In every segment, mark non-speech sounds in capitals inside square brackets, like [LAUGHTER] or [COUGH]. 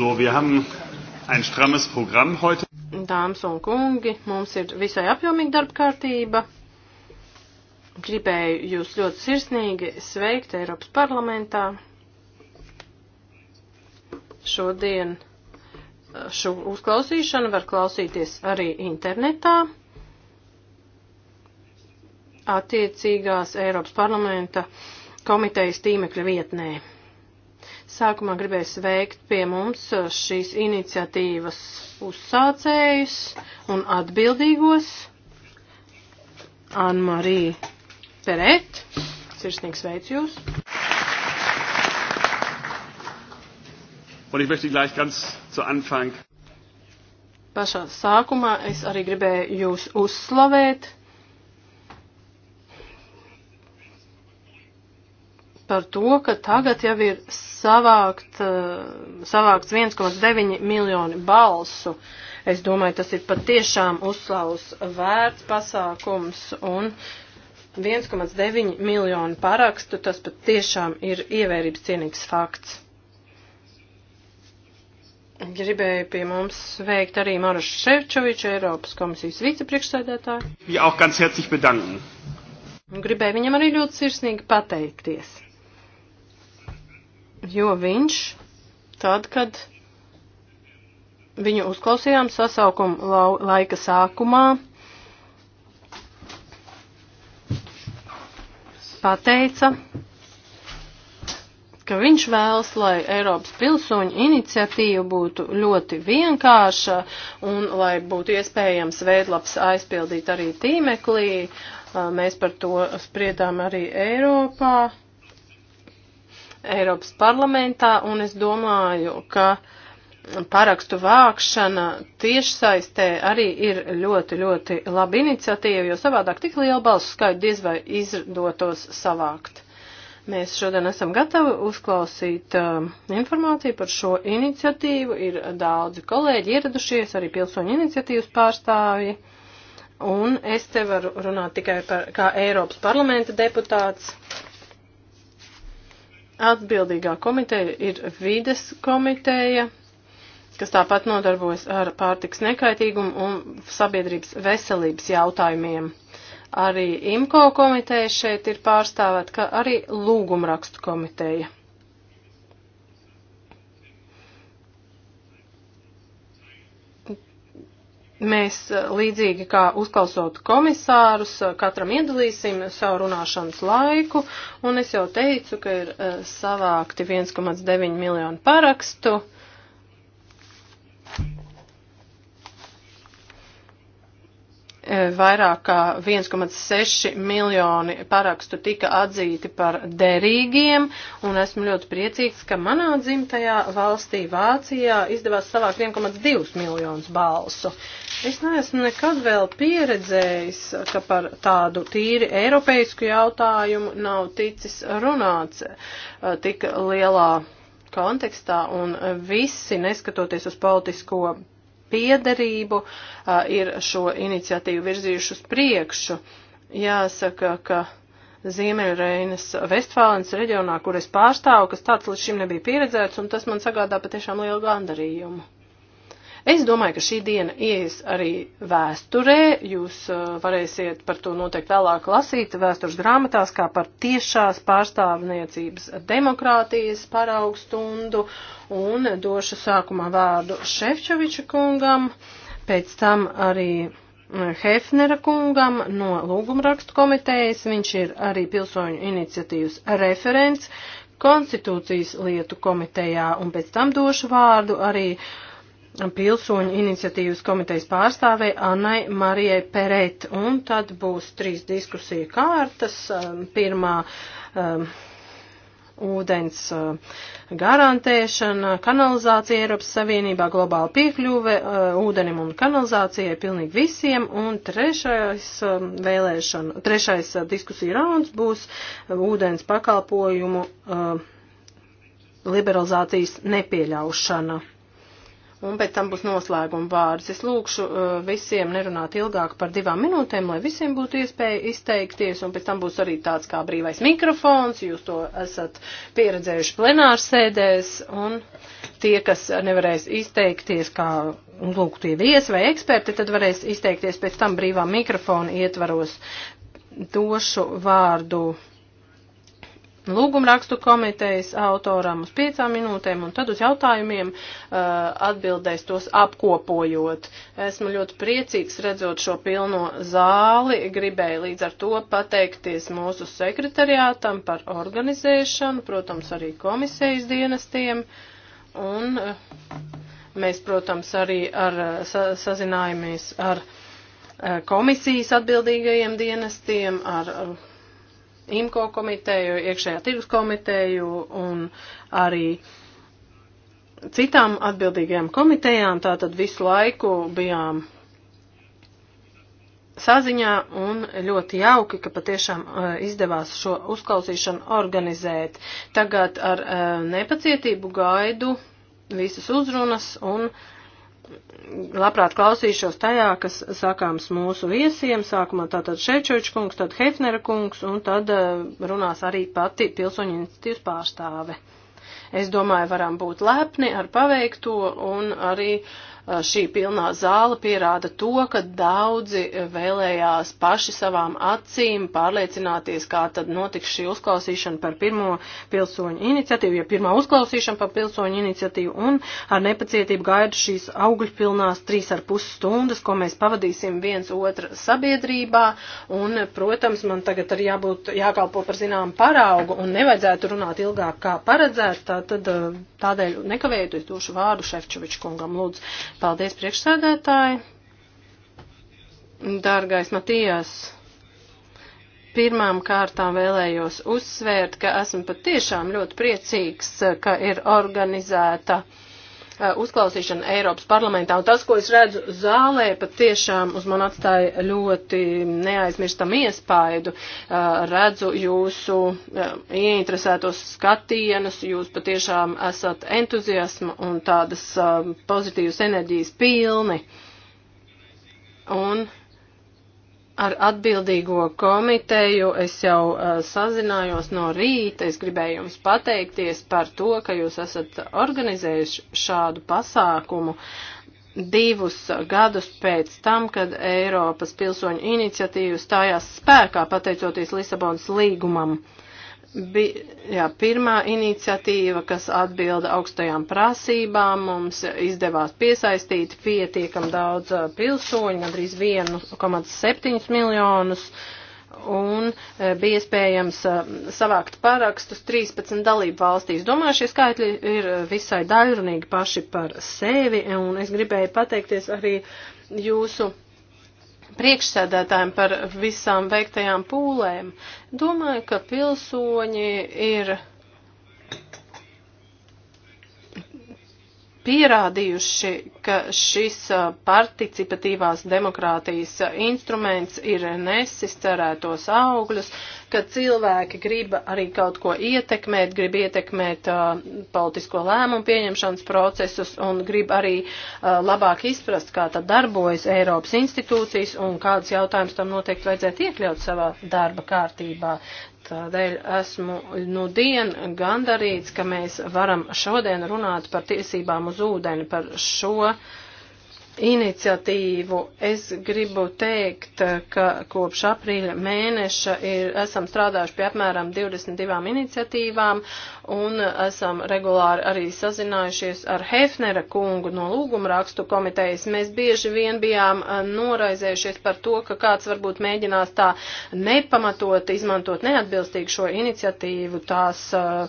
So, wir haben ein strammes Programm heute. Dāmas un kungi, mums ir visai apjomīga darba kārtība. Gribēju jūs ļoti sirsnīgi sveikt Eiropas parlamentā. Šodien šo uzklausīšanu var klausīties arī internetā. Attiecīgās Eiropas parlamenta komitejas tīmekļa vietnē. Sākumā gribēju sveikt pie mums uh, šīs iniciatīvas uzsācējus un atbildīgos Anmarī Peret. Sirsnīgi sveicu jūs. Un ich möchte gleich ganz zu Anfang. Pašā sākumā es arī gribēju jūs uzslavēt par to, ka tagad jau ir savākt, eh, savākts 1,9 miljoni balsu. Es domāju, tas ir patiešām uzslavus vērts pasākums un 1,9 miljoni parakstu, tas patiešām ir ievērības cienīgs fakts. Gribēju pie mums sveikt arī Marušu Ševčoviču, Eiropas komisijas vicepriekšsēdētāju. Ja, gribēju viņam arī ļoti sirsnīgi pateikties jo viņš tad, kad viņu uzklausījām sasaukuma laika sākumā, pateica, ka viņš vēlas, lai Eiropas pilsoņu iniciatīva būtu ļoti vienkārša un lai būtu iespējams veidlaps aizpildīt arī tīmeklī. Mēs par to spriedām arī Eiropā. Eiropas parlamentā, un es domāju, ka parakstu vākšana tiešsaistē arī ir ļoti, ļoti laba iniciatīva, jo savādāk tik lielu balsu skaitu diez vai izdotos savākt. Mēs šodien esam gatavi uzklausīt uh, informāciju par šo iniciatīvu. Ir daudzi kolēģi ieradušies, arī pilsoņu iniciatīvas pārstāvji. Un es te varu runāt tikai par, kā Eiropas parlamenta deputāts. Uh, Atbildīgā komiteja ir vides komiteja, kas tāpat nodarbojas ar pārtiks nekaitīgumu un sabiedrības veselības jautājumiem. Arī IMCO komiteja šeit ir pārstāvēta, kā arī lūgumrakstu komiteja. Mēs eh, līdzīgi kā uzklausot komisārus, eh, katram iedalīsim savu runāšanas laiku, un es jau teicu, ka ir eh, savākti 1,9 miljonu parakstu. E, vairāk kā 1,6 miljoni parakstu tika atzīti par derīgiem, un esmu ļoti priecīgs, ka manā dzimtajā valstī Vācijā izdevās savākt 1,2 miljonus balsu. Es neesmu nekad vēl pieredzējis, ka par tādu tīri eiropeisku jautājumu nav ticis runāts e, tik lielā kontekstā, un visi, neskatoties uz politisko piederību, ir šo iniciatīvu virzījuši uz priekšu. Jāsaka, ka Ziemeļreinas Vestfālens reģionā, kur es pārstāvu, kas tāds līdz šim nebija pieredzēts, un tas man sagādā patiešām lielu gandarījumu. Es domāju, ka šī diena ies arī vēsturē, jūs uh, varēsiet par to noteikti vēlāk lasīt vēstures grāmatās, kā par tiešās pārstāvniecības demokrātijas paraugstundu, un došu sākumā vārdu Šefčoviča kungam, pēc tam arī mm, Hefnera kungam no lūgumrakstu komitejas, viņš ir arī pilsoņu iniciatīvas referents konstitūcijas lietu komitejā, un pēc tam došu vārdu arī uh, pilsoņu iniciatīvas komitejas pārstāvei Annai Marijai Perēt. Un tad būs trīs diskusija kārtas. Um, pirmā um, ūdens uh, garantēšana, kanalizācija Eiropas Savienībā, globāla piekļuve uh, ūdenim un kanalizācijai pilnīgi visiem. Un trešais, um, vēlēšana, trešais uh, diskusija rauns būs ūdens pakalpojumu liberalizācijas nepieļaušana un pēc tam būs noslēguma vārds. Es lūkšu uh, visiem nerunāt ilgāk par divām minūtēm, lai visiem būtu iespēja izteikties, un pēc tam būs arī tāds kā brīvais mikrofons, jūs to esat pieredzējuši plenārsēdēs, un tie, kas nevarēs izteikties kā lūk tie viesi vai eksperti, tad varēs izteikties pēc tam brīvā mikrofona ietvaros došu vārdu lūgumrakstu komitejas autoram uz piecām minūtēm un tad uz jautājumiem uh, atbildēs tos apkopojot. Esmu ļoti priecīgs redzot šo pilno zāli, gribēju līdz ar to pateikties mūsu sekretariātam par organizēšanu, protams, arī komisijas dienestiem un uh, mēs, protams, arī ar, uh, sa sazinājāmies ar uh, komisijas atbildīgajiem dienestiem, ar uh, IMCO komiteju, iekšējā tirgus komiteju un arī citām atbildīgajām komitejām. Tātad visu laiku bijām saziņā un ļoti jauki, ka patiešām uh, izdevās šo uzklausīšanu organizēt. Tagad ar uh, nepacietību gaidu visas uzrunas un uh, labprāt klausīšos tajā, kas sakāms mūsu viesiem, sākumā tātad Šečovičs kungs, tad Hefnera kungs, un tad eh, runās arī pati pilsoņu iniciatīvas pārstāve. Es domāju, varam būt lepni ar paveikto un arī uh, šī pilnā zāla pierāda to, ka daudzi vēlējās paši savām acīm pārliecināties, kā tad notiks šī uzklausīšana par pirmo pilsoņu iniciatīvu, ja pirmā uzklausīšana par pilsoņu iniciatīvu, un ar nepacietību gaidu šīs augļpilnās trīs ar pus stundas, ko mēs pavadīsim viens otra sabiedrībā, un, protams, man tagad arī jābūt, jākalpo par zinām paraugu, un nevajadzētu runāt ilgāk kā paredzēt, tā, tad tādēļ nekavējoties došu vārdu Šefčoviču kungam, lūdzu. Paldies, priekšsēdētāji! Dārgais Matijas! Pirmām kārtām vēlējos uzsvērt, ka esmu patiešām ļoti priecīgs, ka ir organizēta uh, Uh, uzklausīšana Eiropas parlamentā. Un tas, ko es redzu zālē, pat tiešām uz man atstāja ļoti neaizmirstam iespaidu. Uh, redzu jūsu uh, ieinteresētos skatienus, jūs patiešām esat entuziasma un tādas pozitīvas enerģijas pilni. Un Ar atbildīgo komiteju es jau uh, sazinājos no rīta. Es gribēju jums pateikties par to, ka jūs esat organizējuši šādu pasākumu divus gadus pēc tam, kad Eiropas pilsoņu iniciatīva stājās spēkā pateicoties Lisabonas līgumam. Uh, Bi, jā, pirmā iniciatīva, kas atbilda augstajām prasībām, mums izdevās piesaistīt pietiekam daudz pilsoņu, gandrīz 1,7 miljonus, un bija iespējams savākt parakstus 13 dalību valstīs. Domāju, šie skaitļi ir visai daļrunīgi paši par sevi, un es gribēju pateikties arī jūsu priekšsēdētājiem par visām veiktajām pūlēm. Domāju, ka pilsoņi ir pierādījuši, ka šis participatīvās demokrātijas instruments ir nesis cerētos augļus, ka cilvēki grib arī kaut ko ietekmēt, grib ietekmēt uh, politisko lēmumu pieņemšanas procesus un grib arī uh, labāk izprast, kā tad darbojas Eiropas institūcijas un kādas jautājumas tam noteikti vajadzētu iekļaut savā darba kārtībā. Tādēļ esmu nu dien gandarīts, ka mēs varam šodien runāt par tiesībām uz ūdeni, par šo uh, iniciatīvu. Es gribu teikt, ka kopš aprīļa mēneša ir, esam strādājuši pie apmēram 22 iniciatīvām un esam regulāri arī sazinājušies ar Hefnera kungu no lūguma rakstu komitejas. Mēs bieži vien bijām noraizējušies par to, ka kāds varbūt mēģinās tā nepamatot izmantot neatbilstīgi šo iniciatīvu tās uh,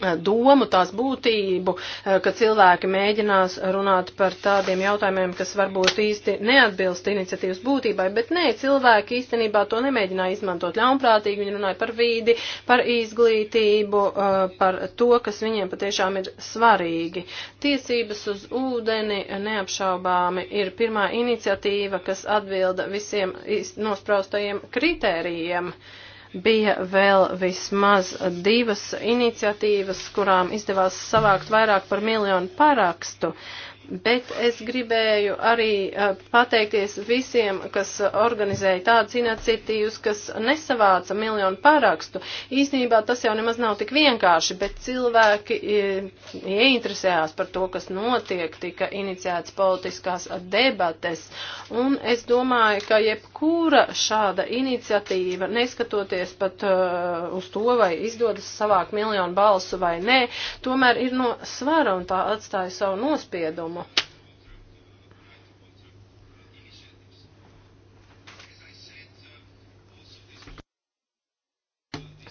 Eh, domu, tās būtību, eh, ka cilvēki mēģinās runāt par tādiem jautājumiem, kas varbūt īsti neatbilst iniciatīvas būtībai, bet nē, cilvēki īstenībā to nemēģināja izmantot ļaunprātīgi, viņi runāja par vīdi, par izglītību, eh, par to, kas viņiem patiešām ir svarīgi. Tiesības uz ūdeni neapšaubāmi ir pirmā iniciatīva, kas atbilda visiem nost nospraustajiem kritērijiem. Uh, bija vēl vismaz divas iniciatīvas, kurām izdevās savākt vairāk par miljonu parakstu. Uh, Bet es gribēju arī pateikties visiem, kas organizēja tādas iniciatīvas, kas nesavāca miljonu parakstu. Īsnībā tas jau nemaz nav tik vienkārši, bet cilvēki ieinteresējās par to, kas notiek, tika iniciēts politiskās debates. Un es domāju, ka jebkura šāda iniciatīva, neskatoties pat uh, uz to, vai izdodas savākt miljonu balsu vai nē, tomēr ir no svara un tā atstāja savu nospiedumu lomu.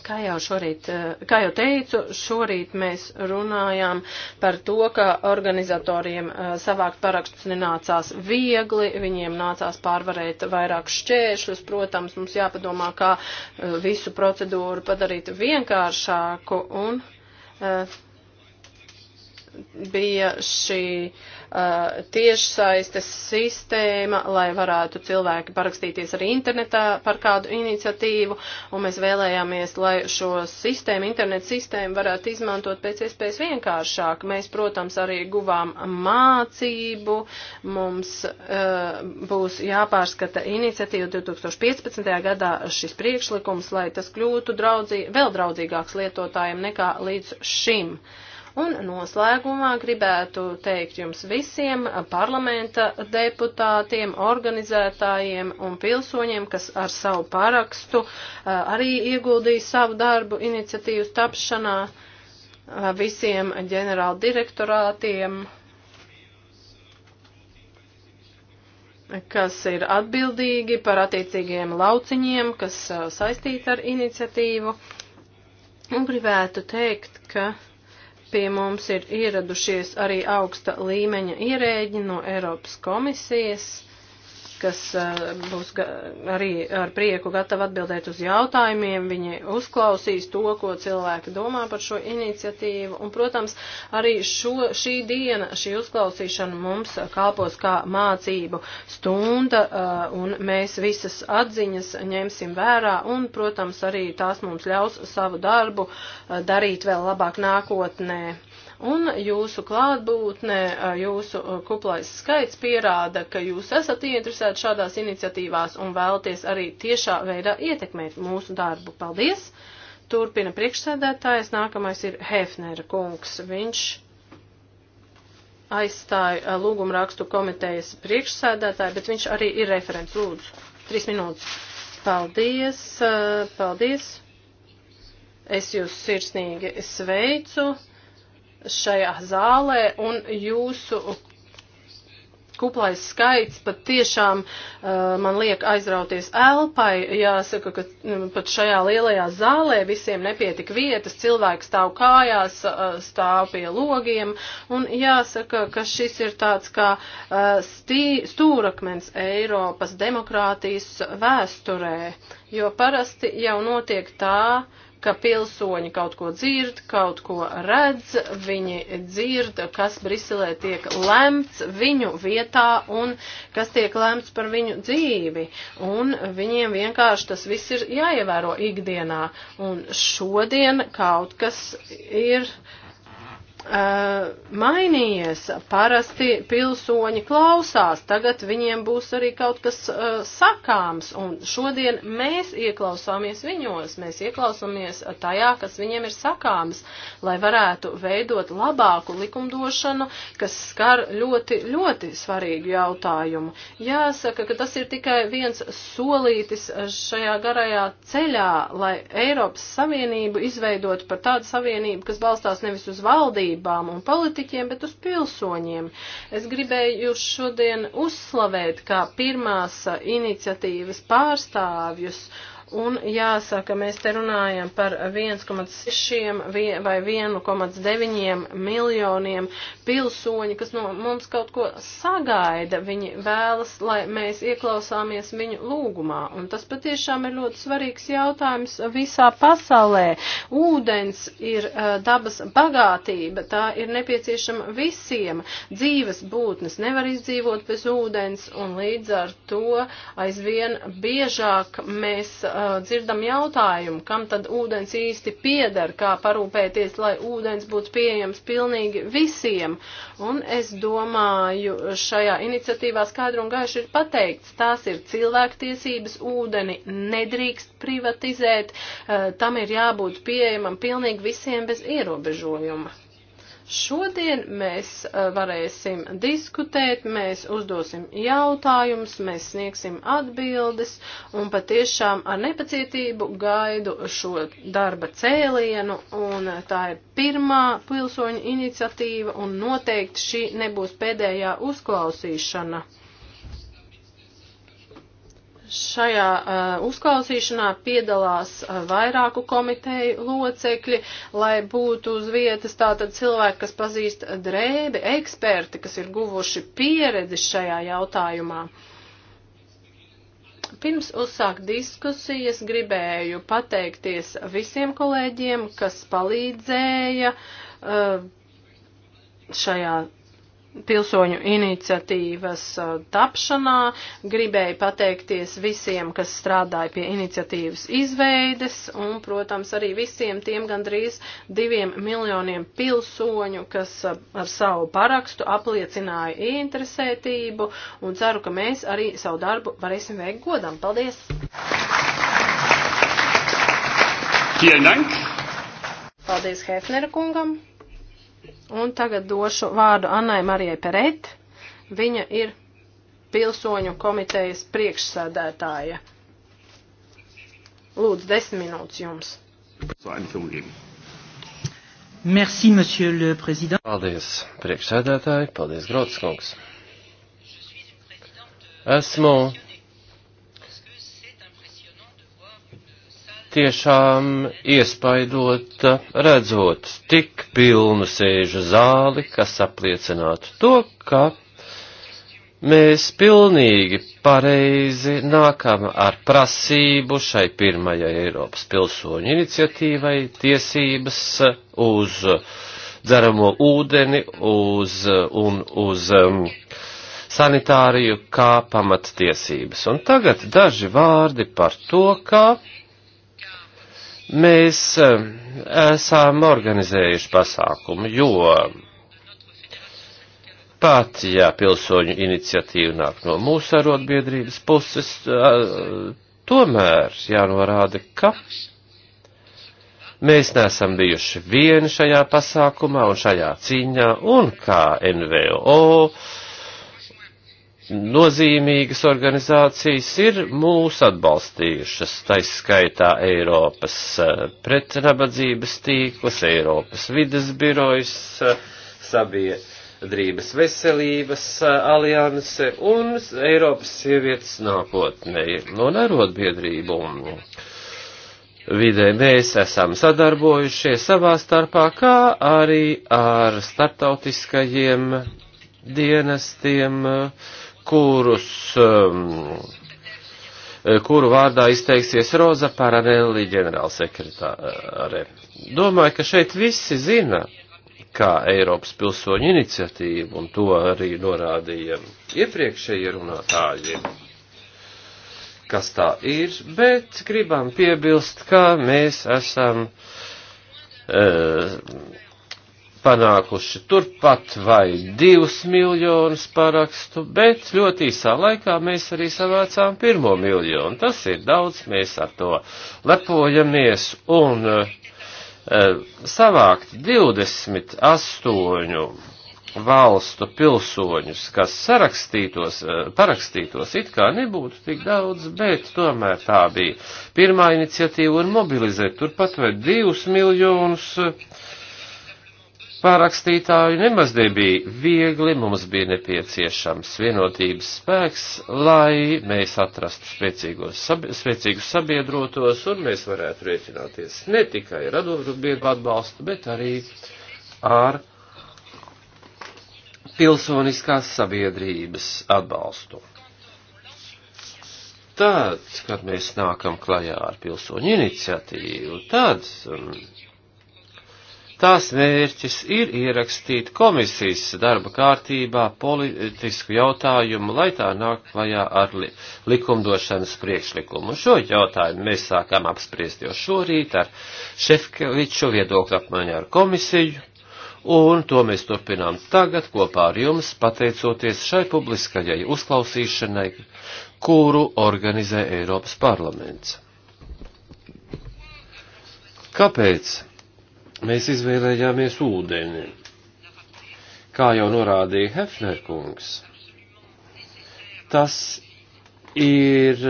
Kā jau, šorīt, eh, kā jau teicu, šorīt mēs runājām par to, ka organizatoriem eh, savākt parakstus nenācās viegli, viņiem nācās pārvarēt vairāk šķēršļus. Protams, mums jāpadomā, kā eh, visu procedūru padarīt vienkāršāku un uh, bija šī uh, tiešsaistes sistēma, lai varētu cilvēki parakstīties arī internetā par kādu iniciatīvu, un mēs vēlējāmies, lai šo sistēmu, internetu sistēmu varētu izmantot pēc iespējas vienkāršāk. Mēs, protams, arī guvām mācību, mums uh, būs jāpārskata iniciatīva 2015. gadā šis priekšlikums, lai tas kļūtu draudzī, vēl draudzīgāks lietotājiem nekā līdz šim. Uh, Un noslēgumā gribētu teikt jums visiem parlamenta deputātiem, organizētājiem un pilsoņiem, kas ar savu parakstu arī ieguldīja savu darbu iniciatīvu tapšanā, visiem ģenerāla direktorātiem. kas ir atbildīgi par attiecīgiem lauciņiem, kas saistīti ar iniciatīvu. Un gribētu teikt, ka uh, Pie mums ir ieradušies arī augsta līmeņa ierēģi no Eiropas komisijas kas būs arī ar prieku gatavi atbildēt uz jautājumiem. Viņi uzklausīs to, ko cilvēki domā par šo iniciatīvu. Un, protams, arī šo, šī diena, šī uzklausīšana mums kalpos kā mācību stunda, un mēs visas atziņas ņemsim vērā, un, protams, arī tās mums ļaus savu darbu darīt vēl labāk nākotnē un jūsu klātbūtne, jūsu kuplais skaits pierāda, ka jūs esat ieinteresēti šādās iniciatīvās un vēlaties arī tiešā veidā ietekmēt mūsu darbu. Paldies! Turpina priekšsēdētājs, nākamais ir Hefnera kungs. Viņš aizstāja lūguma rakstu komitejas priekšsēdētāju, bet viņš arī ir referents. Lūdzu, trīs minūtes. Paldies, paldies. Es jūs sirsnīgi sveicu šajā zālē un jūsu kuplais skaits pat tiešām uh, man liek aizrauties elpai. Jāsaka, ka mm, pat šajā lielajā zālē visiem nepietika vietas, cilvēki stāv kājās, uh, stāv pie logiem, un jāsaka, ka šis ir tāds kā uh, stī, stūrakmens Eiropas demokrātijas vēsturē, jo parasti jau notiek tā, uh, ka pilsoņi kaut ko dzird, kaut ko redz, viņi dzird, kas Briselē tiek lemts viņu vietā un kas tiek lemts par viņu dzīvi. Un viņiem vienkārši tas viss ir jāievēro ikdienā. Un šodien kaut kas ir Eh, mainījies. Parasti pilsoņi klausās, tagad viņiem būs arī kaut kas uh, sakāms, un šodien mēs ieklausāmies viņos, mēs ieklausāmies tajā, kas viņiem ir sakāms, lai varētu veidot labāku likumdošanu, kas skar ļoti, ļoti svarīgu jautājumu. Jāsaka, ka tas ir tikai viens solītis šajā garajā ceļā, lai Eiropas Savienību izveidot par tādu savienību, kas balstās nevis uz valdību, valdībām un politiķiem, bet uz pilsoņiem. Es gribēju jūs šodien uzslavēt kā pirmās iniciatīvas pārstāvjus Un jāsaka, mēs te runājam par 1,6 vai 1,9 miljoniem pilsoņu, kas no mums kaut ko sagaida. Viņi vēlas, lai mēs ieklausāmies viņu lūgumā. Un tas patiešām ir ļoti svarīgs jautājums visā pasaulē. Ūdens ir uh, dabas bagātība, tā ir nepieciešama visiem. Dzīves būtnes nevar izdzīvot bez ūdens, un līdz ar to aizvien biežāk mēs. Uh, uh, dzirdam jautājumu, kam tad ūdens īsti pieder, kā parūpēties, lai ūdens būtu pieejams pilnīgi visiem. Un es domāju, šajā iniciatīvā skaidru un gaišu ir pateikts, tās ir cilvēktiesības, ūdeni nedrīkst privatizēt, uh, tam ir jābūt pieejamam pilnīgi visiem bez ierobežojuma. Šodien mēs eh, varēsim diskutēt, mēs uzdosim jautājumus, mēs sniegsim atbildes un patiešām ar nepacietību gaidu šo darba cēlienu un eh, tā ir pirmā pilsoņu iniciatīva un noteikti šī nebūs pēdējā uzklausīšana. Šajā uh, uzklausīšanā piedalās uh, vairāku komiteju locekļi, lai būtu uz vietas tātad cilvēki, kas pazīst drēbi, eksperti, kas ir guvuši pieredzi šajā jautājumā. Pirms uzsākt diskusijas gribēju pateikties visiem kolēģiem, kas palīdzēja uh, šajā pilsoņu iniciatīvas tapšanā. Gribēju pateikties visiem, kas strādāja pie iniciatīvas izveides un, protams, arī visiem tiem gandrīz diviem miljoniem pilsoņu, kas ar savu parakstu apliecināja interesētību un ceru, ka mēs arī savu darbu varēsim veikt godam. Paldies! Paldies Hefnera kungam! Un tagad došu vārdu Annai Marijai Peret. Viņa ir pilsoņu komitejas priekšsēdētāja. Lūdzu, desmit minūtes jums. Merci, monsieur le président. Paldies, priekšsēdētāji, paldies, Grotskungs. Esmu tiešām iespaidot, redzot tik pilnu sēžu zāli, kas apliecinātu to, ka mēs pilnīgi pareizi nākam ar prasību šai pirmajai Eiropas pilsoņu iniciatīvai tiesības uz dzeramo ūdeni uz, un uz um, sanitāriju kā pamattiesības. Un tagad daži vārdi par to, kā ka Mēs eh, esam organizējuši pasākumu, jo pat, ja pilsoņu iniciatīva nāk no mūsu arotbiedrības puses, eh, tomēr jānorāda, ka mēs neesam bijuši vieni šajā pasākumā un šajā cīņā, un kā NVO nozīmīgas organizācijas ir mūs atbalstījušas, taiskaitā Eiropas eh, pretnabadzības tīklus, Eiropas vides birojas, eh, sabiedrības veselības eh, alianse un Eiropas sievietes nākotnē no arotbiedrību. Vidē mēs esam sadarbojušies savā starpā, kā arī ar starptautiskajiem dienestiem, uh, kurus, um, kuru vārdā izteiksies Roza Paranelli ģenerālsekretāre. Domāju, ka šeit visi zina, kā Eiropas pilsoņu iniciatīva, un to arī norādīja iepriekšējie runātāji kas tā ir, bet gribam piebilst, ka mēs esam uh, panākuši turpat vai divus miljonus parakstu, bet ļoti īsā laikā mēs arī savācām pirmo miljonu. Tas ir daudz, mēs ar to lepojamies un uh, savākt 28 valstu pilsoņus, kas sarakstītos, eh, parakstītos, it kā nebūtu tik daudz, bet tomēr tā bija pirmā iniciatīva un mobilizēt turpat vai divus miljonus uh, pārakstītāju nemaz nebija viegli, mums bija nepieciešams vienotības spēks, lai mēs atrastu spēcīgos, spēcīgus sabiedrotos un mēs varētu rēķināties ne tikai ar adobiedru atbalstu, bet arī ar pilsoniskās sabiedrības atbalstu. Tad, kad mēs nākam klajā ar pilsoņu iniciatīvu, tad. Um, Tās mērķis ir ierakstīt komisijas darba kārtībā politisku jautājumu, lai tā nāk klajā ar li likumdošanas priekšlikumu. Šo jautājumu mēs sākām apspriest jau šorīt ar Šefkeviču viedokļu apmaiņā ar komisiju, un to mēs turpinām tagad kopā ar jums, pateicoties šai publiskajai uzklausīšanai, kuru organizē Eiropas parlaments. Kāpēc? mēs izvēlējāmies ūdeni, kā jau norādīja Hefner kungs. Tas ir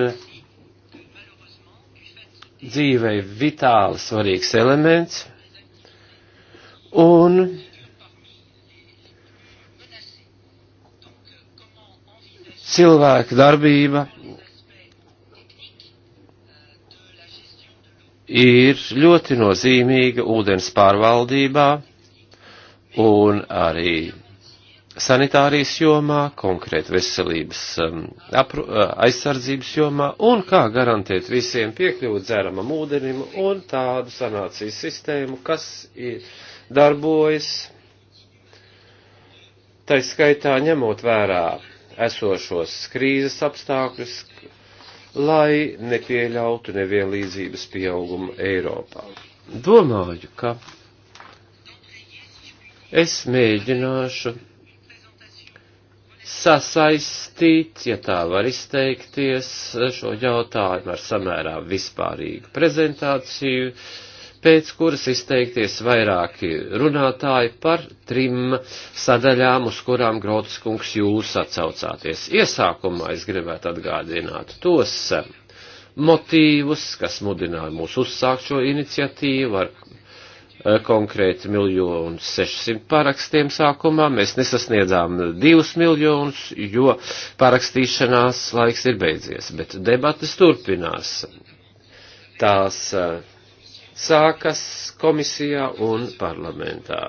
dzīvei vitāli svarīgs elements, un cilvēka darbība ir ļoti nozīmīga ūdens pārvaldībā un arī sanitārijas jomā, konkrēti veselības um, apru, uh, aizsardzības jomā un kā garantēt visiem piekļūt dzeramam ūdenim un tādu sanācijas sistēmu, kas ir, darbojas, tai skaitā ņemot vērā esošos krīzes apstākļus, lai nepieļautu nevienlīdzības pieaugumu Eiropā. Domāju, ka es mēģināšu sasaistīt, ja tā var izteikties, šo jautājumu ar samērā vispārīgu prezentāciju, uh, pēc kuras izteikties vairāki runātāji par trim sadaļām, uz kurām Grotiskungs jūs atcaucāties. Iesākumā es gribētu atgādināt tos eh, motīvus, kas mudināja mūs uzsākt šo iniciatīvu ar eh, konkrēti miljonus 600 parakstiem sākumā. Mēs nesasniedzām divus miljonus, jo parakstīšanās laiks ir beidzies, bet debatas turpinās. Tās uh, sākas komisijā un parlamentā.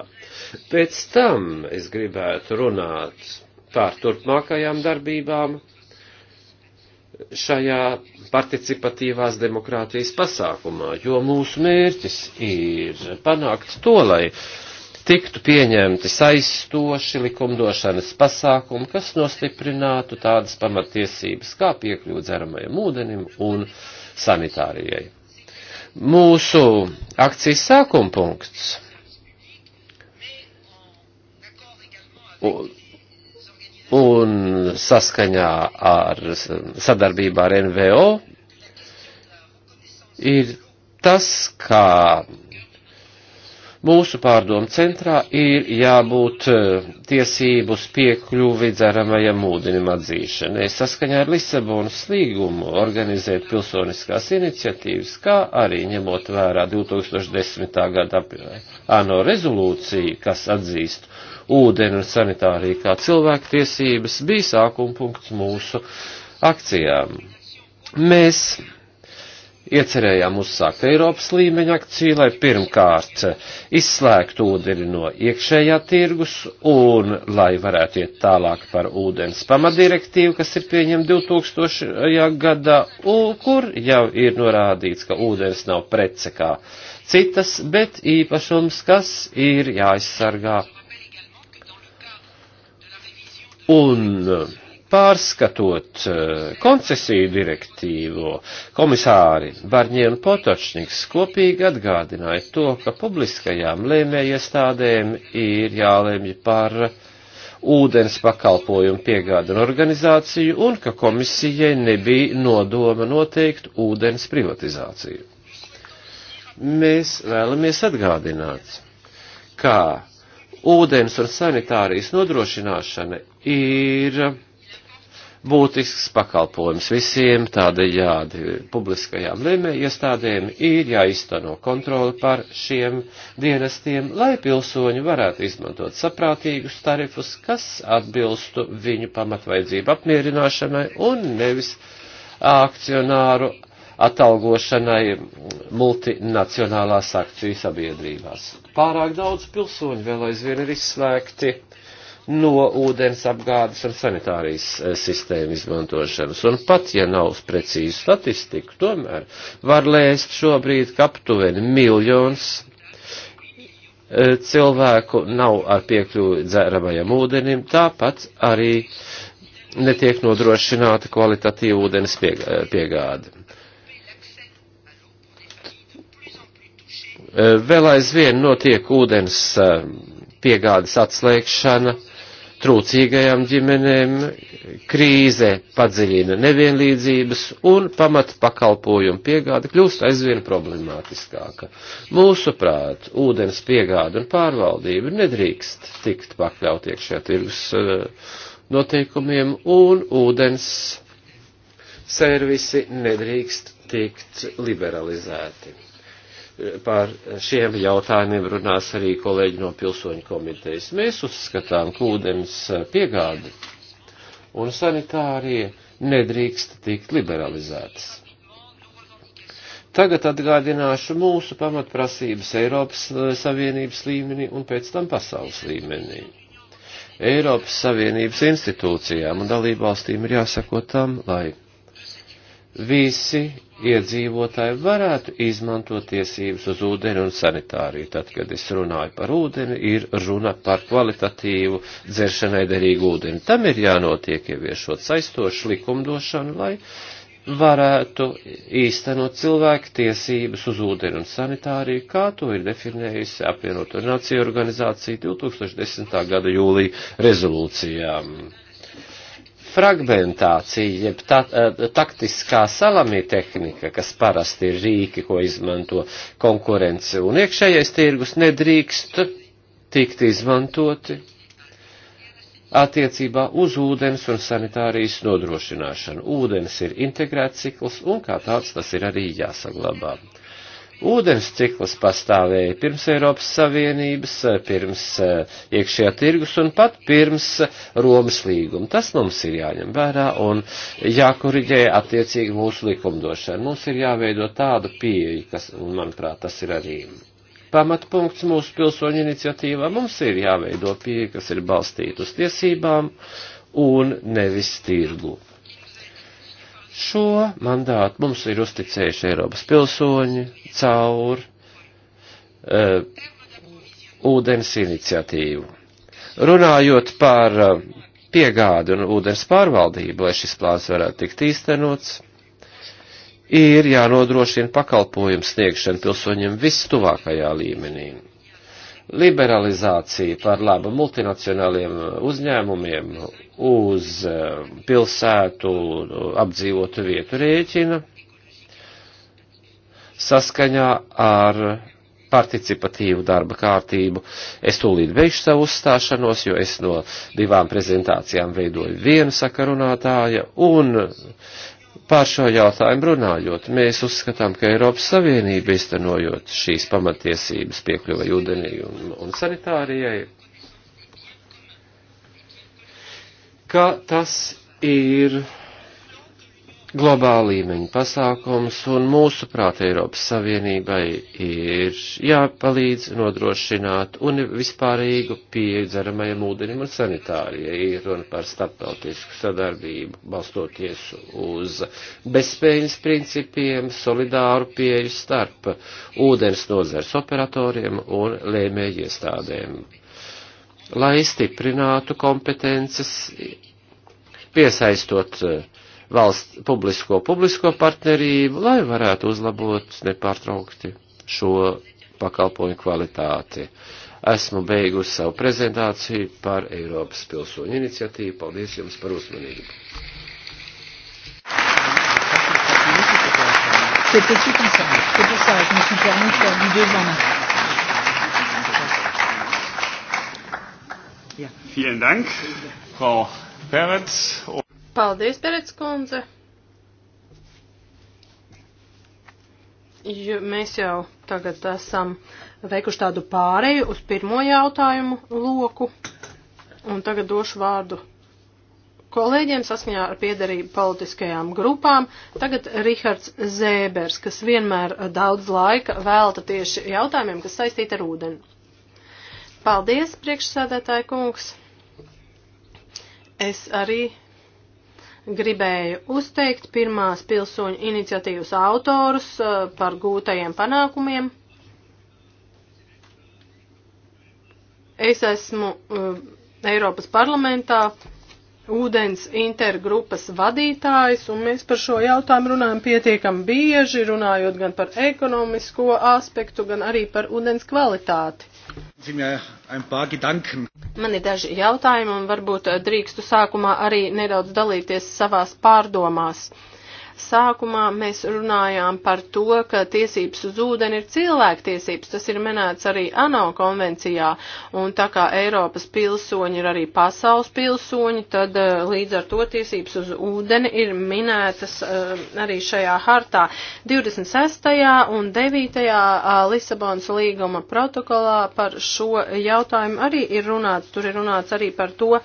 Pēc tam es gribētu runāt par turpmākajām darbībām šajā participatīvās demokrātijas pasākumā, jo mūsu mērķis ir panākt to, lai tiktu pieņemti saistoši likumdošanas pasākumi, kas nostiprinātu tādas pamatiesības kā piekļūt dzeramajam ūdenim un sanitārijai mūsu akcijas sākuma punkts. Un, un saskaņā ar sadarbībā ar NVO ir tas, kā Mūsu pārdomu centrā ir jābūt e, tiesību uz piekļuvi dzeramajam ūdenim atzīšanai. Saskaņā ar Lisabonas līgumu organizēt pilsoniskās iniciatīvas, kā arī ņemot vērā 2010. gada ANO rezolūciju, kas atzīst ūdeni un sanitāriju kā cilvēku tiesības, bija sākuma punkts mūsu akcijām. Mēs iecerējām uzsākt Eiropas līmeņa akciju, lai pirmkārt izslēgtu ūdeni no iekšējā tirgus un lai varētu iet tālāk par ūdens pamatdirektīvu, kas ir pieņemta 2000. gadā, un kur jau ir norādīts, ka ūdens nav prece kā citas, bet īpašums, kas ir jāaizsargā. Un pārskatot eh, koncesiju direktīvo, komisāri Barņē un Potočniks kopīgi atgādināja to, ka publiskajām lēmējiestādēm ir jālēmj par ūdens pakalpojumu piegādu un organizāciju un ka komisijai nebija nodoma noteikt ūdens privatizāciju. Mēs vēlamies atgādināt, kā ūdens un sanitārijas nodrošināšana ir būtisks pakalpojums visiem, tādējādi publiskajām lēmē iestādēm ir jāiztano kontroli par šiem dienestiem, lai pilsoņi varētu izmantot saprātīgus tarifus, kas atbilstu viņu pamatvajadzību apmierināšanai un nevis akcionāru atalgošanai multinacionālās akciju sabiedrībās. Pārāk daudz pilsoņu vēl aizvien ir izslēgti no ūdens apgādes un sanitārijas eh, sistēmu izmantošanas. Un pat, ja nav precīzu statistiku, tomēr var lēst šobrīd, ka aptuveni miljons eh, cilvēku nav ar piekļuvi dzeramajam ūdenim, tāpat arī netiek nodrošināta kvalitatīva ūdens eh, piegāde. Vēl aizvien notiek ūdens piegādes atslēgšana trūcīgajām ģimenēm, krīze padziļina nevienlīdzības un pamat pakalpojumu piegāde kļūst aizvien problemātiskāka. Mūsuprāt, ūdens piegāde un pārvaldība nedrīkst tikt pakļaut iekšējā tirgus eh, noteikumiem un ūdens servisi nedrīkst tikt liberalizēti par šiem jautājumiem runās arī kolēģi no pilsoņu komitejas. Mēs uzskatām, ka ūdens piegāde un sanitārie nedrīkst tikt liberalizētas. Tagad atgādināšu mūsu pamatprasības Eiropas eh, Savienības līmenī un pēc tam pasaules līmenī. Eiropas Savienības institūcijām un dalībvalstīm ir jāsako tam, lai visi iedzīvotāji varētu izmantot tiesības uz ūdeni un sanitāriju. Tad, kad es runāju par ūdeni, ir runa par kvalitatīvu dzeršanai derīgu ūdeni. Tam ir jānotiek ieviešot saistošu likumdošanu, lai varētu īstenot cilvēku tiesības uz ūdeni un sanitāriju, kā to ir definējusi apvienoto nāciju organizācija 2010. gada jūlija rezolūcijām fragmentācija, jeb tā, eh, taktiskā salamī tehnika, kas parasti ir rīki, ko izmanto konkurence un iekšējais tirgus, nedrīkst tikt izmantoti attiecībā uz ūdens un sanitārijas nodrošināšanu. Ūdens ir integrēts cikls un kā tāds tas ir arī jāsaglabā. Ūdens cikls pastāvēja pirms Eiropas Savienības, pirms eh, iekšējā tirgus un pat pirms eh, Romas līguma. Tas mums ir jāņem vērā un jākoriģē attiecīgi mūsu likumdošana. Mums ir jāveido tādu pieeju, kas, un manuprāt, tas ir arī pamatpunkts mūsu pilsoņu iniciatīvā. Mums ir jāveido pieeja, kas ir balstīta uz tiesībām un nevis tirgu. Šo mandātu mums ir uzticējuši Eiropas pilsoņi caur uh, ūdens iniciatīvu. Runājot par uh, piegādi un ūdens pārvaldību, lai šis plāns varētu tikt īstenots, ir jānodrošina pakalpojums sniegšana pilsoņiem vistuvākajā līmenī liberalizācija par labu multinacionāliem uzņēmumiem uz eh, pilsētu apdzīvotu vietu rēķina saskaņā ar participatīvu darba kārtību. Es tūlīt beigšu savu uzstāšanos, jo es no divām prezentācijām veidoju vienu sakarunātāju un Pār šo jautājumu runājot, mēs uzskatām, ka Eiropas Savienība iztenojot šīs pamatiesības piekļuvai ūdenī un, un sanitārijai, ka tas ir globāla līmeņa pasākums, un mūsuprāt Eiropas Savienībai ir jāpalīdz nodrošināt un vispārīgu piedzeramajam ūdenim un sanitārijai. Ir runa par starptautisku sadarbību, balstoties uz bezspēļas principiem, solidāru pieeju starp ūdens nozars operatoriem un lēmēju iestādēm. Lai stiprinātu kompetences, piesaistot uh, valsts publisko publisko partnerību, lai varētu uzlabot nepārtraukti šo pakalpojumu kvalitāti. Esmu beigusi savu prezentāciju par Eiropas pilsoņu iniciatīvu. Paldies jums par uzmanību. C'est petit comme ça. C'est pour ça que je me suis permis de faire du deux en un. Vielen Dank, Frau Peretz. Paldies, Berets kundze! Jo mēs jau tagad esam veikuši tādu pāreju uz pirmo jautājumu loku, un tagad došu vārdu kolēģiem saskaņā ar piedarību politiskajām grupām. Tagad Rihards Zēbers, kas vienmēr daudz laika velta tieši jautājumiem, kas saistīti ar ūdeni. Paldies, priekšsēdētāji kungs. Es arī gribēju uzteikt pirmās pilsoņu iniciatīvas autorus eh, par gūtajiem panākumiem. Es esmu eh, Eiropas parlamentā ūdens intergrupas vadītājs, un mēs par šo jautājumu runājam pietiekam bieži, runājot gan par ekonomisko aspektu, gan arī par ūdens kvalitāti. Man ir daži jautājumi un varbūt drīkstu sākumā arī nedaudz dalīties savās pārdomās. Uh, Sākumā mēs runājām par to, ka tiesības uz ūdeni ir cilvēktiesības, tas ir minēts arī ANO konvencijā, un tā kā Eiropas pilsoņi ir arī pasaules pilsoņi, tad eh, līdz ar to tiesības uz ūdeni ir minētas eh, arī šajā hartā 26. un 9. Eh, Lisabonas līguma protokolā par šo jautājumu arī ir runāts, tur ir runāts arī par to,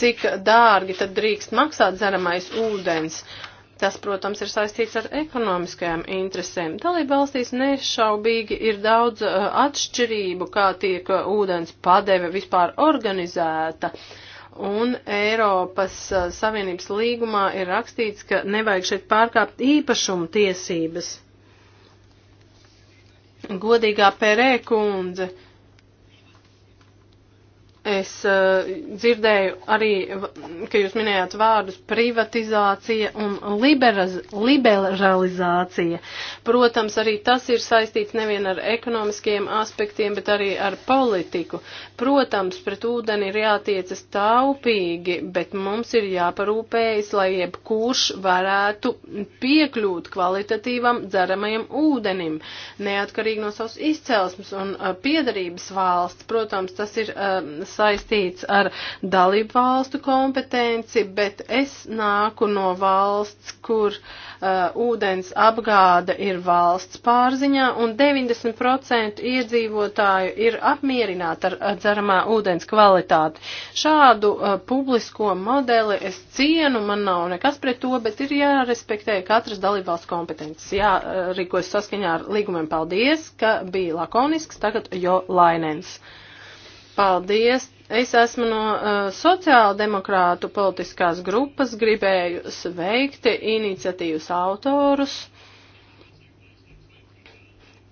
cik dārgi tad drīkst maksāt dzeramais ūdens. Uh, Tas, protams, ir saistīts ar ekonomiskajām interesēm. Dalībvalstīs nešaubīgi ir daudz uh, atšķirību, kā tiek uh, ūdens padeve vispār organizēta. Un Eiropas uh, Savienības līgumā ir rakstīts, ka nevajag šeit pārkāpt īpašumu tiesības. Godīgā Perē kundze Es uh, dzirdēju arī, ka jūs minējāt vārdus privatizācija un liberaz, liberalizācija. Protams, arī tas ir saistīts nevien ar ekonomiskiem aspektiem, bet arī ar politiku. Protams, pret ūdeni ir jātiecas taupīgi, bet mums ir jāparūpējas, lai jebkurš varētu piekļūt kvalitatīvam dzeramajam ūdenim, neatkarīgi no savas izcelsmes un uh, eh, piedarības valsts. Protams, tas ir. Uh, saistīts ar dalību valstu kompetenci, bet es nāku no valsts, kur uh, ūdens apgāde ir valsts pārziņā un 90% iedzīvotāju ir apmierināti ar dzeramā ūdens kvalitāti. Šādu uh, publisko modeli es cienu, man nav nekas pret to, bet ir jārespektē katras dalību valsts kompetences. Jā, uh, rīkojas saskaņā ar līgumiem. Paldies, ka bija lakonisks, tagad jo lainens. Paldies! Es esmu no uh, sociāldemokrātu politiskās grupas, gribēju sveikti iniciatīvas autorus.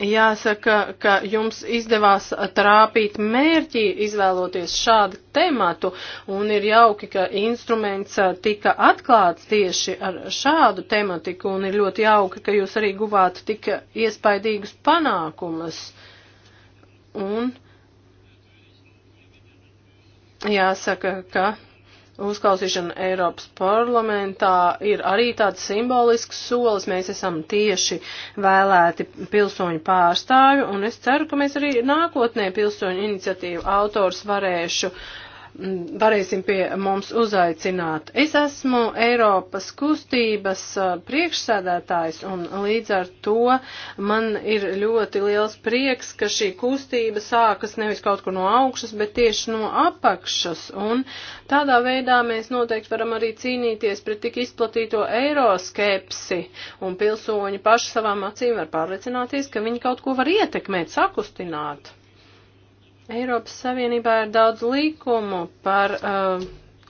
Jāsaka, ka jums izdevās trāpīt mērķi, izvēloties šādu tematu, un ir jauki, ka instruments eh, tika atklāts tieši ar šādu tematiku, un ir ļoti jauki, ka jūs arī guvāt tik iespaidīgus panākumus. Un, uh, Jāsaka, ka uzklausīšana Eiropas parlamentā ir arī tāds simbolisks solis. Mēs esam tieši vēlēti pilsoņu pārstāvi, un es ceru, ka mēs arī nākotnē pilsoņu iniciatīvu autors varēšu uh, Mm, varēsim pie mums uzaicināt. Es esmu Eiropas kustības priekšsēdētājs un līdz ar to man ir ļoti liels prieks, ka šī kustība sākas nevis kaut kur no augšas, bet tieši no apakšas. Un tādā veidā mēs noteikti varam arī cīnīties pret tik izplatīto eiroskepsi un pilsoņi paši savām acīm var pārliecināties, ka viņi kaut ko var ietekmēt, sakustināt. Eiropas Savienībā ir daudz līkumu par uh,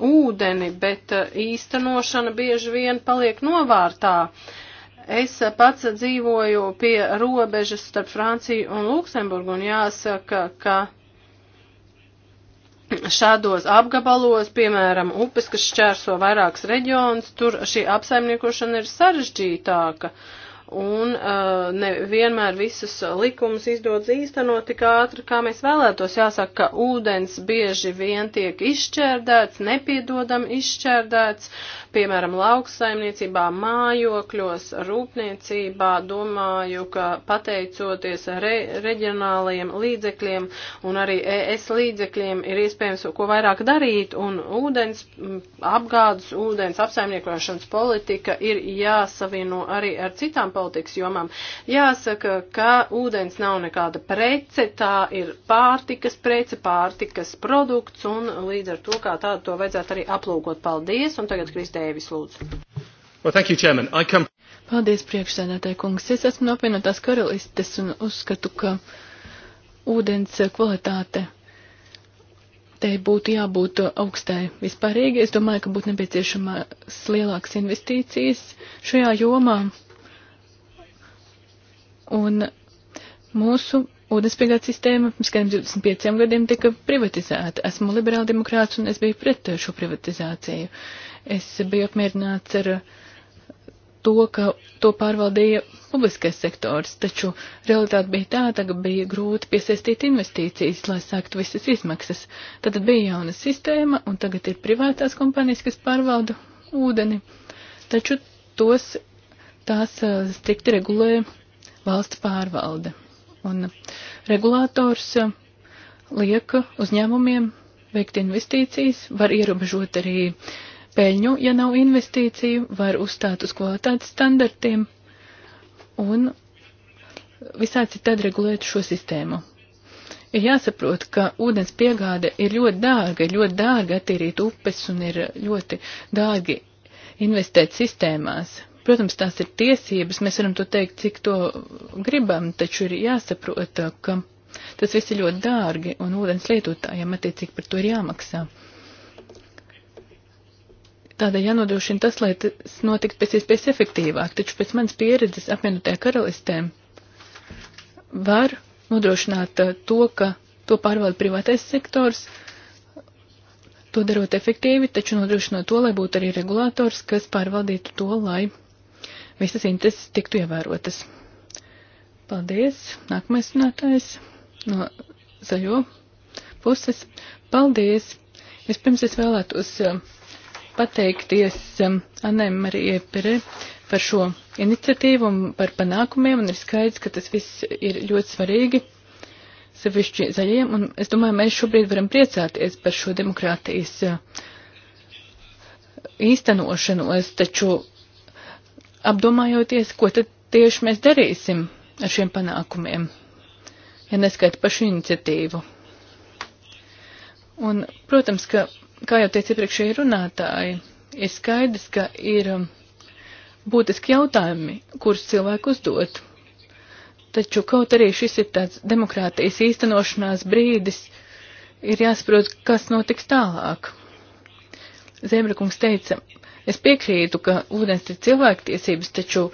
ūdeni, bet uh, īstenošana bieži vien paliek novārtā. Es uh, pats dzīvoju pie robežas starp Franciju un Luksemburgu un jāsaka, ka šādos apgabalos, piemēram, upes, kas šķērso vairākas reģionas, tur šī apsaimniekošana ir sarežģītāka. Uh, un uh, ne vienmēr visus likumus izdodas īstenot tik ātri, kā mēs vēlētos. Jāsaka, ka ūdens bieži vien tiek izšķērdēts, nepiedodam izšķērdēts, piemēram, lauksaimniecībā, mājokļos, rūpniecībā. Domāju, ka pateicoties re reģionālajiem līdzekļiem un arī ES līdzekļiem ir iespējams ko vairāk darīt, un ūdens apgādes, ūdens apsaimniekošanas politika ir jāsavieno arī ar citām politikām politikas jomām. Jāsaka, ka ūdens nav nekāda prece, tā ir pārtikas prece, pārtikas produkts, un līdz ar to kā tādu to vajadzētu arī aplūkot. Paldies, un tagad Kristēvis lūdzu. Well, thank you, Chairman. I come... Paldies, priekšsēdētāji kungs. Es esmu nopienotās karalistes un uzskatu, ka ūdens kvalitāte te būtu jābūt augstai vispārīgi. Es domāju, ka būtu nepieciešamas lielākas investīcijas šajā jomā. Un mūsu ūdenspiegāda sistēma pirms kādiem 25 gadiem tika privatizēta. Esmu liberāldemokrāts un es biju pret šo privatizāciju. Es biju apmierināts ar to, ka to pārvaldīja publiskais sektors, taču realitāte bija tāda, ka bija grūti piesaistīt investīcijas, lai sāktu visas izmaksas. Tad bija jauna sistēma, un tagad ir privātās kompānijas, kas pārvalda ūdeni, taču tos tās strikti regulē valsts pārvalde. Un regulators eh, liek uzņēmumiem veikt investīcijas, var ierobežot arī peļņu, ja nav investīciju, var uzstāt uz kvalitātes standartiem un visādi citādi regulēt šo sistēmu. Ir jāsaprot, ka ūdens piegāde ir ļoti dārga, ir ļoti dārga attīrīt upes un ir ļoti dārgi investēt sistēmās. Protams, tās ir tiesības, mēs varam to teikt, cik to gribam, taču ir jāsaprot, ka tas viss ir ļoti dārgi un ūdens lietotājiem attiecīgi par to ir jāmaksā. Tādēļ jānodrošina tas, lai tas notiktu pēc iespējas efektīvāk, taču pēc manas pieredzes apvienotajā karalistē var nodrošināt eh, to, ka to pārvalda privātais sektors, to darot efektīvi, taču nodrošinot to, lai būtu arī regulators, kas pārvaldītu to, lai visas intereses tiktu ievērotas. Paldies! Nākamais runātājs no zaļo puses. Paldies! Vispirms es vēlētos um, pateikties um, Anē Marijai Pere par šo iniciatīvu un par panākumiem, un ir skaidrs, ka tas viss ir ļoti svarīgi, sevišķi zaļiem, un es domāju, mēs šobrīd varam priecāties par šo demokrātijas uh, īstenošanos, taču apdomājoties, ko tad tieši mēs darīsim ar šiem panākumiem, ja neskaita pašu iniciatīvu. Un, protams, ka, kā jau teica iepriekšēji runātāji, ir skaidrs, ka ir um, būtiski jautājumi, kurus cilvēku uzdot. Taču kaut arī šis ir tāds demokrātijas īstenošanās brīdis, ir jāsaprot, kas notiks tālāk. Zemrekungs teica, Es piekrītu, ka ūdens ir cilvēktiesības, taču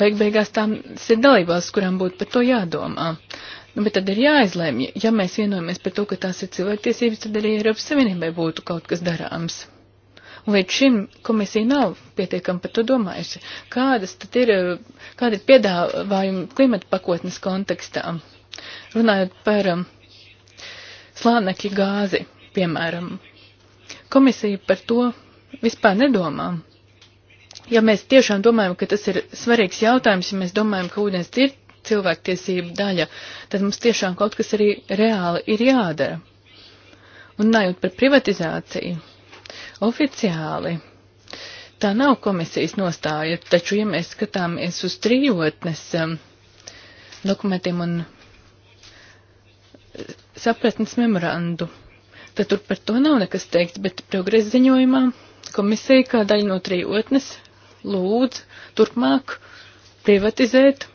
beig beigās tām ir dalībās, kurām būtu par to jādomā. Nu, bet tad ir jāizlēmj, ja mēs vienojamies par to, ka tās ir cilvēktiesības, tad arī Eiropas Savienībai būtu kaut kas darāms. Un līdz šim komisija nav pietiekami par to domājusi. Kādas tad ir, kāda ir piedāvājumi klimata pakotnes kontekstā? Runājot par um, slānekļa gāzi, piemēram. Komisija par to vispār nedomām. Ja mēs tiešām domājam, ka tas ir svarīgs jautājums, ja mēs domājam, ka ūdens ir cilvēktiesība daļa, tad mums tiešām kaut kas arī reāli ir jādara. Un nājot par privatizāciju, oficiāli tā nav komisijas nostāja, taču, ja mēs skatāmies uz trijotnes um, dokumentiem un uh, sapratnes memorandu, tad tur par to nav nekas teikts, bet progresa ziņojumā komisija kā daļa no trijotnes lūdz turpmāk privatizēt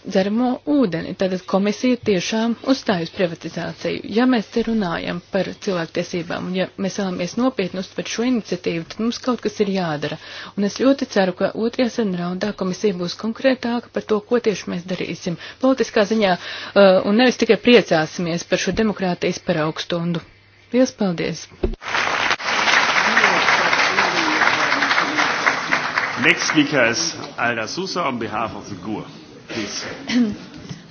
dzeramo ūdeni. Tātad komisija tiešām uzstājas privatizāciju. Ja mēs te runājam par cilvēktiesībām un ja mēs vēlamies nopietni uztvert šo iniciatīvu, tad mums kaut kas ir jādara. Un es ļoti ceru, ka otrajā sarunraundā komisija būs konkrētāka par to, ko tieši mēs darīsim politiskā ziņā uh, un nevis tikai priecāsimies par šo demokrātijas paraugstundu. Lielas paldies! Next speaker is Alda Sousa on behalf of the GUE. Please. [CLEARS THROAT]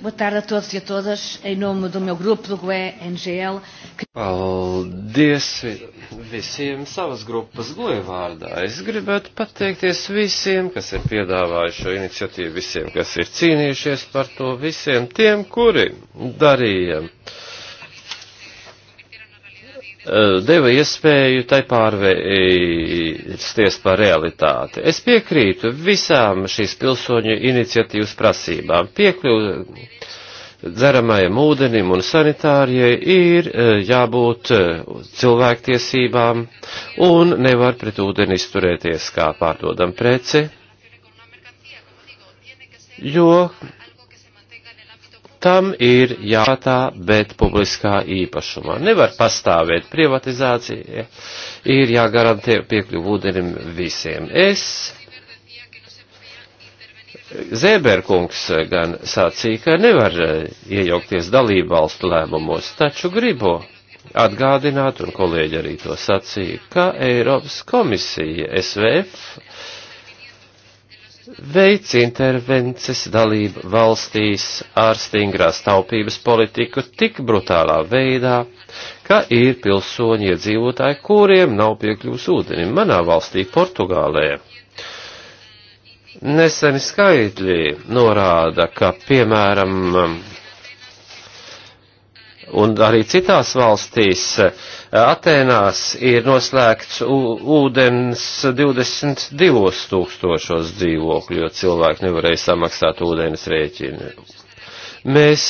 Boa tarde a todos e a todas. Em nome do meu grupo, do GUE NGL. Paldies visiem savas grupas GUE vārdā. Es gribētu pateikties visiem, kas ir piedāvājuši šo iniciatīvu, visiem, kas ir cīnījušies par to, visiem tiem, kuri darīja. Uh, Eh, deva iespēju tai pārvērsties par realitāti. Es piekrītu visām šīs pilsoņu iniciatīvas prasībām. Piekļuvi dzeramajam ūdenim un sanitārijai ir eh, jābūt eh, cilvēktiesībām un nevar pret ūdeni izturēties kā pārdodam preci, jo tam ir jātā, bet publiskā īpašumā. Nevar pastāvēt privatizācija, ir jāgarantē piekļuvu ūdenim visiem. Es, Zēberkungs gan sacīja, ka nevar eh, iejaukties dalībvalstu lēmumos, taču gribu atgādināt, un kolēģi arī to sacīja, ka Eiropas komisija SVF veic intervences dalību valstīs ar stingrās taupības politiku tik brutālā veidā, ka ir pilsoņi iedzīvotāji, kuriem nav piekļuvs ūdenim manā valstī, Portugālē. Neseni skaitļi norāda, ka, piemēram, un arī citās valstīs, Atēnās ir noslēgts ūdens 22 tūkstošos dzīvokļu, jo cilvēki nevarēja samaksāt ūdens rēķinu. Mēs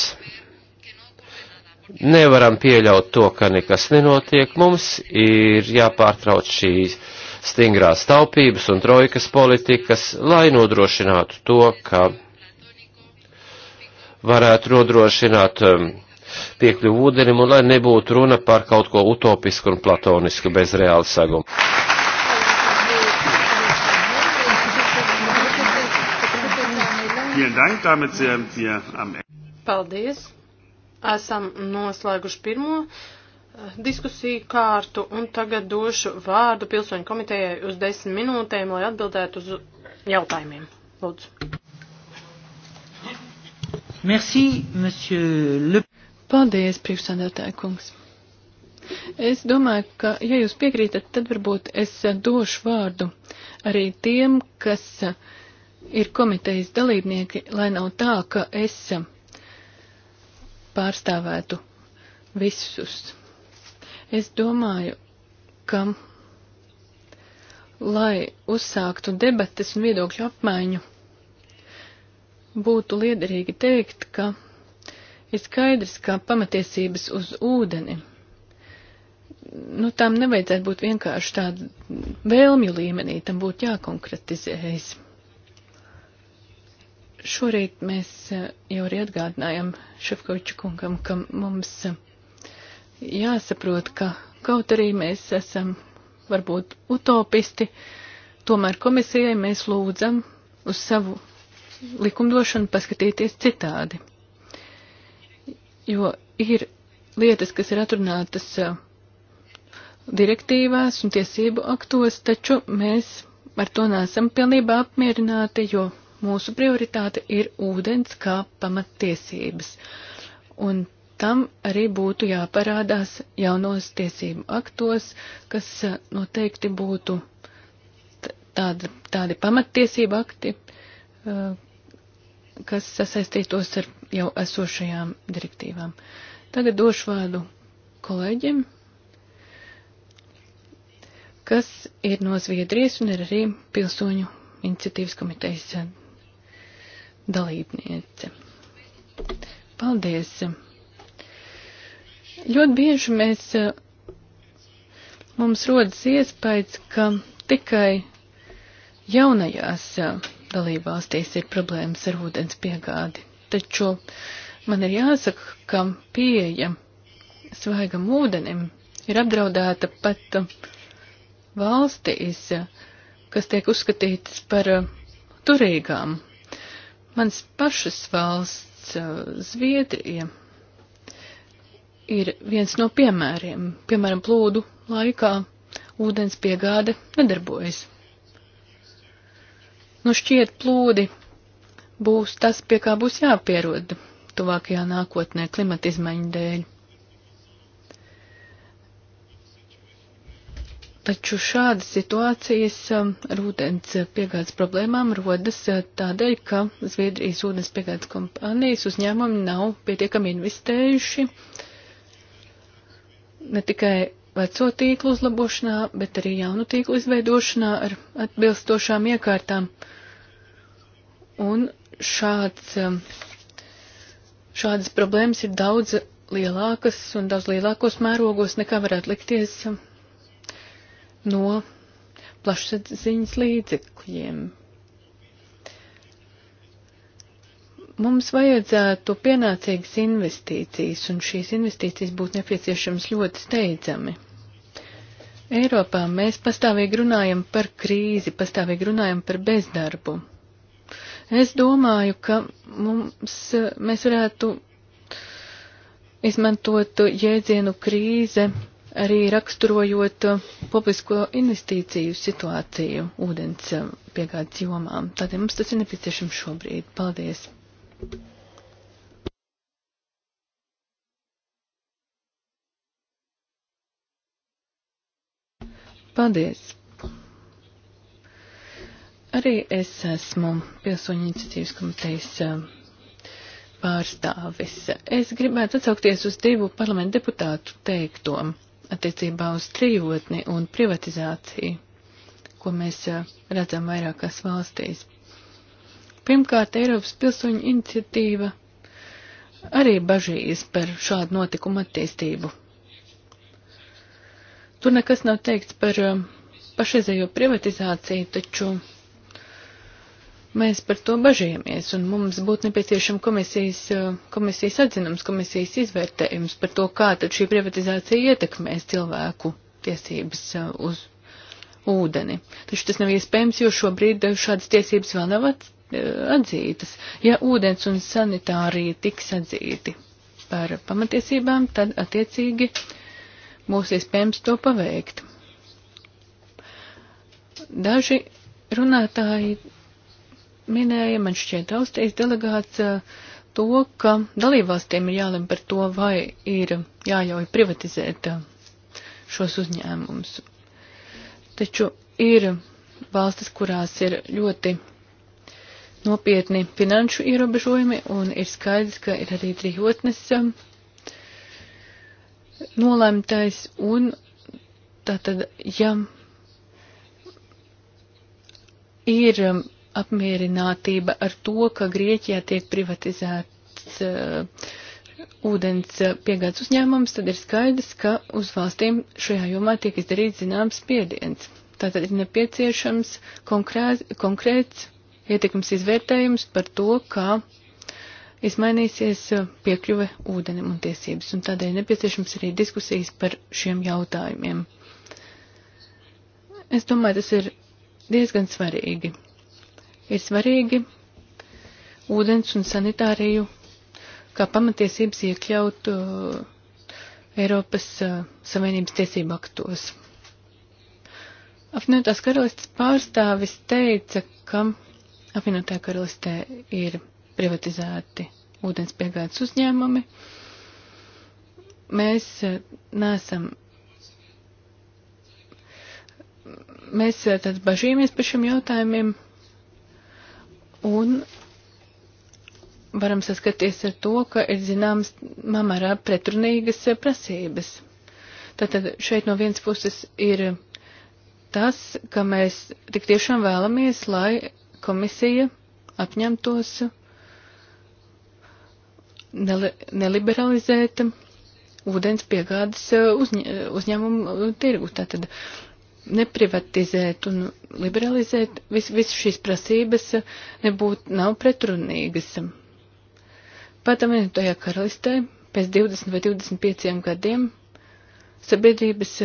nevaram pieļaut to, ka nekas nenotiek. Mums ir jāpārtrauc šīs stingrās taupības un trojkas politikas, lai nodrošinātu to, ka varētu nodrošināt um, piekļuvu ūdenim un lai nebūtu runa par kaut ko utopisku un platonisku bez reāla saguma. Paldies! Esam noslēguši pirmo eh, diskusiju kārtu un tagad došu vārdu pilsoņu komitejai uz desmit minūtēm, lai atbildētu uz jautājumiem. Lūdzu. Merci, monsieur Le. Paldies, priekšsādātāja kungs. Es domāju, ka, ja jūs piekrītat, tad varbūt es došu vārdu arī tiem, kas ir komitejas dalībnieki, lai nav tā, ka es pārstāvētu visus. Es domāju, ka, lai uzsāktu debates un viedokļu apmaiņu, būtu liederīgi teikt, ka Ir skaidrs, ka pamatiesības uz ūdeni, nu, tām nevajadzētu būt vienkārši tāda vēlmju līmenī, tam būtu jākonkretizējas. Šorīt mēs e, jau arī atgādinājām Šefkoviču kungam, ka mums e, jāsaprot, ka kaut arī mēs esam varbūt utopisti, tomēr komisijai mēs lūdzam uz savu likumdošanu paskatīties citādi jo ir lietas, kas ir atrunātas direktīvās un tiesību aktos, taču mēs ar to nesam pilnībā apmierināti, jo mūsu prioritāte ir ūdens kā pamattiesības. Un tam arī būtu jāparādās jaunos tiesību aktos, kas noteikti būtādi, tādi pamattiesību akti, kas sasaistītos ar jau esošajām direktīvām. Tagad došu vārdu kolēģim, kas ir no Zviedrijas un ir arī pilsoņu iniciatīvas komitejas dalībniece. Paldies! Ļoti bieži mēs, mums rodas iespējas, ka tikai jaunajās dalībvalstīs ir problēmas ar ūdens piegādi. Taču man ir jāsaka, ka pieeja svaigam ūdenim ir apdraudēta pat valstīs, kas tiek uzskatītas par turīgām. Mans pašas valsts Zviedrija ir viens no piemēriem. Piemēram, plūdu laikā ūdens piegāde nedarbojas. Nu šķiet plūdi būs tas, pie kā būs jāpierod tuvākajā nākotnē klimata izmaiņu dēļ. Taču šādas situācijas ar um, ūdens piegādes problēmām rodas uh, tādēļ, ka Zviedrijas ūdens piegādes kompānijas uzņēmumi nav pietiekami investējuši ne tikai veco tīklu uzlabošanā, bet arī jaunu tīklu izveidošanā ar atbilstošām iekārtām. Un šāds, um, šādas problēmas ir daudz lielākas un daudz lielākos mērogos nekā varētu likties um, no plašsaziņas līdzekļiem. mums vajadzētu pienācīgas investīcijas, un šīs investīcijas būtu nepieciešamas ļoti steidzami. Eiropā mēs pastāvīgi runājam par krīzi, pastāvīgi runājam par bezdarbu. Es domāju, ka mums, mēs varētu izmantot jēdzienu krīze arī raksturojot publisko investīciju situāciju ūdens piegādes jomām. Tādēļ mums tas ir nepieciešams šobrīd. Paldies! Paldies! Arī es esmu pilsoņu iniciatīvas komitejas eh, pārstāvis. Es gribētu atsaukties uz divu parlamentu deputātu teikto attiecībā uz trijotni un privatizāciju, ko mēs eh, redzam vairākās valstīs. Pirmkārt, Eiropas pilsoņu iniciatīva arī bažīs par šādu notikumu attīstību. Tur nekas nav teikts par um, pašreizējo privatizāciju, taču mēs par to bažījāmies, un mums būtu nepieciešama komisijas, um, komisijas atzinums, komisijas izvērtējums par to, kā tad šī privatizācija ietekmēs cilvēku tiesības uh, uz ūdeni. Taču tas nav iespējams, jo šobrīd uh, šādas tiesības vēl nav Eh, atzītas. Ja ūdens un sanitārija tiks atzīti par pamatiesībām, tad attiecīgi būs iespējams to paveikt. Daži runātāji minēja, man šķiet, Austrijas delegāts eh, to, ka dalībvalstīm ir jālem par to, vai ir jāļauj privatizēt eh, šos uzņēmumus. Taču ir valstis, kurās ir ļoti nopietni finanšu ierobežojumi, un ir skaidrs, ka ir arī trijotnes um, nolēmtais, un tātad, ja ir um, apmierinātība ar to, ka Grieķijā tiek privatizēts uh, ūdens uh, piegādes uzņēmums, tad ir skaidrs, ka uz valstīm šajā jomā tiek izdarīts zināms spiediens. Tātad ir nepieciešams konkrēts, konkrēts ietekmes izvērtējums par to, kā izmainīsies piekļuve ūdenim un tiesības, un tādēļ nepieciešams arī diskusijas par šiem jautājumiem. Es domāju, tas ir diezgan svarīgi. Ir svarīgi ūdens un sanitāriju kā pamatiesības iekļaut uh, Eiropas uh, Savienības tiesību aktos. Apvienotās karalistas pārstāvis teica, ka apvienotā karalistē ir privatizēti ūdens piegādes uzņēmumi. Mēs e, nesam. Mēs e, tad bažīmies par šiem jautājumiem un varam saskaties ar to, ka ir zināmas mamarā pretrunīgas e, prasības. Tātad šeit no vienas puses ir tas, ka mēs tik tiešām vēlamies, lai komisija apņemtos neliberalizēt ūdens piegādes eh, eh, uzņēmumu eh, tirgu. Tātad neprivatizēt un liberalizēt vis, visu šīs prasības nebūtu nav pretrunīgas. Pat Amerikāņu karalistē pēc 20 vai 25 gadiem sabiedrības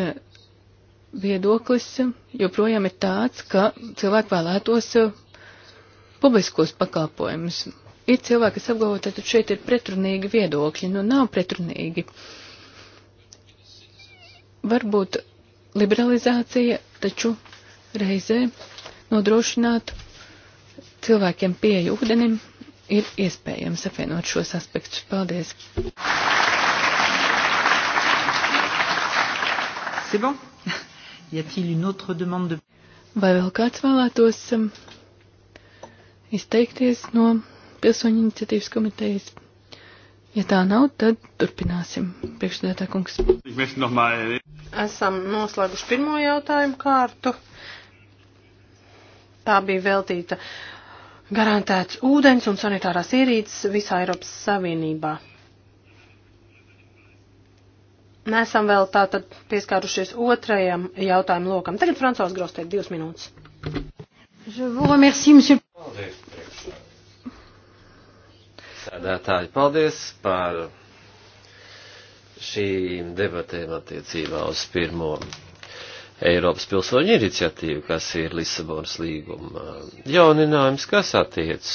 viedoklis joprojām ir tāds, ka cilvēki vēlētos publiskos pakāpojumus. Ir cilvēki, kas apgalvo, ka šeit ir pretrunīgi viedokļi. Nu, nav pretrunīgi. Varbūt liberalizācija, taču reizē nodrošināt cilvēkiem pieeju ūdenim ir iespējams apvienot šos aspektus. Paldies! Bon. Vai vēl kāds vēlētos um, izteikties no pilsoņu iniciatīvas komitejas? Ja tā nav, tad turpināsim. Priekšsēdētā kungs. Esam noslēguši pirmo jautājumu kārtu. Tā bija veltīta garantēts ūdens un sanitārās ierīces visā Eiropas Savienībā. Nesam vēl tātad pieskārušies otrajam jautājumu lokam. Tagad Francos Grostēt divas minūtes. Remercie, monsieur... Paldies, priekšsēdētāji. Paldies par šīm debatēm attiecībā uz pirmo Eiropas pilsoņu iniciatīvu, kas ir Lisabonas līguma jauninājums, kas attiec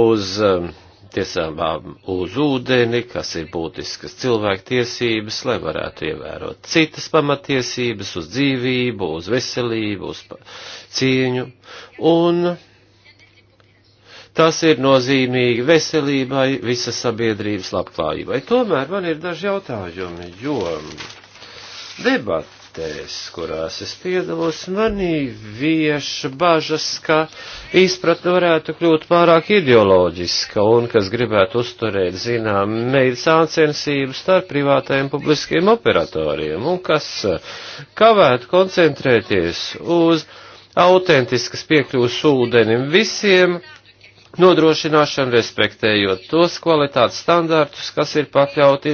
uz uh, tiesībām uz ūdeni, kas ir būtiskas cilvēktiesības, lai varētu ievērot citas pamatiesības uz dzīvību, uz veselību, uz cieņu. Un tas ir nozīmīgi veselībai, visas sabiedrības labklājībai. Tomēr man ir daži jautājumi, jo debat debatēs, kurās es piedalos, manī vieša bažas, ka izpratne varētu kļūt pārāk ideoloģiska un kas gribētu uzturēt, zinām, meidu sāncensību starp privātajiem publiskiem operatoriem un kas eh, kavētu koncentrēties uz autentiskas piekļūs ūdenim visiem nodrošināšanu, respektējot tos kvalitātes standārtus, kas ir pakļauti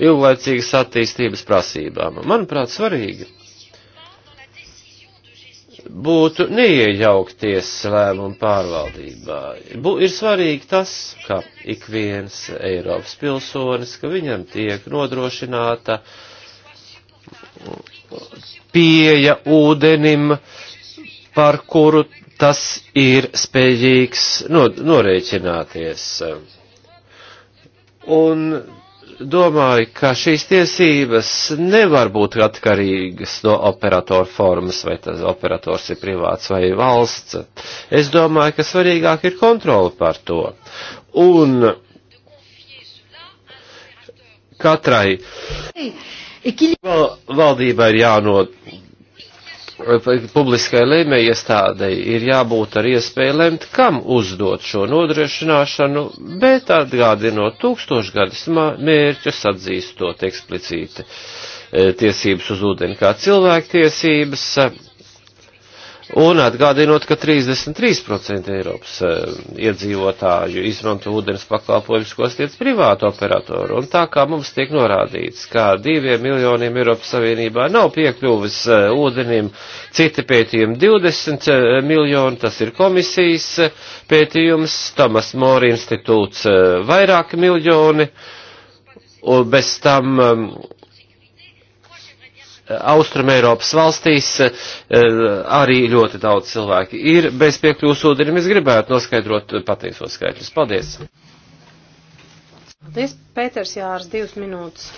ilglaicīgas attīstības prasībām. Manuprāt, svarīgi būtu neiejaukties lēmumu pārvaldībā. Bū, ir svarīgi tas, ka ik viens Eiropas pilsonis, ka viņam tiek nodrošināta pieeja ūdenim, par kuru tas ir spējīgs no, norēķināties. Un domāju, ka šīs tiesības nevar būt atkarīgas no operatora formas, vai tas operators ir privāts vai valsts. Es domāju, ka svarīgāk ir kontrola pār to. Un katrai e valdībai ir jānodrošina publiskai lēmēji iestādei ir jābūt ar iespēju lemt, kam uzdot šo nodrošināšanu, bet atgādinot tūkstošgadus mērķus atzīstot eksplicīti e, tiesības uz ūdeni kā cilvēktiesības, Un atgādinot, ka 33% Eiropas eh, iedzīvotāju izmanto ūdens pakalpojumus, ko sniedz privātu operatoru. Un tā kā mums tiek norādīts, ka diviem miljoniem Eiropas Savienībā nav piekļuvis eh, ūdenim, citi pētījumi 20 eh, miljoni, tas ir komisijas pētījums, Tomas Mori institūts vairāki miljoni, un bez tam ehm, Austrum Eiropas valstīs eh, arī ļoti daudz cilvēki ir bez piekļūs ūdenim. Es gribētu noskaidrot patiesos skaitļus. Paldies! Paldies, Pēters Jārs, divas minūtes.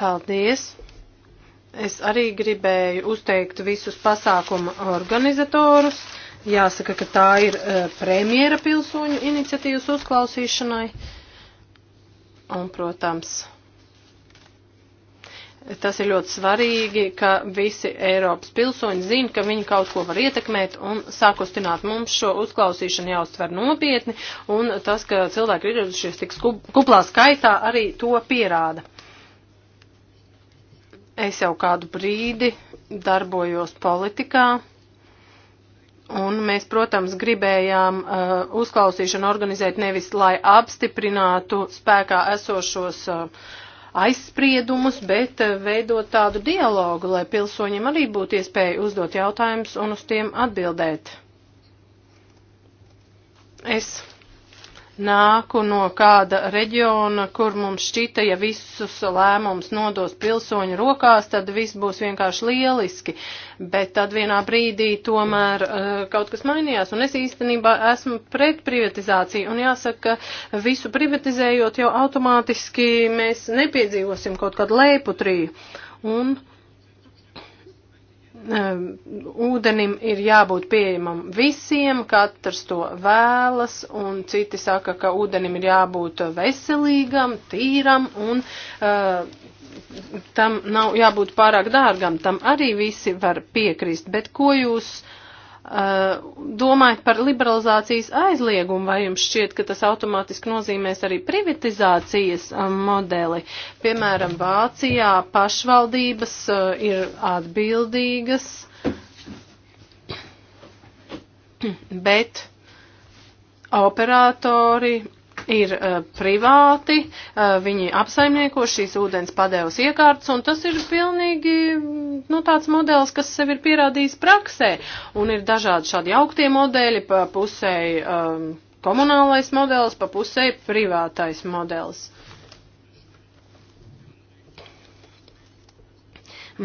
Paldies! Es arī gribēju uzteikt visus pasākuma organizatorus. Jāsaka, ka tā ir eh, premjera pilsoņu iniciatīvas uzklausīšanai. Un, protams, Tas ir ļoti svarīgi, ka visi Eiropas pilsoņi zina, ka viņi kaut ko var ietekmēt un sākustināt. Mums šo uzklausīšanu jāuztver nopietni, un tas, ka cilvēki ir ieradušies tik kuplā skaitā, arī to pierāda. Es jau kādu brīdi darbojos politikā. Un mēs, protams, gribējām uh, uzklausīšanu organizēt nevis, lai apstiprinātu spēkā esošos uh, aizspriedumus, bet eh, veidot tādu dialogu, lai pilsoņiem arī būtu iespēja uzdot jautājumus un uz tiem atbildēt. Es nāku no kāda reģiona, kur mums šķita, ja visus lēmumus nodos pilsoņu rokās, tad viss būs vienkārši lieliski. Bet tad vienā brīdī tomēr uh, kaut kas mainījās, un es īstenībā esmu pret privatizāciju, un jāsaka, ka visu privatizējot jau automātiski mēs nepiedzīvosim kaut kādu leiputriju. Un Ehm, ūdenim ir jābūt pieejamam visiem, katrs to vēlas, un citi saka, ka ūdenim ir jābūt veselīgam, tīram, un uh, tam nav jābūt pārāk dārgam. Tam arī visi var piekrist, bet ko jūs uh, Uh, domājat par liberalizācijas aizliegumu, vai jums šķiet, ka tas automātiski nozīmēs arī privatizācijas um, modeli? Piemēram, Vācijā pašvaldības uh, ir atbildīgas, [CLEARS THROAT] bet operatori ir uh, privāti, uh, viņi apsaimnieko šīs ūdens padevas iekārtas, un tas ir pilnīgi, mm, nu, tāds modelis, kas sev ir pierādījis praksē, un ir dažādi šādi augtie modeļi, pa pusēji um, komunālais modelis, pa pusēji privātais modelis.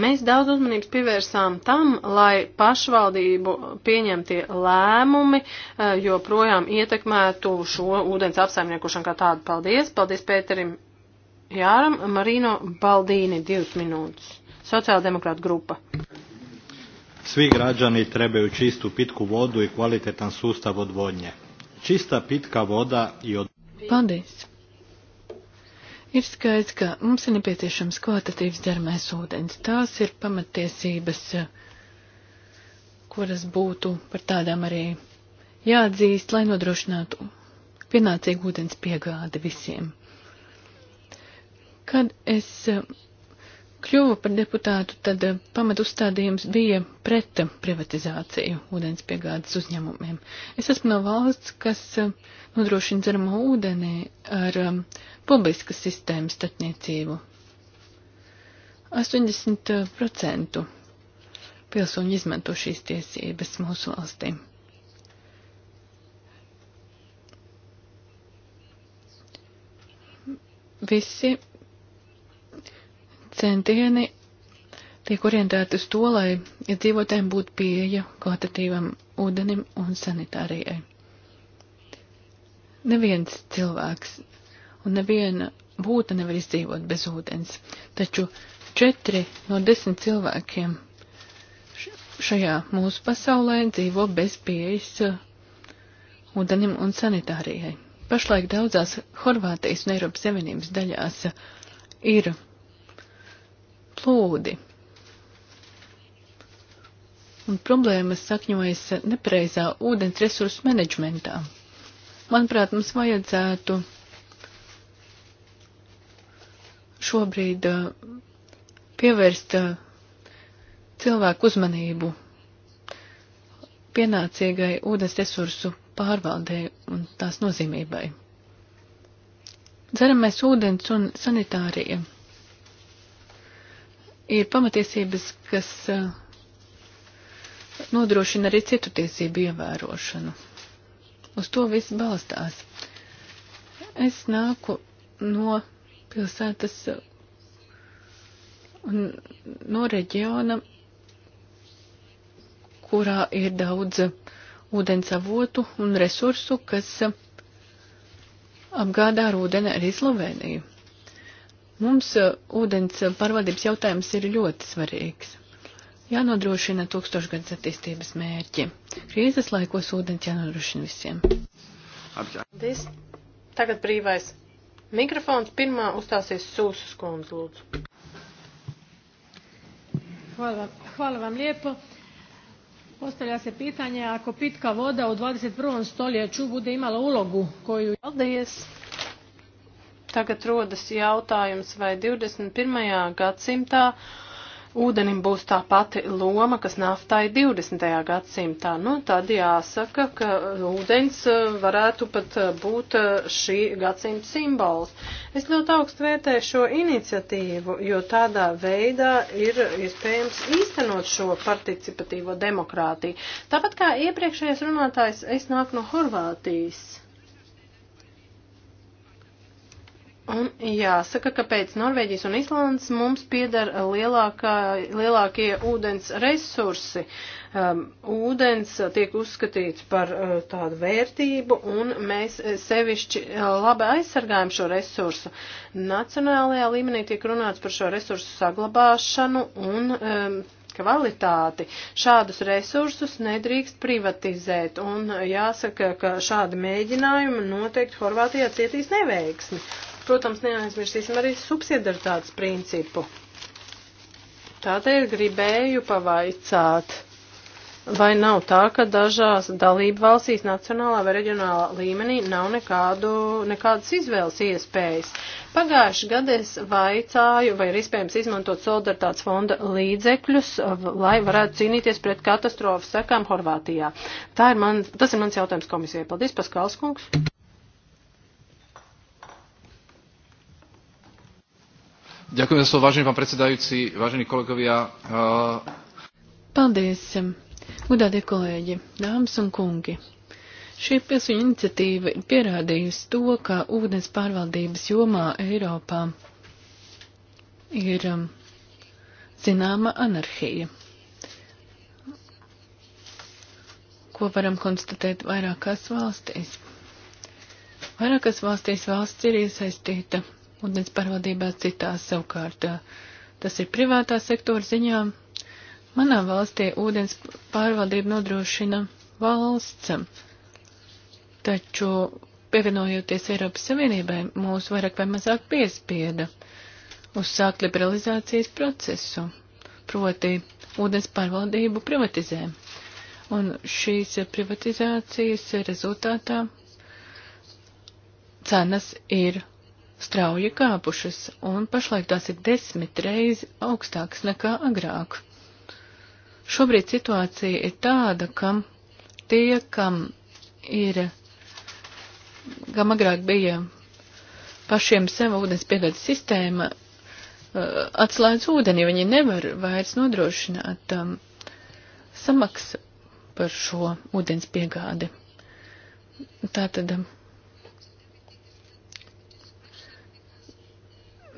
Mēs daudz uzmanības pievērsām tam, lai pašvaldību pieņemtie lēmumi eh, joprojām ietekmētu šo ūdens apsaimniekošanu kā tādu. Paldies! Paldies Pēterim Jāram, Marino Baldīni, divas minūtes. Sociāldemokrāta grupa. Svi građani trebaju čistu pitku vodu i kvalitetan sustav odvodnje. Čista pitka voda i od... Paldies! Ir skaidrs, ka mums ir nepieciešams kvalitatīvs ģermēs ūdens. Tās ir pamatiesības, kuras būtu par tādām arī jāatzīst, lai nodrošinātu pienācīgu ūdens piegādi visiem. Kad es eh, kļuvu par deputātu, tad eh, pamat uzstādījums bija pret privatizāciju ūdens piegādes uzņēmumiem. Es esmu no valsts, kas eh, nodrošina dzeramo ūdeni ar publiskas sistēmas starpniecību. 80% uh, pilsoņu izmanto šīs tiesības mūsu valstīm. Visi centieni tiek orientēti uz to, lai iedzīvotājiem ja būtu pieeja kvalitatīvam ūdenim un sanitārijai. Neviens cilvēks un neviena būta nevar izdzīvot bez ūdens. Taču četri no desmit cilvēkiem šajā mūsu pasaulē dzīvo bez pieejas uh, ūdenim un sanitārijai. Pašlaik daudzās Horvātijas un Eiropas Savienības daļās uh, ir plūdi. Un problēmas sakņojas nepareizā ūdens resursu menedžmentā. Manuprāt, mums vajadzētu šobrīd eh, pievērst eh, cilvēku uzmanību pienācīgai ūdens resursu pārvaldē un tās nozīmībai. Dzeramais ūdens un sanitārija ir pamatiesības, kas eh, nodrošina arī citu tiesību ievērošanu. Uz to viss balstās. Es nāku no pilsētas un no reģiona, kurā ir daudz ūdens avotu un resursu, kas apgādā ar ūdeni arī Sloveniju. Mums uh, ūdens pārvaldības jautājums ir ļoti svarīgs. Jānodrošina tūkstošgadus attīstības mērķi. Krīzes laikos ūdens jānodrošina visiem. Paldies. Tagad brīvais mikrofons. Pirmā uzstāsies Sūsas kundze, lūdzu. Hvala, hvala vam lijepo. Postavlja se pitanje ako pitka voda u 21. stoljeću bude imala ulogu koju... Paldies! Tagad rodas jautājums, vai 21. gadsimtā uh, Ūdenim būs tā pati loma, kas naftai 20. gadsimtā. Nu, tad jāsaka, ka ūdens e, varētu pat e, būt e, šī gadsimta simbols. Es ļoti augstu vērtēju šo iniciatīvu, jo tādā veidā ir iespējams īstenot šo participatīvo demokrātiju. Tāpat kā iepriekšējais runātājs, es nāku no Horvātijas. Un jāsaka, ka pēc Norvēģijas un Islandes mums pieder lielākā, lielākie ūdens resursi. Um, ūdens tiek uzskatīts par uh, tādu vērtību, un mēs uh, sevišķi uh, labi aizsargājam šo resursu. Nacionālajā līmenī tiek runāts par šo resursu saglabāšanu un. Um, kvalitāti. Šādus resursus nedrīkst privatizēt, un uh, jāsaka, ka šādi mēģinājumi noteikti Horvātijā cietīs neveiksmi. Protams, neaizmirsīsim arī subsidaritātes principu. Tādēļ gribēju pavaicāt, vai nav tā, ka dažās dalību valstīs nacionālā vai reģionālā līmenī nav nekādu, nekādas izvēles iespējas. Pagājuši gadu es vaicāju, vai ir iespējams izmantot solidaritātes fonda līdzekļus, lai varētu cīnīties pret katastrofu sekām Horvātijā. Tā ir man, tas ir mans jautājums komisijai. Paldies, Paskals kungs. Ďakujem za slovo, vážený pán predsedajúci, vážení kolegovia. Paldies, gudātie kolēģi, dāmas un kungi. Šī pilsoņu iniciatīva ir pierādījusi to, ka ūdens pārvaldības jomā Eiropā ir um, zināma anarhija, ko varam konstatēt vairākās valstīs. Vairākās valstīs valsts ir iesaistīta ūdens pārvaldībā, citās savukārt tas ir privātā sektora ziņā. Manā valstī ūdens pārvaldība nodrošina valsts, taču pievienojoties Eiropas Savienībai, mūs vairāk vai mazāk piespieda uzsākt liberalizācijas procesu, proti ūdens pārvaldību privatizē. Un šīs privatizācijas rezultātā cenas ir strauji kāpušas, un pašlaik tās ir desmit reizi augstākas nekā agrāk. Šobrīd situācija ir tāda, ka tie, kam ir, kam agrāk bija pašiem sev ūdens piegādes sistēma, eh, atslēdz ūdeni, viņi nevar vairs nodrošināt um, samaksu par šo ūdens piegādi. Tātad. Um,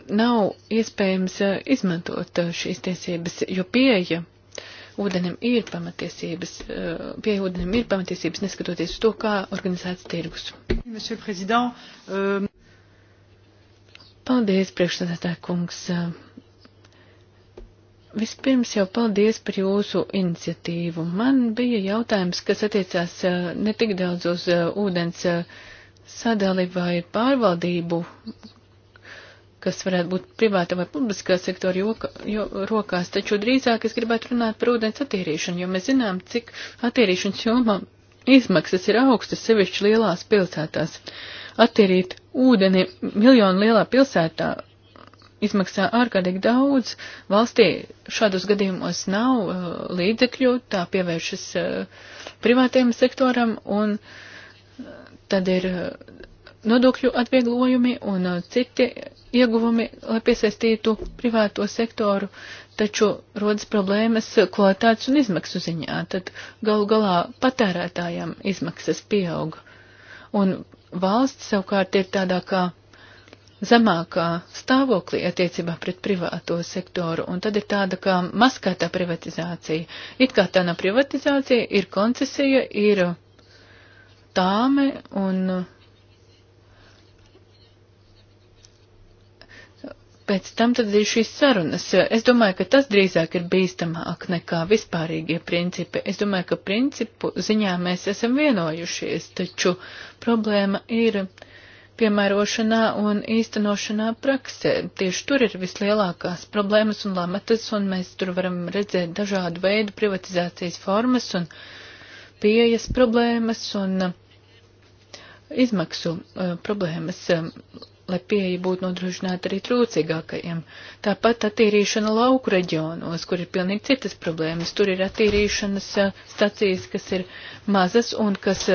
nav iespējams eh, izmantot eh, šīs tiesības, jo pieeja ūdenim ir pamatiesības, eh, pieeja ūdenim ir pamatiesības, neskatoties uz to, kā organizēts tirgus. Euh, paldies, priekšstādātāja kungs. Vispirms jau paldies par jūsu iniciatīvu. Man bija jautājums, kas attiecās ne tik daudz uz ūdens sadali vai pārvaldību, kas varētu būt privāta vai publiskā sektora joka, jo, rokās, taču drīzāk es gribētu runāt par ūdens attīrīšanu, jo mēs zinām, cik attīrīšanas jomā izmaksas ir augstas, sevišķi lielās pilsētās. Attīrīt ūdeni miljonu lielā pilsētā izmaksā ārkārtīgi daudz, valstī šādos gadījumos nav uh, līdzekļu, tā pievēršas uh, privātiem sektoram, un uh, tad ir uh, nodokļu atvieglojumi un uh, citi ieguvumi, lai piesaistītu privāto sektoru, taču rodas problēmas kvalitātes un izmaksu ziņā, tad galu galā patērētājiem izmaksas pieauga. Un valsts savukārt ir tādā kā zemākā stāvoklī attiecībā pret privāto sektoru, un tad ir tāda kā maskētā privatizācija. It kā tā nav privatizācija, ir koncesija, ir tāme un pēc tam tad ir šīs sarunas. Es domāju, ka tas drīzāk ir bīstamāk nekā vispārīgie principi. Es domāju, ka principu ziņā mēs esam vienojušies, taču problēma ir piemērošanā un īstenošanā praksē. Tieši tur ir vislielākās problēmas un lamatas, un mēs tur varam redzēt dažādu veidu privatizācijas formas un pieejas problēmas un uh, izmaksu uh, problēmas um, lai pieeja būtu nodrošināta arī trūcīgākajiem. Tāpat attīrīšana lauku reģionos, kur ir pilnīgi citas problēmas. Tur ir attīrīšanas stacijas, kas ir mazas un kas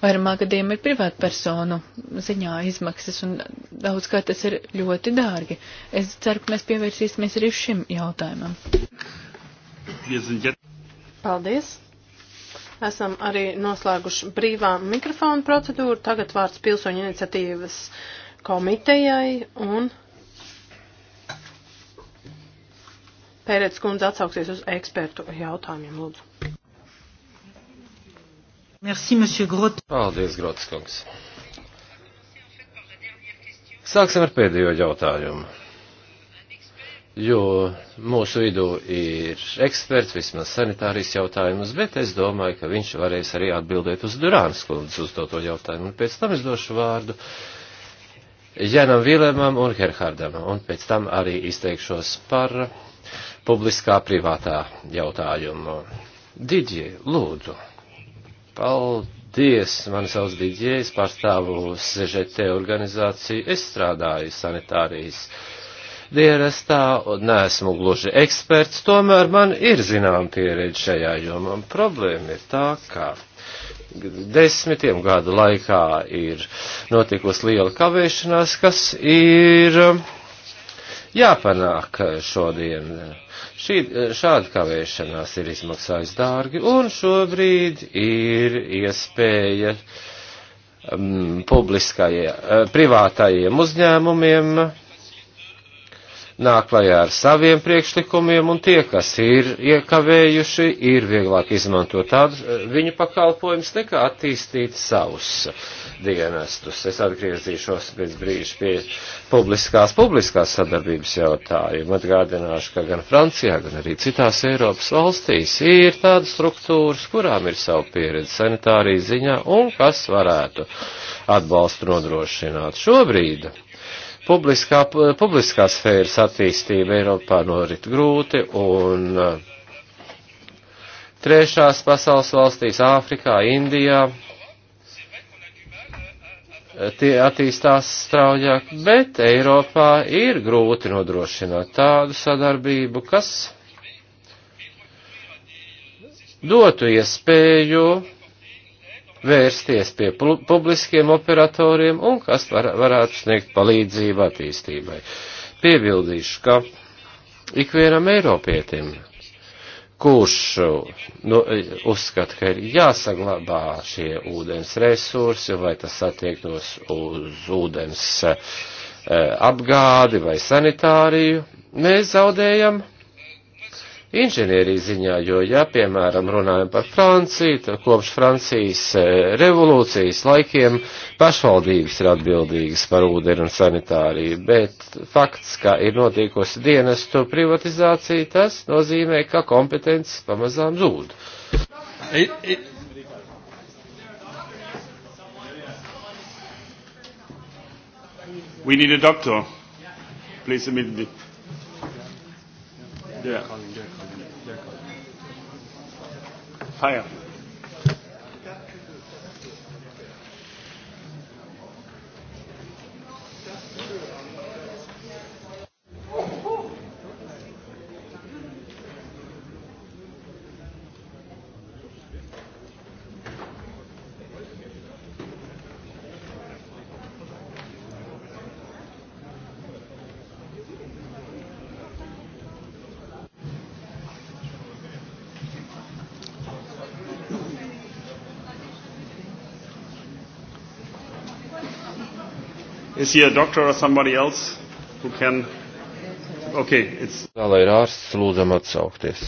vairumā gadiem ir privātpersonu ziņā izmaksas, un daudz kā tas ir ļoti dārgi. Es ceru, ka mēs pievērsīsimies arī šim jautājumam. Paldies! Esam arī noslēguši brīvā mikrofona procedūru. Tagad vārds pilsoņu iniciatīvas uh, komitejai un Pērēts kundze atsauksies uz ekspertu jautājumiem, lūdzu. Merci, monsieur Grot. Paldies, Grots kungs. Sāksim ar pēdējo jautājumu. Jo mūsu vidū ir eksperts vismaz sanitārijas jautājumus, bet es domāju, ka viņš varēs arī atbildēt uz Durānas kundzes uzdoto jautājumu. Un pēc tam es došu vārdu uh, Janam Vilemam un Gerhardam, un pēc tam arī izteikšos par publiskā privātā jautājumu. Didie, lūdzu. Paldies, man sauc Didie, es pārstāvu CŽT organizāciju, es strādāju sanitārijas dienestā, un neesmu gluži eksperts, tomēr man ir zinām pieredze šajā jomā. Problēma ir tā, ka. Kā desmitiem gadu laikā ir notikusi liela kavēšanās, kas ir um, jāpanāk šodien. Šī, šāda kavēšanās ir izmaksājusi dārgi, un šobrīd ir iespēja um, publiskajiem, uh, privātajiem uzņēmumiem nāk klajā ar saviem priekšlikumiem, un tie, kas ir iekavējuši, ir vieglāk izmantot tādu eh, viņu pakalpojumus, nekā attīstīt savus dienestus. Es atgriezīšos pēc brīža pie publiskās, publiskās sadarbības jautājuma. Atgādināšu, ka gan Francijā, gan arī citās Eiropas valstīs ir tādas struktūras, kurām ir savu pieredzi sanitārija ziņā, un kas varētu atbalstu nodrošināt šobrīd publiskā, publiskā sfēras attīstība Eiropā norit grūti un eh, trešās pasaules valstīs, Āfrikā, Indijā, eh, tie attīstās straujāk, bet Eiropā ir grūti nodrošināt tādu sadarbību, kas dotu iespēju vērsties pie publiskiem operatoriem un kas var, varētu sniegt palīdzību attīstībai. Piebildīšu, ka ikvienam Eiropietim, kurš nu, uzskata, ka ir jāsaglabā šie ūdens resursi, vai tas attiektos uz ūdens eh, apgādi vai sanitāriju, mēs zaudējam inženierijas ziņā, jo, ja, piemēram, runājam par Franciju, tad kopš Francijas e, revolūcijas laikiem pašvaldības ir atbildīgas par ūdeni un sanitāriju, bet fakts, ka ir notiekosi dienestu privatizācija, tas nozīmē, ka kompetences pamazām zūd. I, I... We need a doctor. Please immediately. Yeah. Feier. Is he a doctor or somebody else who can? Okay, it's. Zālē ir ārsts, lūdzam atsaukties.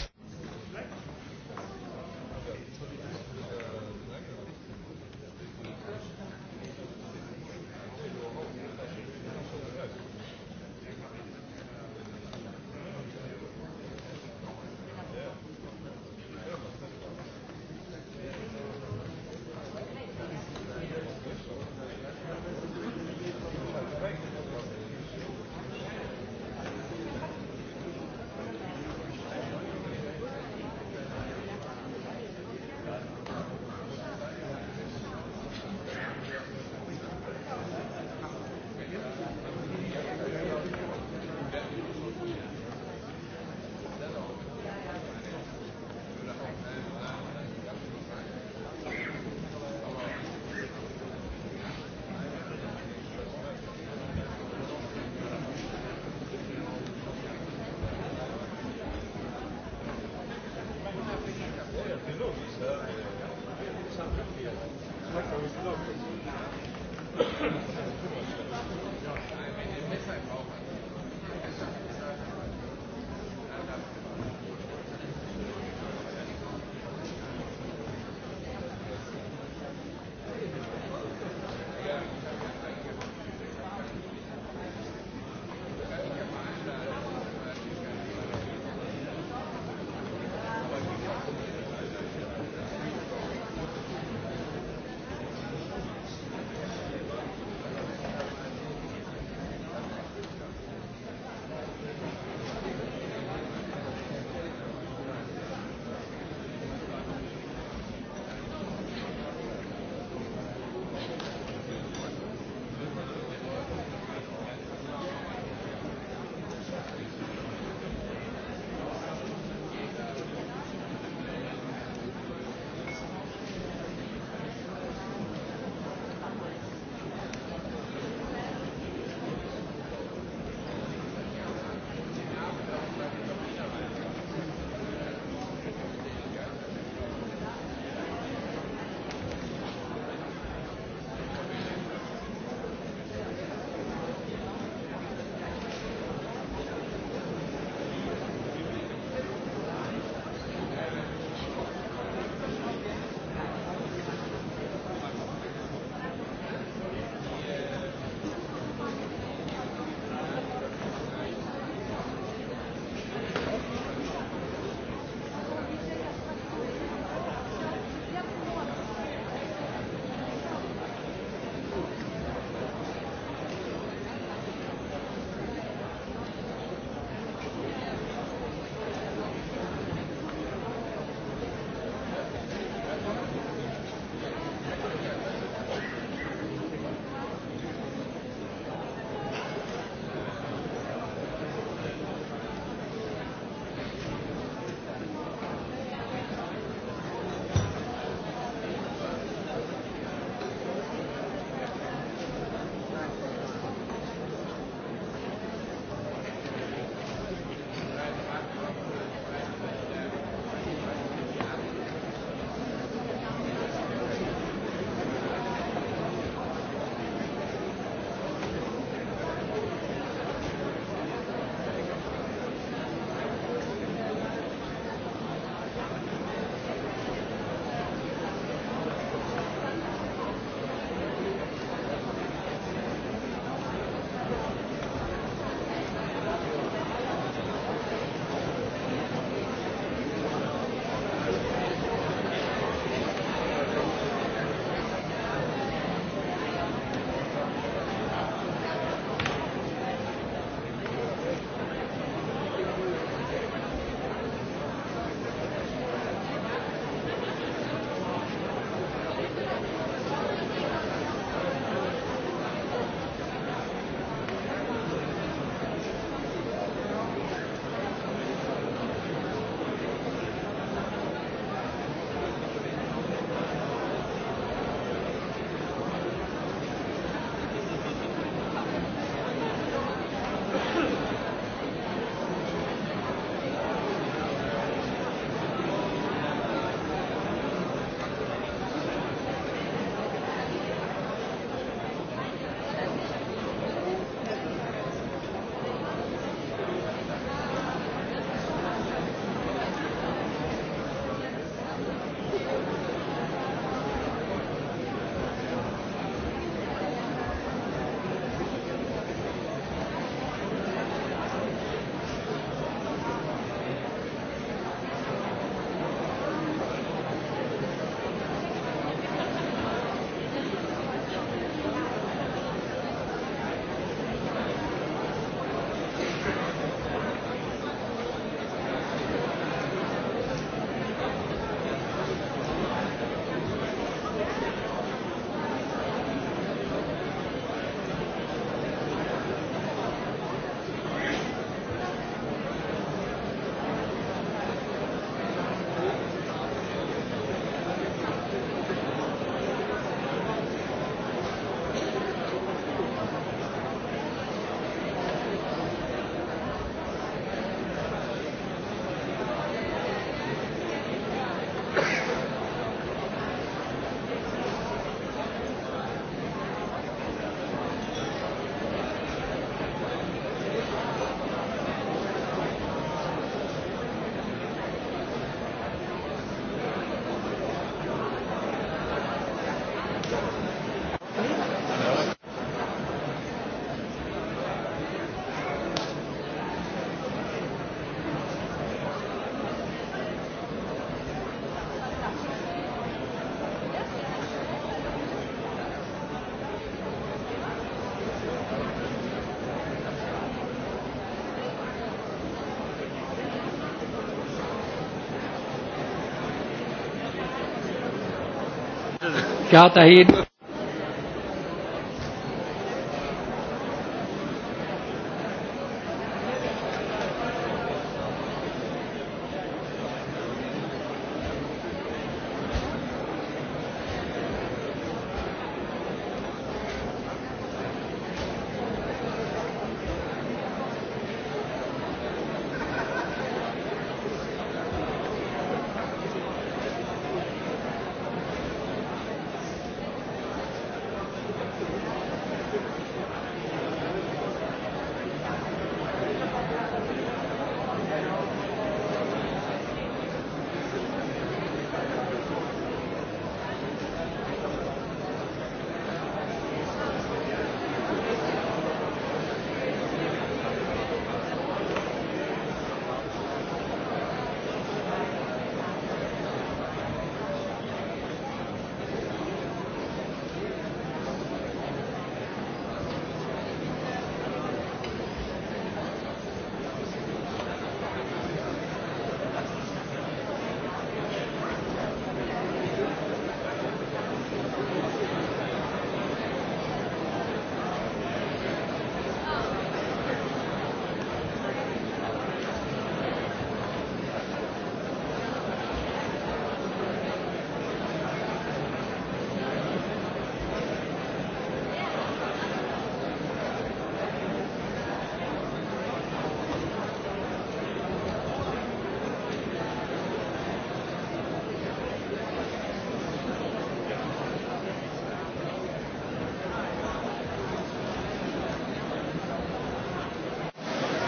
Kaarten heen.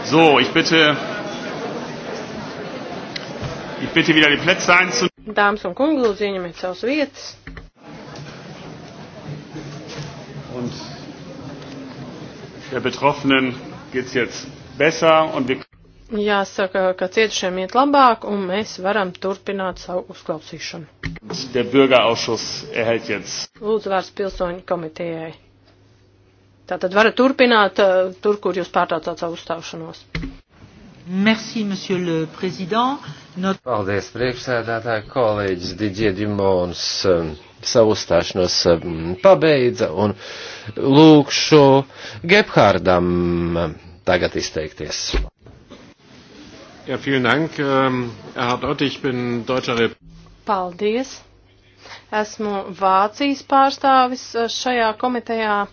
So, ich bitte, ich bitte wieder die Plätze einzunehmen. Dāmas un kungi, lūdzu, ieņemiet savas vietas. Und der Betroffenen geht's jetzt besser und wir Jāsaka, ka cietušiem iet labāk un mēs varam turpināt savu uzklausīšanu. Der Bürgerausschuss erhält jetzt. Lūdzu, vārds pilsoņu komitejai. Tātad varat turpināt eh, tur, kur jūs pārtraucāt savu uzstāšanos. Merci, monsieur le président. Not... Paldies, priekšsēdētāji, kolēģis Didier Dimons eh, savu uzstāšanos eh, pabeidza un lūkšu Gebhārdam tagad izteikties. Ja, vielen Dank, ähm, Herr Dott, ich bin deutscher Rep. Paldies. Esmu Vācijas pārstāvis šajā komitejā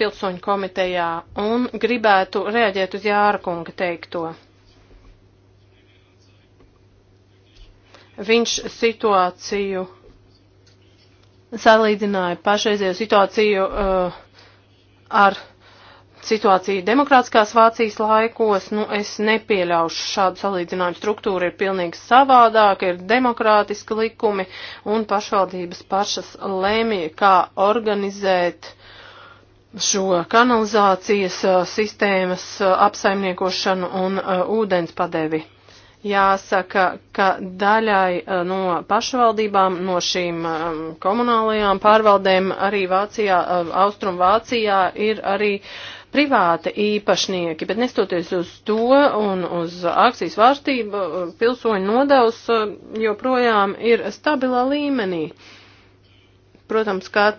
pilsoņu komitejā un gribētu reaģēt uz Jārkunga teikto. Viņš situāciju salīdzināja pašreizējo situāciju uh, ar situāciju demokrātiskās Vācijas laikos, nu es nepieļaušu šādu salīdzinājumu. Struktūra ir pilnīgi savādāka, ir demokrātiski likumi un pašvaldības pašas lēmīja, kā organizēt šo kanalizācijas sistēmas apsaimniekošanu un ūdens padevi. Jāsaka, ka daļai no pašvaldībām, no šīm komunālajām pārvaldēm arī Vācijā, Austrum Vācijā ir arī privāti īpašnieki, bet nestoties uz to un uz akcijas vārstību, pilsoņu nodevs joprojām ir stabilā līmenī. Protams, kā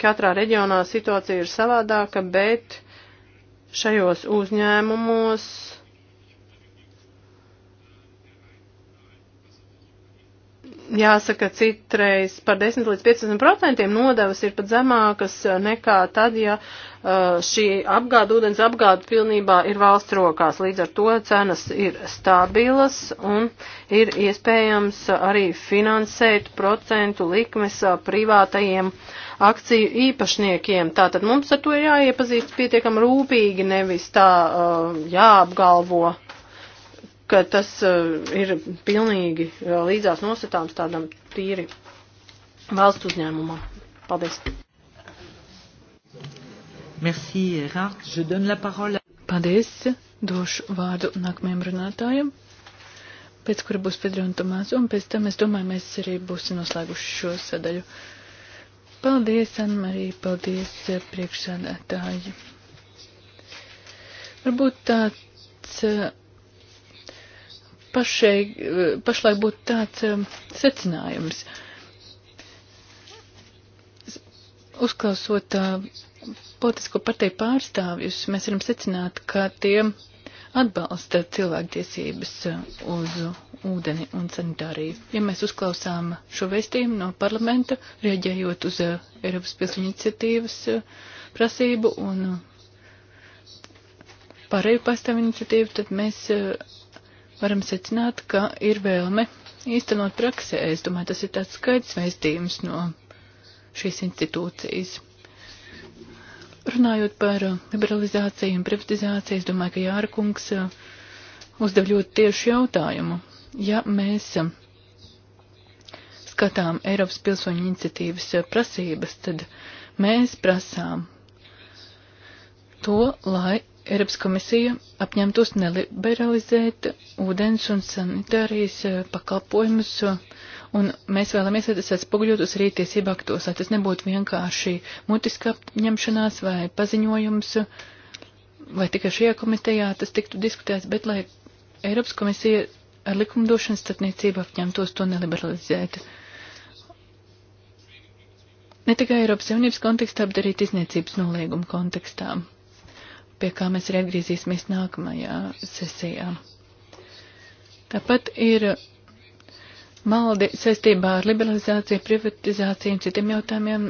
Katrā reģionā situācija ir savādāka, bet šajos uzņēmumos jāsaka, citreiz par 10 līdz 15% nodevas ir pat zemākas nekā tad, ja uh, šī apgāda, ūdens apgāda pilnībā ir valsts rokās. Līdz ar to cenas ir stabilas un ir iespējams arī finansēt procentu likmes uh, privātajiem uh, akciju īpašniekiem. Tātad mums ar to jāiepazīst pietiekam rūpīgi, nevis tā uh, jāapgalvo, ka tas uh, ir pilnīgi uh, līdzās nosatāms tādam tīri valsts uzņēmumam. Paldies. Merci, Rart. Je donne la parole. Paldies. Došu vārdu nākamajam runātājam pēc kura būs Pedro un Tomāzo, un pēc tam, es domāju, mēs arī būsim noslēguši šo sadaļu. Paldies, Anmarī, paldies eh, priekšsādātāji. Varbūt tāds eh, pašai, eh, pašlaik būtu tāds secinājums. Uzklausot politisko partiju pārstāvjus, mēs varam secināt, ka tie atbalsta cilvēktiesības uz ūdeni un sanitāriju. Ja mēs uzklausām šo vēstījumu no parlamenta, rieģējot uz uh, Eiropas pilsņu iniciatīvas uh, prasību un uh, pārēju pastāvu iniciatīvu, tad mēs varam secināt, ka ir vēlme īstenot praksē. Es domāju, tas ir tāds skaidrs vēstījums no šīs institūcijas. Runājot par liberalizāciju un privatizāciju, es domāju, ka Jārkungs uzdev ļoti tiešu jautājumu ja mēs skatām Eiropas pilsoņu iniciatīvas prasības, tad mēs prasām to, lai Eiropas komisija apņemtos neliberalizēt ūdens un sanitārijas pakalpojumus, un mēs vēlamies, lai tas atspoguļotos arī tiesību aktos, lai tas nebūtu vienkārši mutiska apņemšanās vai paziņojums, vai tikai šajā komitejā tas tiktu diskutēts, bet lai Eiropas komisija ar likumdošanas starpniecību apņemtos to neliberalizēt. Ne tikai Eiropas Savienības kontekstā, bet arī izniecības nolīguma kontekstā, pie kā mēs arī atgriezīsimies nākamajā sesijā. Tāpat ir maldi saistībā ar liberalizāciju, privatizāciju un citiem jautājumiem.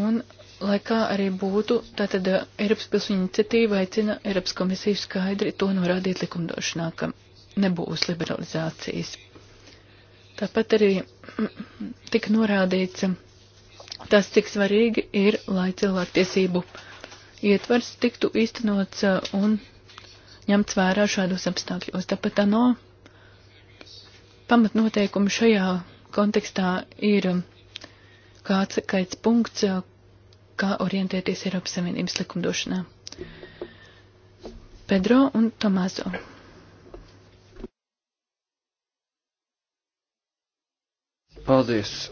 Un, lai kā arī būtu, tātad Eiropas pilsoņu iniciatīva aicina Eiropas komisiju skaidri to norādīt likumdošanā, ka nebūs liberalizācijas. Tāpat arī [CLEARS THROAT] tika norādīts tas, cik svarīgi ir, lai cilvēktiesību ietvars tiktu īstenots uh, un ņemts vērā šādos apstākļos. Tāpat ANO pamatnoteikumi šajā kontekstā ir um, kāds kaits punkts, uh, kā orientēties Eiropas Savienības likumdošanā. Pedro un Tomazo. Paldies.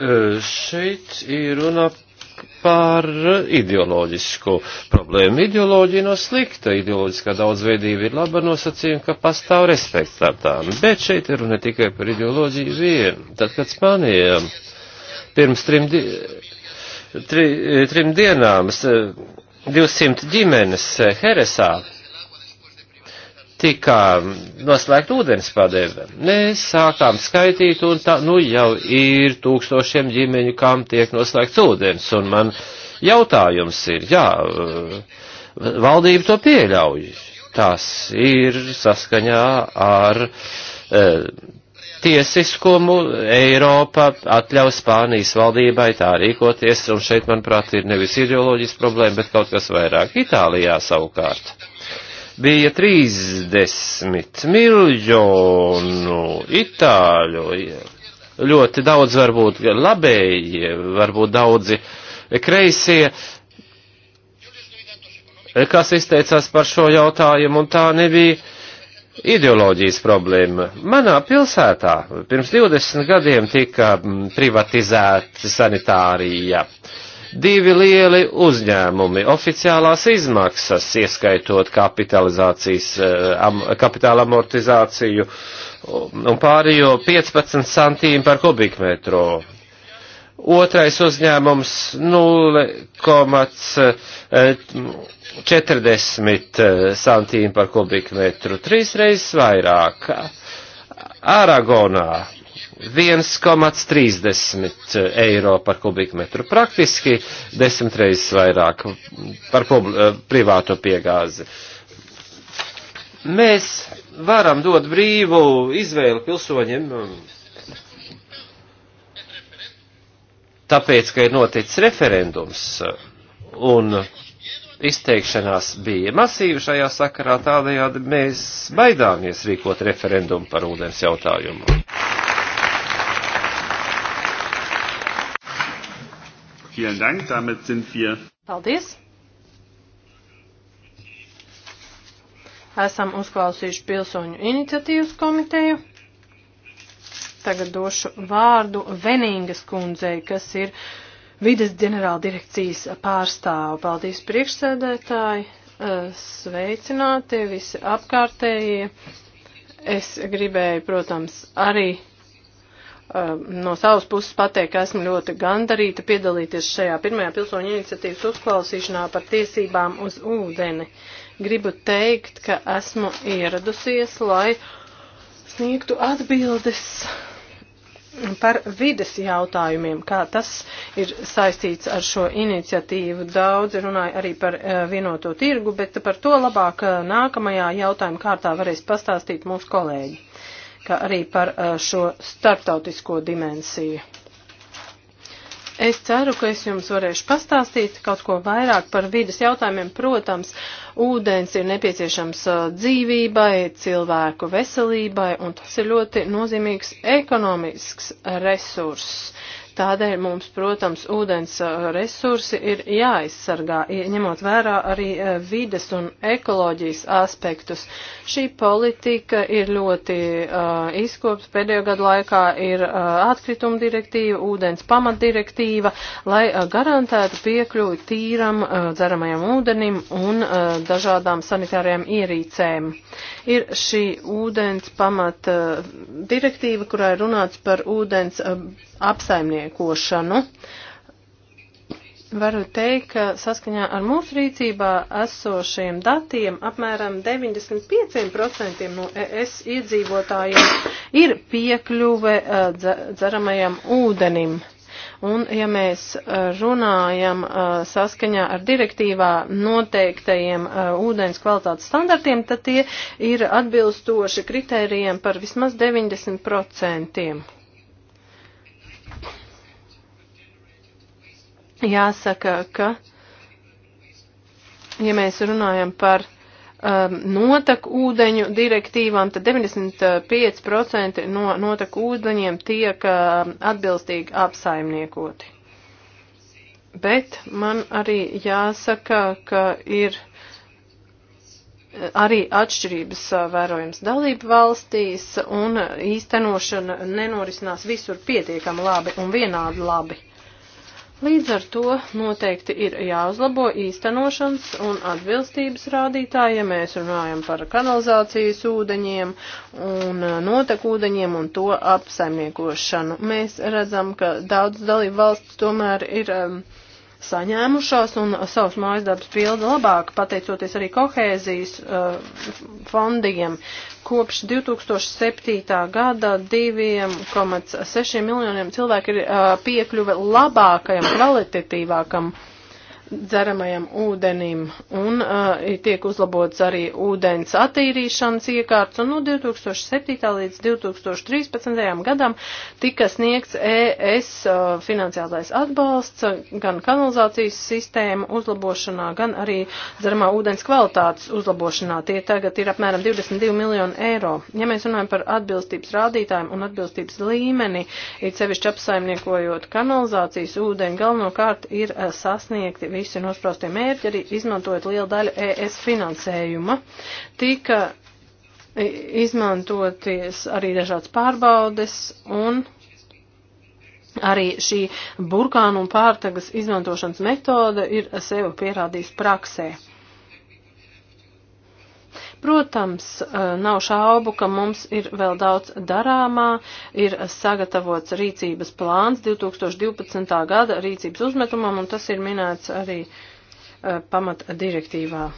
E, šeit ir runa par ideoloģisku problēmu. Ideoloģija no slikta, ideoloģiskā daudzveidība ir laba nosacījuma, ka pastāv respekts starp tām. Bet šeit ir runa tikai par ideoloģiju vienu. Tad, kad Spānija pirms trim, di tri, trim dienām 200 ģimenes Heresā tika noslēgt ūdens padeve. Mēs sākām skaitīt, un tā, nu jau ir tūkstošiem ģimeņu, kam tiek noslēgts ūdens, un man jautājums ir, jā, eh, valdība to pieļauj. Tas ir saskaņā ar e, tiesiskumu Eiropa atļauj Spānijas valdībai tā rīkoties, un šeit, manuprāt, ir nevis ideoloģijas problēma, bet kaut kas vairāk Itālijā savukārt bija 30 miljonu itāļu. Ļoti daudz varbūt labēji, varbūt daudzi kreisie, kas izteicās par šo jautājumu, un tā nebija ideoloģijas problēma. Manā pilsētā pirms 20 gadiem tika privatizēta sanitārija. Uh, divi lieli uzņēmumi, oficiālās izmaksas, ieskaitot kapitalizācijas, eh, am, kapitāla amortizāciju un pārējo 15 centīmu par kubikmetru. Otrais uzņēmums 0,40 eh, eh, centīmu par kubikmetru, trīs reizes vairāk. Aragonā 1,30 eiro par kubikmetru, praktiski desmit reizes vairāk par eh, privāto piegāzi. Mēs varam dot brīvu izvēli pilsoņiem, um, tāpēc, ka ir noticis referendums un izteikšanās bija masīva šajā sakarā, tādējādi mēs baidāmies rīkot referendumu par ūdens jautājumu. Vielen Dank, damit sind wir. Paldies! Esam uzklausījuši pilsoņu iniciatīvas komiteju. Tagad došu vārdu Venīngas kundzei, kas ir vides ģenerāla direkcijas pārstāva. Paldies priekšsēdētāji, sveicināti visi apkārtējie. Es gribēju, protams, arī Ehm, no savas puses pateikt, ka esmu ļoti gandarīta piedalīties šajā pirmajā pilsoņu iniciatīvas uzklausīšanā par tiesībām uz ūdeni. Gribu teikt, ka esmu ieradusies, lai sniegtu atbildes par vides jautājumiem, kā tas ir saistīts ar šo iniciatīvu. Daudzi runāja arī par eh, vienoto tirgu, bet par to labāk eh, nākamajā jautājuma kārtā varēs pastāstīt mūsu kolēģi kā arī par uh, šo starptautisko dimensiju. Es ceru, ka es jums varēšu pastāstīt kaut ko vairāk par vidas jautājumiem. Protams, ūdens ir nepieciešams uh, dzīvībai, cilvēku veselībai, un tas ir ļoti nozīmīgs ekonomisks resurss. Tādēļ mums, protams, ūdens uh, resursi ir jāaizsargā, ņemot vērā arī uh, vides un ekoloģijas aspektus. Šī politika ir ļoti uh, izkops. Pēdējo gadu laikā ir uh, atkrituma direktīva, ūdens pamatdirektīva, lai uh, garantētu piekļuvi tīram uh, dzeramajam ūdenim un uh, dažādām sanitārajām ierīcēm. Ir šī ūdens pamata uh, direktīva, kurā ir runāts par ūdens uh, apsaimnieku aprēķināšanu. Varu teikt, ka saskaņā ar mūsu rīcībā esošiem datiem apmēram 95% no ES iedzīvotājiem ir piekļuve eh, dzeramajam ūdenim. Un, ja mēs eh, runājam eh, saskaņā ar direktīvā noteiktajiem ūdens kvalitātes standartiem, tad tie ir atbilstoši kritērijiem par vismaz 90%. jāsaka, ka, ja mēs runājam par um, notaku ūdeņu direktīvām, tad 95% no notaku ūdeņiem tiek um, atbilstīgi apsaimniekoti. Bet man arī jāsaka, ka ir arī atšķirības uh, vērojams dalību valstīs un īstenošana nenorisinās visur pietiekami labi un vienādi labi. Līdz ar to noteikti ir jāuzlabo īstenošanas un atbilstības rādītāji, ja mēs runājam par kanalizācijas ūdeņiem un notekūdeņiem un to apsaimniekošanu. Mēs redzam, ka daudz dalību valsts tomēr ir. Um, saņēmušās un savus mājas darbus pilda labāk, pateicoties arī kohēzijas uh, fondiem. Kopš 2007. gada 2,6 miljoniem cilvēku ir uh, piekļuve labākajam, kvalitatīvākam uh, dzeramajam ūdenim un uh, tiek uzlabots arī ūdens attīrīšanas iekārts un no 2007. līdz 2013. gadam tika sniegts ES uh, finansiālais atbalsts gan kanalizācijas sistēmu uzlabošanā, gan arī dzeramā ūdens kvalitātes uzlabošanā. Tie tagad ir apmēram 22 miljoni eiro. Ja mēs runājam par atbilstības rādītājiem un atbilstības līmeni, ir sevišķi apsaimniekojot kanalizācijas ūdeni, galvenokārt ir uh, sasniegti visi nospraustie mērķi, arī izmantojot lielu daļu ES finansējuma. Tika izmantoties arī dažādas pārbaudes un arī šī burkānu un pārtagas izmantošanas metode ir sevi pierādījis praksē. Protams, eh, nav šaubu, ka mums ir vēl daudz darāmā, ir sagatavots rīcības plāns 2012. gada rīcības uzmetumam, un tas ir minēts arī eh, pamata direktīvā.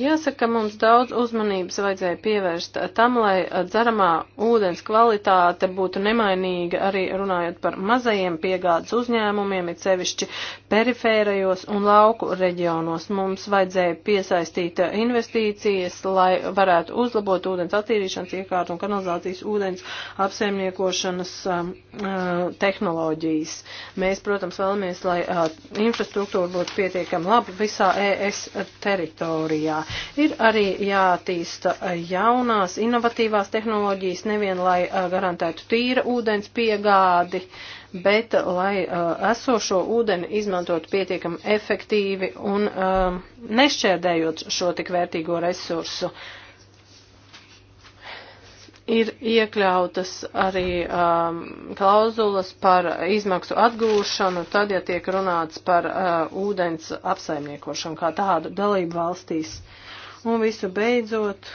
Jāsaka, mums daudz uzmanības vajadzēja pievērst tam, lai dzeramā ūdens kvalitāte būtu nemainīga arī runājot par mazajiem piegādes uzņēmumiem, it sevišķi perifērajos un lauku reģionos. Mums vajadzēja piesaistīt investīcijas, lai varētu uzlabot ūdens attīrīšanas iekārtu un kanalizācijas ūdens apsaimniekošanas um, uh, tehnoloģijas. Mēs, protams, vēlamies, lai uh, infrastruktūra būtu pietiekami laba visā ES teritorijā. Ir arī jātīsta eh, jaunās, inovatīvās tehnoloģijas, nevien lai eh, garantētu tīra ūdens piegādi, bet eh, lai esošo ūdeni izmantotu pietiekami efektīvi un nešķērdējot šo tik vērtīgo resursu. Uh, ir iekļautas arī um, klauzulas par izmaksu atgūšanu, tad, ja tiek runāts par uh, ūdens apsaimniekošanu kā tādu dalību valstīs. Un visu beidzot,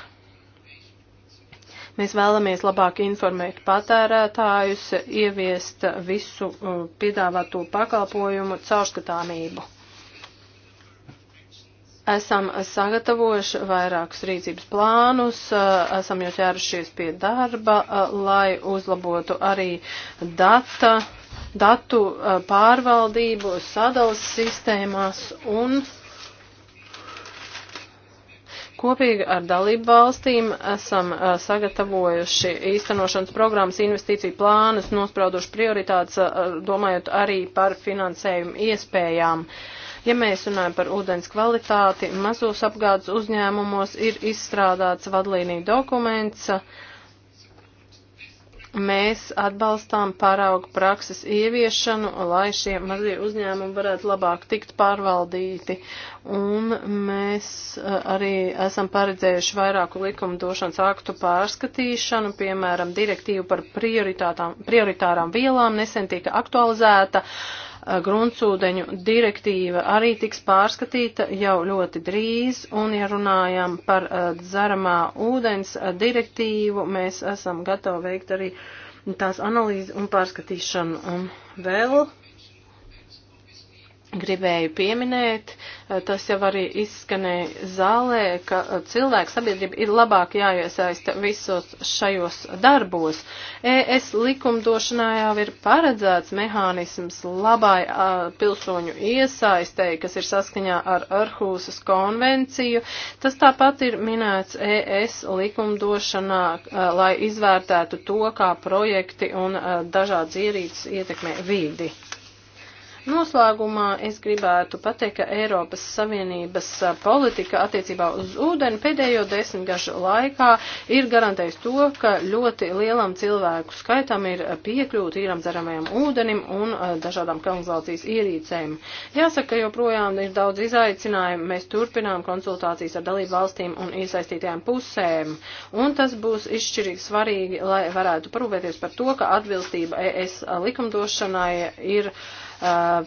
mēs vēlamies labāk informēt patērētājus, ieviest visu uh, piedāvāto pakalpojumu caurskatāmību. Esam sagatavojuši vairākus rīcības plānus, esam jau ķērušies pie darba, lai uzlabotu arī data, datu pārvaldību sadalas sistēmās un kopīgi ar dalību valstīm esam sagatavojuši īstenošanas programmas investīciju plānus, nosprauduši prioritātes, domājot arī par finansējumu iespējām. Uh, Ja mēs runājam par ūdens kvalitāti, mazos apgādes uzņēmumos ir izstrādāts vadlīnija dokuments. Mēs atbalstām pāraugu prakses ieviešanu, lai šie mazie uzņēmumi varētu labāk tikt pārvaldīti. Un mēs uh, arī esam paredzējuši vairāku likumdošanas aktu pārskatīšanu, piemēram, direktīvu par prioritārām vielām nesen tika aktualizēta. Uh, Eh, gruntsūdeņu direktīva arī tiks pārskatīta jau ļoti drīz, un ja runājam par eh, dzeramā ūdens eh, direktīvu, mēs esam gatavi veikt arī tās analīzi un pārskatīšanu. Un vēl gribēju pieminēt, eh, tas jau arī izskanēja zālē, ka eh, cilvēku sabiedrība ir labāk jāiesaista visos šajos darbos. ES likumdošanā jau ir paredzēts mehānisms labai a, eh, pilsoņu iesaistei, kas ir saskaņā ar Arhūsas konvenciju. Tas tāpat ir minēts ES likumdošanā, a, lai izvērtētu to, kā projekti un a, dažādas ierīces ietekmē vidi. Noslēgumā es gribētu pateikt, ka Eiropas Savienības politika attiecībā uz ūdeni pēdējo desmitgažu laikā ir garantējusi to, ka ļoti lielam cilvēku skaitam ir piekļūt īram dzeramajam ūdenim un dažādām kanalizācijas ierīcēm. Jāsaka, ka joprojām ir daudz izaicinājumu. Mēs turpinām konsultācijas ar dalību valstīm un iesaistītajām pusēm. Un tas būs izšķirīgi svarīgi, lai varētu parūpēties par to, ka atbilstība ES likumdošanai ir uh, Uh,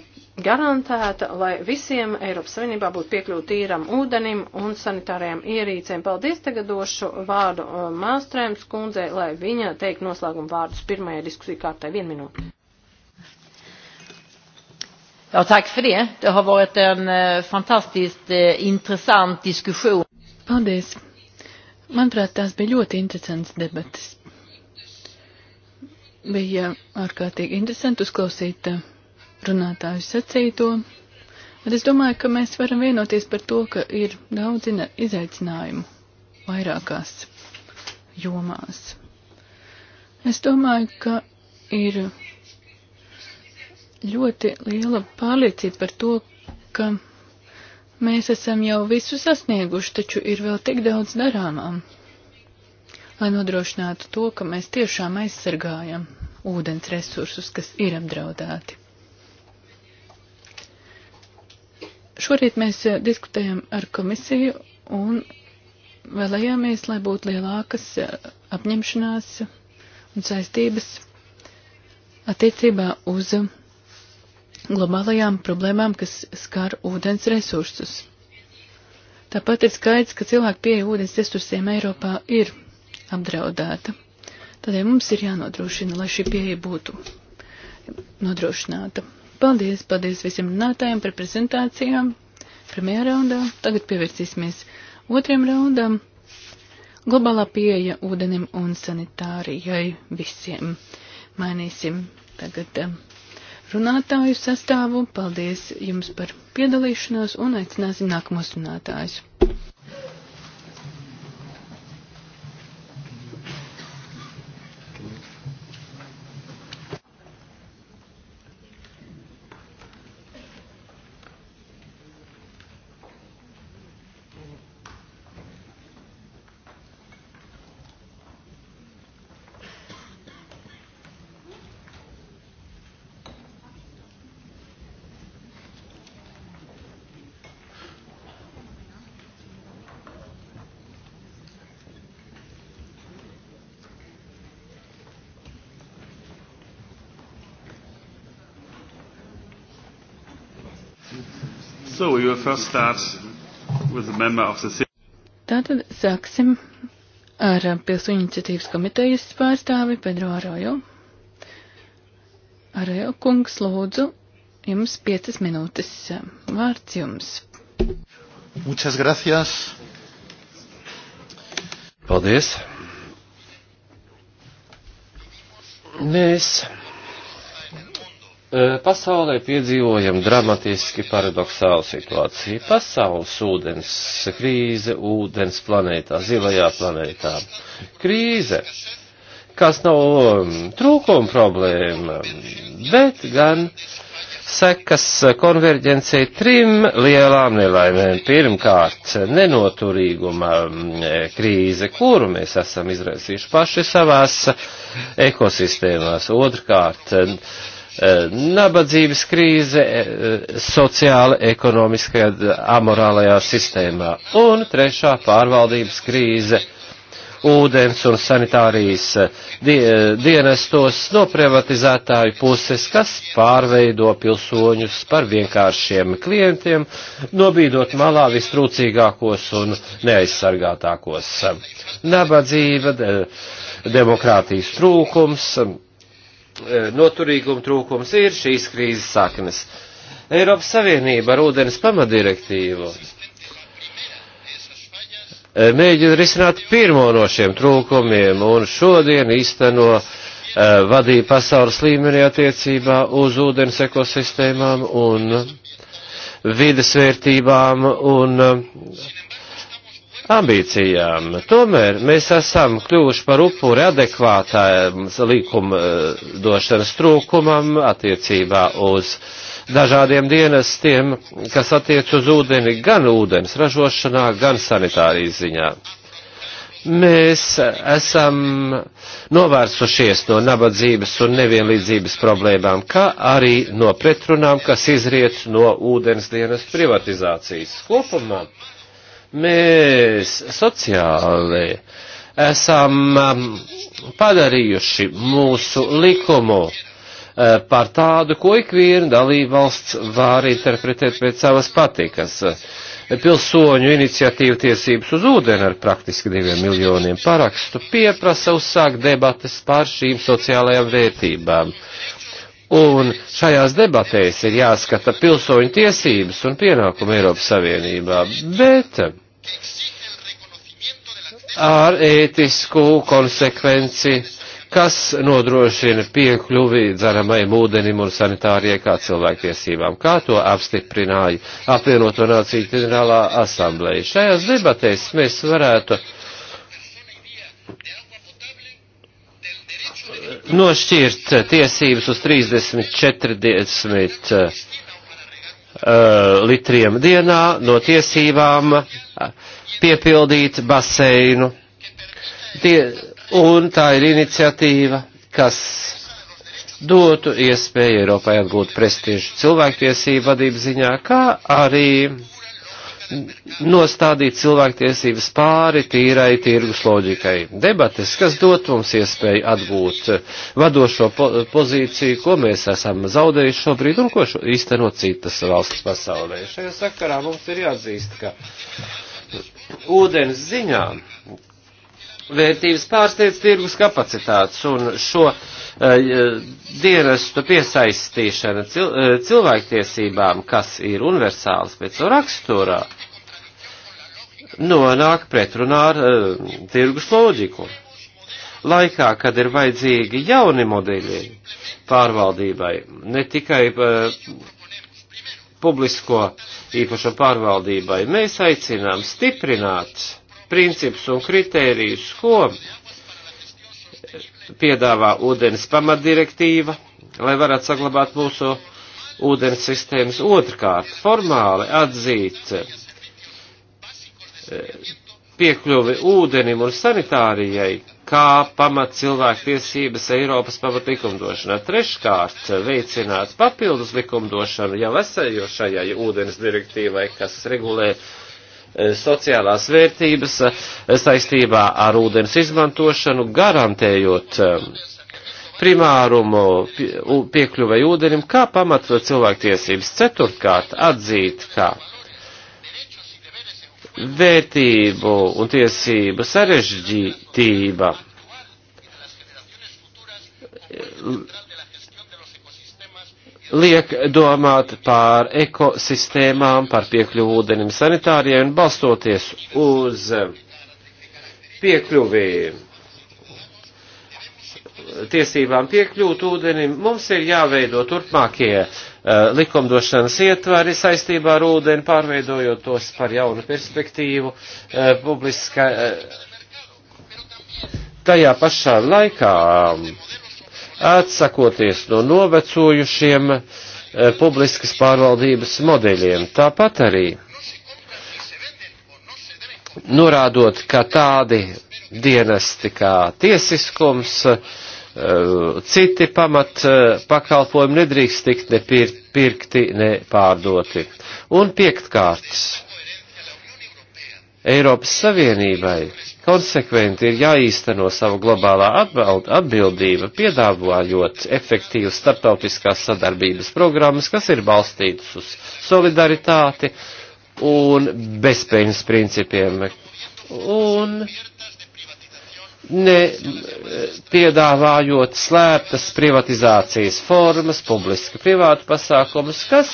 garantēta, lai visiem Eiropas Savienībā būtu piekļūt tīram ūdenim un sanitārajām ierīcēm. Paldies, tagad došu vārdu uh, Māstrēms kundzei, lai viņa teikt noslēgumu vārdus pirmajai diskusiju kārtai. Vienu minūti. Ja, tack för det. Det har varit en eh, fantastiskt eh, intressant diskussion. Paldies. Manuprāt, tās bija ļoti interesants debatas. Bija ārkārtīgi interesanti uzklausīt uh, runātāju sacīto, bet es domāju, ka mēs varam vienoties par to, ka ir daudz izaicinājumu vairākās jomās. Es domāju, ka ir ļoti liela pārliecība par to, ka mēs esam jau visu sasnieguši, taču ir vēl tik daudz darāmām, lai nodrošinātu to, ka mēs tiešām aizsargājam ūdens resursus, kas ir apdraudēti. Šorīt mēs eh, diskutējam ar komisiju un vēlējāmies, lai būtu lielākas eh, apņemšanās un saistības attiecībā uz globālajām problēmām, kas skar ūdens resursus. Tāpat ir skaidrs, ka cilvēku pieeja ūdens resursiem Eiropā ir apdraudēta. Tādēļ mums ir jānodrošina, lai šī pieeja būtu nodrošināta. Paldies, paldies visiem runātājiem par prezentācijām pirmajā raundā. Tagad pievērsīsimies otriem raundam. Globālā pieeja ūdenim un sanitārijai visiem. Mainīsim tagad eh, runātāju sastāvu. Paldies jums par piedalīšanos un aicināsim nākamos runātājus. So we will first start with the member of the Tātad sāksim ar pilsoņu iniciatīvas komitejas pārstāvi Pedro Arojo. Arojo kungs, lūdzu, jums piecas minūtes. Vārds jums. Muchas gracias. Paldies. Mēs E, pasaulē piedzīvojam dramatiski paradoxālu situāciju. Pasaules ūdens krīze, ūdens planētā, zilajā planētā. Krīze, kas nav um, trūkuma problēma, bet gan sekas konverģencei trim lielām nelaimēm. Pirmkārt, nenoturīguma um, krīze, kuru mēs esam izraisījuši paši savās ekosistēmās. Otrkārt, Eh, nabadzības krīze eh, sociāla, ekonomiskajā, amorālajā sistēmā. Un trešā pārvaldības krīze ūdens un sanitārijas eh, dienestos no privatizētāju puses, kas pārveido pilsoņus par vienkāršiem klientiem, nobīdot malā vistrūcīgākos un neaizsargātākos. Nabadzība, demokrātijas trūkums, Eh, noturīguma trūkums ir šīs krīzes saknes. Eiropas Savienība ar ūdens pamadirektīvu eh, mēģina risināt pirmo no šiem trūkumiem un šodien īsteno uh, vadīja pasaules līmenī attiecībā uz ūdens ekosistēmām un vides vērtībām un uh, ambīcijām. Tomēr mēs esam kļuvuši par upuri adekvātām līkuma došanas trūkumam attiecībā uz dažādiem dienestiem, kas attiec uz ūdeni gan ūdens ražošanā, gan sanitārijas ziņā. Mēs esam novērsušies no nabadzības un nevienlīdzības problēmām, kā arī no pretrunām, kas izriet no ūdens dienas privatizācijas. Kopumā mēs sociāli esam um, padarījuši mūsu likumu uh, par tādu, ko ikviena dalībvalsts var interpretēt pēc savas patikas. Pilsoņu iniciatīva tiesības uz ūdeni ar praktiski diviem miljoniem parakstu pieprasa uzsākt debates par šīm sociālajām vērtībām. Uh, Un šajās debatēs ir jāskata pilsoņu tiesības un pienākumu Eiropas Savienībā, bet ar ētisku konsekvenci, kas nodrošina piekļuvi dzeramajam ūdenim un sanitārijai kā cilvēktiesībām, kā to apstiprināja apvienoto nāciju ģenerālā asambleja. Šajās debatēs mēs varētu nošķirt tiesības uz 30, 40 uh, litriem dienā no tiesībām piepildīt baseinu. Tie, un tā ir iniciatīva, kas dotu iespēju Eiropai atgūt prestižu cilvēktiesību vadības ziņā, kā arī nostādīt cilvēktiesības pāri tīrai tirgus loģikai. Debates, kas dot mums iespēju atgūt vadošo po pozīciju, ko mēs esam zaudējuši šobrīd un ko šo īstenot citas valsts pasaulē. Šajā sakarā mums ir jāatzīst, ka ūdens ziņā vērtības pārsniedz tirgus kapacitātes un šo eh, dienestu piesaistīšana cil, eh, cilvēktiesībām, kas ir universāls pēc raksturā, nonāk pretrunā ar uh, tirgus loģiku. Laikā, kad ir vajadzīgi jauni modeļi pārvaldībai, ne tikai uh, publisko īpašo pārvaldībai, mēs aicinām stiprināt principus un kritērijus, ko piedāvā ūdens pamatdirektīva, lai varētu saglabāt mūsu ūdens sistēmas. Otrkārt, formāli atzīt piekļuvi ūdenim un sanitārijai, kā pamat cilvēktiesības Eiropas pamat likumdošanā. Treškārt, veicināt papildus likumdošanu jau esējošajai ūdens direktīvai, kas regulē e, sociālās vērtības e, saistībā ar ūdens izmantošanu, garantējot e, primārumu piekļuvai ūdenim kā pamat cilvēktiesības. Ceturtkārt, atzīt, ka vērtību un tiesību sarežģītība liek domāt par ekosistēmām, par piekļuvu ūdenim sanitārijai un balstoties uz piekļuvī tiesībām piekļūt ūdenim, mums ir jāveido turpmākie uh, Eh, likumdošanas ietvari saistībā ar ūdeni, pārveidojot tos par jaunu perspektīvu eh, publiskā. Eh, tajā pašā laikā atsakoties no novecojušiem publiskas pārvaldības modeļiem. Tāpat arī norādot, ka tādi dienesti kā tiesiskums uh, Eh, citi pamat eh, pakalpojumi nedrīkst tikt ne pir, pirkti, ne pārdoti. Un piektkārts. Eiropas Savienībai konsekventi ir jāīsteno savu globālā atbildība, piedāvājot efektīvas starptautiskās sadarbības programmas, kas ir balstītas uz solidaritāti un bezpējas principiem. Un nepiedāvājot slēptas privatizācijas formas, publiski privātu pasākumus, kas,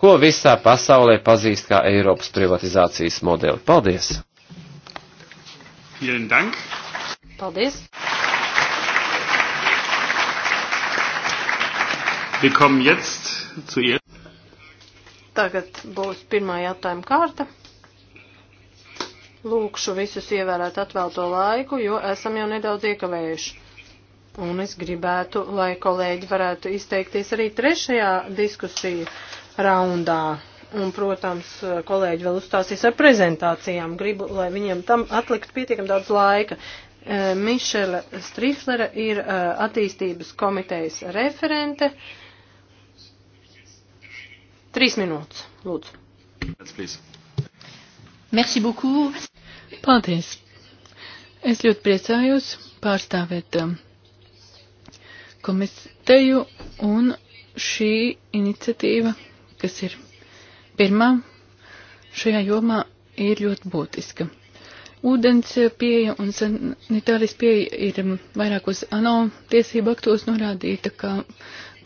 ko visā pasaulē pazīst kā Eiropas privatizācijas modeli. Paldies! Paldies! Tagad būs pirmā jautājuma kārta. Lūkšu visus ievērēt atvēlto laiku, jo esam jau nedaudz iekavējuši. Un es gribētu, lai kolēģi varētu izteikties arī trešajā diskusiju raundā. Un, protams, kolēģi vēl uzstāsies ar prezentācijām. Gribu, lai viņiem tam atlikt pietiekam daudz laika. Eh, Mišela Striflera ir eh, attīstības komitejas referente. Trīs minūtes, lūdzu. Merci beaucoup. Paldies! Es ļoti priecājos pārstāvēt um, komiteju un šī iniciatīva, kas ir pirmā šajā jomā, ir ļoti būtiska. Ūdens pieeja un sanitārijas pieeja ir um, vairākos ANO tiesību aktos norādīta kā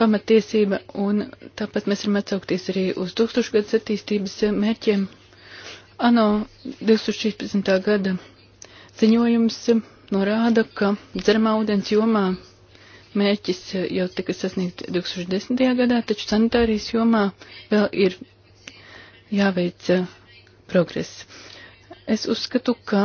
pamatiesība, un tāpat mēs varam atsaukties arī uz tūkstošgadus attīstības mērķiem ANO 2016. gada ziņojums norāda, ka dzeramā ūdens jomā mērķis jau tika sasniegts 2010. gadā, taču sanitārijas jomā vēl ir jāveic eh, progress. Es uzskatu, ka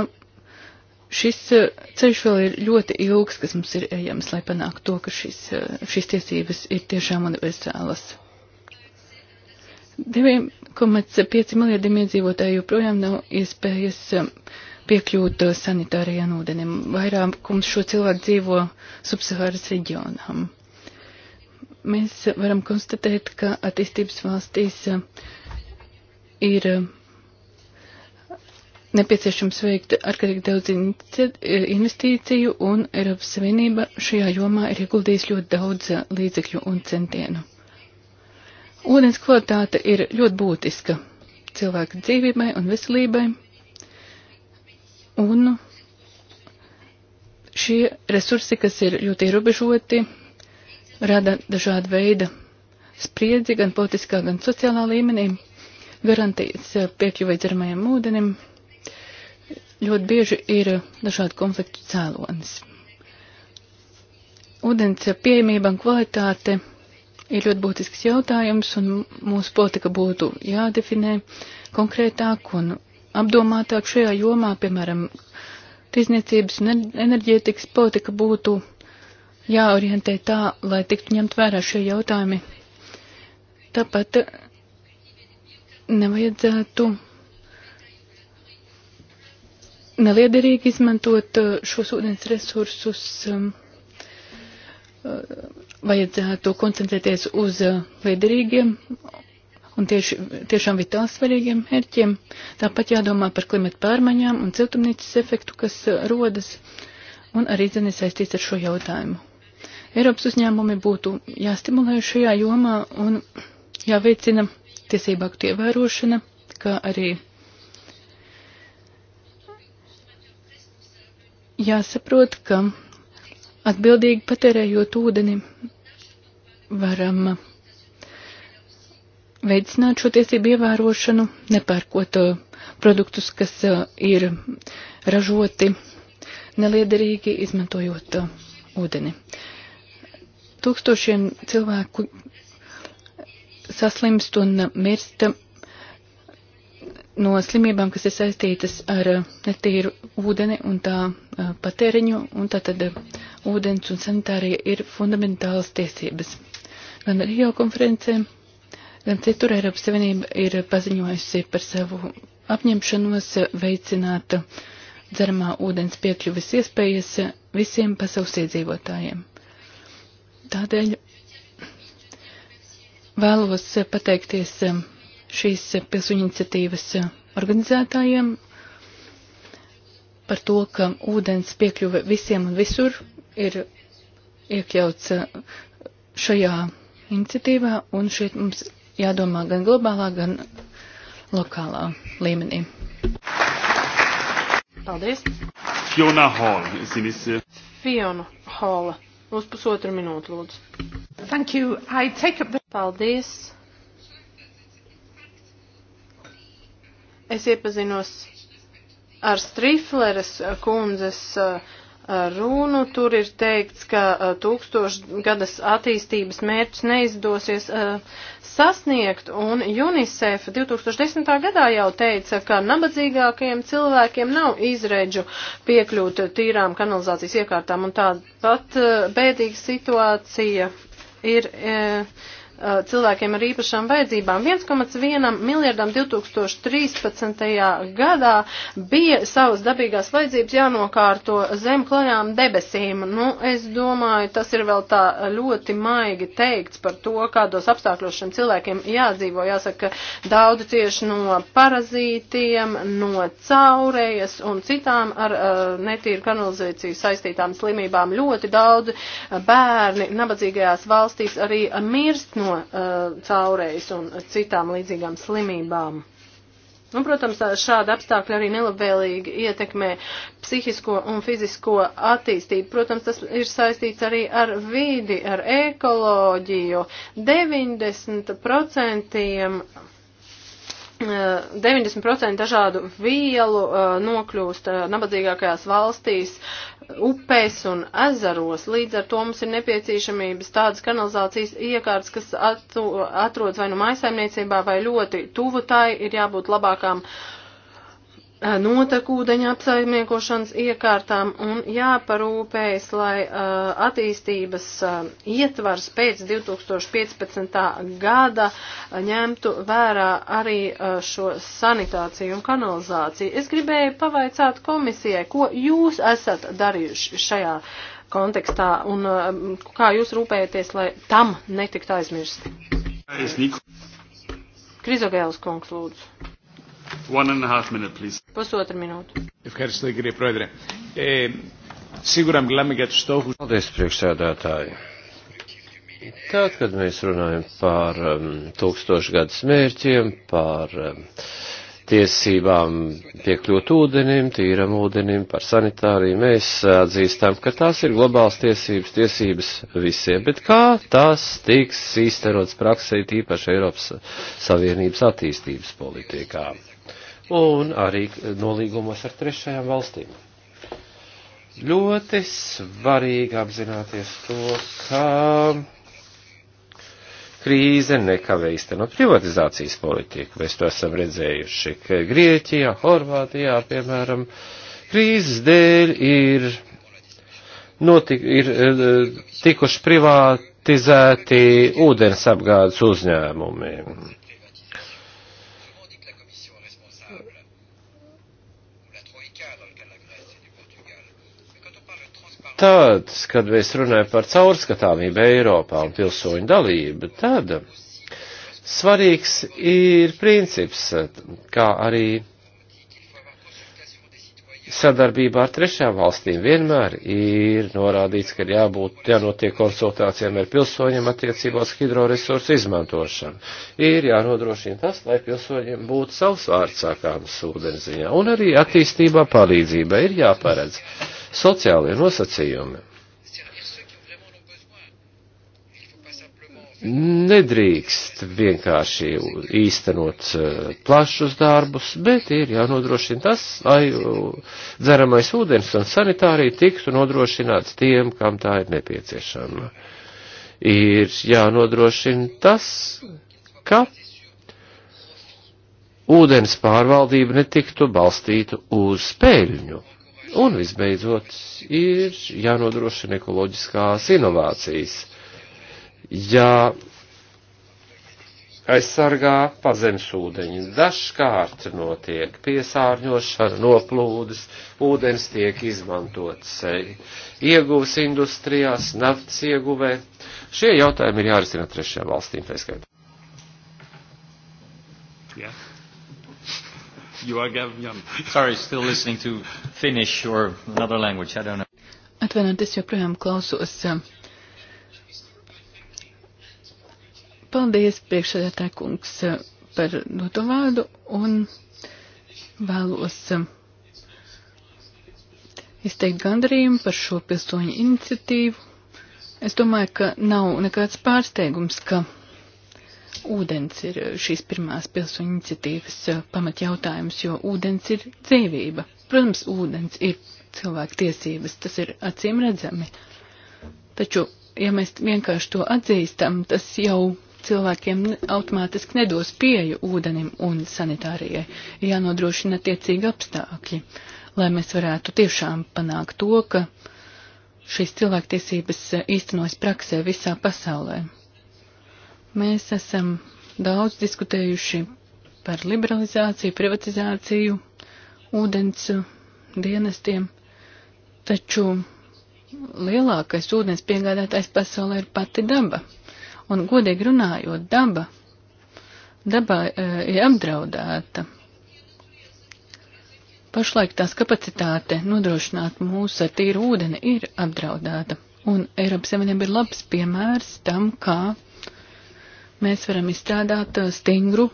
šis eh, ceļš vēl ir ļoti ilgs, kas mums ir ejams, lai panāktu to, ka šis, eh, šīs tiesības ir tiešām universālas. 2,5 miljardiem iedzīvotāju joprojām nav iespējas um, piekļūt uh, sanitārajam ūdenim. Vairākums šo cilvēku dzīvo subsahāras reģionām. Mēs varam konstatēt, ka attīstības valstīs uh, ir um, nepieciešams veikt atkarīgi daudz investīciju, un Eiropas Savienība šajā jomā ir ieguldījis ļoti daudz uh, līdzekļu un centienu. Ūdens kvalitāte ir ļoti būtiska cilvēka dzīvībai un veselībai. Un šie resursi, kas ir ļoti ierobežoti, rada dažādu veidu spriedzi gan politiskā, gan sociālā līmenī, garantijas piekļuvai dzeramajam ūdenim. Ļoti bieži ir dažādu konfliktu cēlonis. Ūdens pieejamība un kvalitāte ir ļoti būtisks jautājums, un mūsu politika būtu jādefinē konkrētāk un apdomātāk šajā jomā, piemēram, tirzniecības un enerģētikas politika būtu jāorientē tā, lai tiktu ņemt vērā šie jautājumi. Tāpat nevajadzētu neliederīgi izmantot šos ūdens resursus um, vajadzētu koncentrēties uz eh, liederīgiem un tieši, tiešām vitāli svarīgiem mērķiem. Tāpat jādomā par klimatu pārmaiņām un ciltumnīcas efektu, kas eh, rodas, un arī zini saistīts ar šo jautājumu. Eiropas uzņēmumi būtu jāstimulē šajā jomā un jāveicina tiesību aktu ievērošana, kā arī jāsaprot, ka atbildīgi patērējot ūdeni, varam veicināt šo tiesību ievērošanu, nepērkot uh, produktus, kas uh, ir ražoti neliederīgi, izmantojot uh, ūdeni. Tūkstošiem cilvēku saslimst un mirst no slimībām, kas ir saistītas ar netīru ūdeni un tā patēriņu, un tātad ūdens un sanitārija ir fundamentālas tiesības gan Rio konferencēm, gan citur Eiropas Savienība ir paziņojusi par savu apņemšanos veicināt dzeramā ūdens piekļuvis iespējas visiem pasaules iedzīvotājiem. Tādēļ vēlos pateikties šīs pilsoņu iniciatīvas organizētājiem par to, ka ūdens piekļuve visiem un visur ir iekļauts šajā iniciatīvā, un šeit mums jādomā gan globālā, gan lokālā līmenī. Paldies! Fiona Hall, es zinu. Fiona Hall, uz pusotru minūtu, lūdzu. Thank you. I take up the... Paldies! Es iepazinos ar Strifleres kundzes uh, runu. Tur ir teikts, ka uh, tūkstošgadas attīstības mērķus neizdosies uh, sasniegt, un UNICEF 2010. gadā jau teica, ka nabadzīgākajiem cilvēkiem nav izredžu piekļūt tīrām kanalizācijas iekārtām, un tāpat uh, bēdīga situācija ir. E, Uh, cilvēkiem ar īpašām vajadzībām. 1,1 miljardam 2013. gadā bija savas dabīgās vajadzības jānokārto zem klajām debesīm. Nu, es domāju, tas ir vēl tā ļoti maigi teikts par to, kādos apstākļos šiem cilvēkiem jādzīvo. Jāsaka, daudz cieši no parazītiem, no caurējas un citām ar uh, netīru kanalizāciju saistītām slimībām. Ļoti daudz bērni nabadzīgajās valstīs arī mirst no no uh, caurejas un citām līdzīgām slimībām. Un, protams, šāda apstākļa arī nelabvēlīgi ietekmē psihisko un fizisko attīstību. Protams, tas ir saistīts arī ar vīdi, ar ekoloģiju. 90% 90% eh, dažādu vielu eh, nokļūst eh, nabadzīgākajās valstīs upēs un ezeros. Līdz ar to mums ir nepieciešamības tādas kanalizācijas iekārtas, kas atrodas vai nu no maisaimniecībā vai ļoti tuvu tai, ir jābūt labākām uh, Eh, notekūdeņa apsaimniekošanas iekārtām un jāparūpējas, lai uh, attīstības uh, ietvars pēc 2015. gada ņemtu vērā arī uh, šo sanitāciju un kanalizāciju. Es gribēju pavaicāt komisijai, ko jūs esat darījuši šajā kontekstā un uh, kā jūs rūpējaties, lai tam netikt aizmirst. Krizogēlis kungs lūdzu. One and a half minute, please. Pusotru minūtu. Ευχαριστώ, κύριε Πρόεδρε. Ε, σίγουρα μιλάμε για τους στόχους. Paldies, priekšsēdētāji. Tad, kad mēs runājam par um, tūkstošgadus mērķiem, par um, tiesībām piekļūt ūdenim, tīram ūdenim, par sanitāriju, mēs atzīstam, ka tās ir globāls tiesības, tiesības visiem, bet kā tās tiks īsterots praksē, tīpaši Eiropas Savienības attīstības politikā? un arī nolīgumos ar trešajām valstīm. Ļoti svarīgi apzināties to, ka krīze nekavē īstenot privatizācijas politiku. Mēs to esam redzējuši, ka Grieķijā, Horvātijā, piemēram, krīzes dēļ ir, notik, ir eh, tikuši privātizēti ūdens apgādes uzņēmumi Tad, kad mēs runājam par caurskatāmību Eiropā un pilsoņu dalību, tad svarīgs ir princips, kā arī sadarbībā ar trešām valstīm vienmēr ir norādīts, ka ir jābūt, jānotiek konsultācijām ar pilsoņiem attiecībās hidroresursu izmantošanu. Ir jānodrošina tas, lai pilsoņiem būtu savs vārds sākāms ūdens ziņā, un arī attīstībā palīdzība ir jāparedz sociālie nosacījumi nedrīkst vienkārši īstenot eh, plašus darbus, bet ir jānodrošina tas, lai eh, dzeramais ūdens un sanitārija tiktu nodrošināts tiem, kam tā ir nepieciešama. Ir jānodrošina tas, ka ūdens pārvaldība netiktu balstītu uz peļņu. Un visbeidzot, ir jānodrošina ekoloģiskās inovācijas jā, aizsargā pazemes ūdeņi. Dažkārt notiek piesārņošana, noplūdes, ūdens tiek izmantots eh, ieguvs industrijās, naftas ieguvē. Šie jautājumi ir jārisina trešajām valstīm, tā skaitā. Yeah. You are Gavin. [LAUGHS] Sorry, still listening to Finnish or another language. I don't know. Atvainojiet, es joprojām klausos. Uh, Paldies, priekšsēdētāj kungs, par doto vārdu un vēlos um, izteikt gandarījumu par šo pilsoņu iniciatīvu. Es domāju, ka nav nekāds pārsteigums, ka ūdens ir šīs pirmās pilsoņu iniciatīvas uh, pamatjautājums, jo ūdens ir dzīvība. Protams, ūdens ir cilvēku tiesības, tas ir acīm redzami. Taču, ja mēs vienkārši to atzīstam, tas jau cilvēkiem automātiski nedos pieju ūdenim un sanitārijai. Ir jānodrošina tiecīgi apstākļi, lai mēs varētu tiešām panākt to, ka šīs cilvēktiesības īstenojas praksē visā pasaulē. Mēs esam daudz diskutējuši par liberalizāciju, privatizāciju, ūdens dienestiem, taču lielākais ūdens piegādātājs pasaulē ir pati daba. Un, godīgi runājot, daba, daba e, ir apdraudēta. Pašlaik tās kapacitāte nodrošināt mūsu ar tīru ūdeni ir apdraudēta. Un Eiropas Savienība ir labs piemērs tam, kā mēs varam izstrādāt e, stingru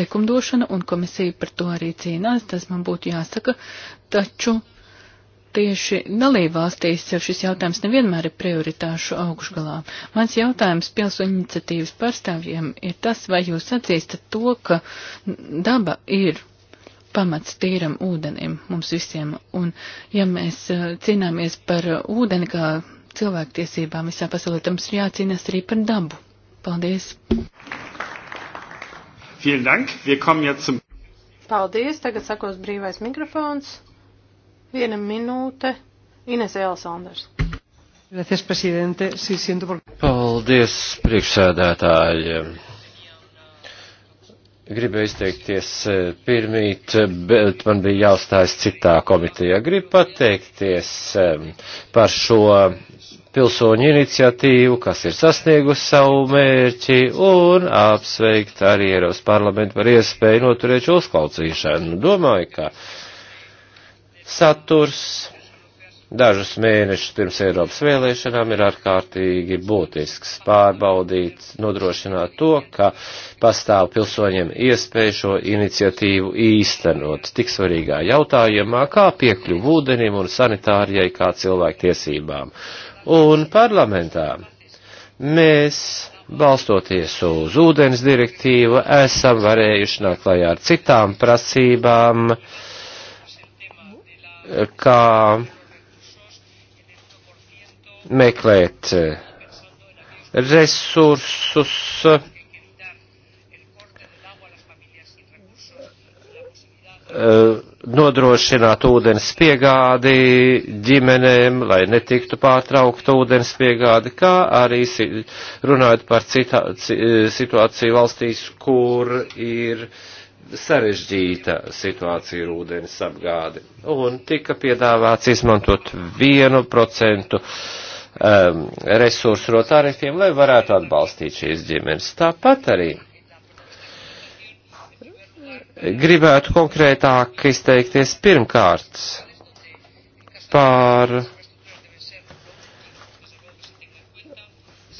likumdošanu, un komisija par to arī cīnās, tas man būtu jāsaka, taču tieši dalībvalstīs šis jautājums nevienmēr ir prioritāšu augšgalā. Mans jautājums pilsoņu iniciatīvas pārstāvjiem ir tas, vai jūs atzīstat to, ka daba ir pamats tīram ūdenim mums visiem, un ja mēs eh, cīnāmies par ūdeni kā cilvēktiesībām visā pasaulē, tad mums ir jācīnās arī par dabu. Paldies! Vielen Dank. Wir kommen jetzt zum Paldies. Tagad sakos brīvais mikrofons. Viena minūte. Ines Elsanders. Gracias, presidente. Sí, siento por... Paldies, priekšsēdētāji. Gribēju izteikties eh, pirmīt, bet man bija jāuzstājas citā komitejā. Gribu pateikties eh, par šo pilsoņu iniciatīvu, kas ir sasniegusi savu mērķi, un apsveikt arī Eiropas parlamentu par iespēju noturēt šo uzklausīšanu. Domāju, ka saturs dažus mēnešus pirms Eiropas vēlēšanām ir ārkārtīgi būtisks pārbaudīt, nodrošināt to, ka pastāv pilsoņiem iespēju šo iniciatīvu īstenot tik svarīgā jautājumā, kā piekļuvu ūdenim un sanitārijai, kā cilvēku tiesībām. Un parlamentā mēs balstoties uz ūdens direktīvu, esam varējuši nākt klajā ar citām prasībām, uh, kā meklēt eh, resursus, eh, nodrošināt ūdens piegādi ģimenēm, lai netiktu pārtraukta ūdens piegādi, kā arī runājot par citā, situāciju valstīs, kur ir uh, sarežģīta situācija ar ūdens apgādi. Un tika piedāvāts izmantot 1% um, resursu no tarifiem, lai varētu atbalstīt šīs ģimenes. Tāpat arī gribētu konkrētāk izteikties pirmkārt par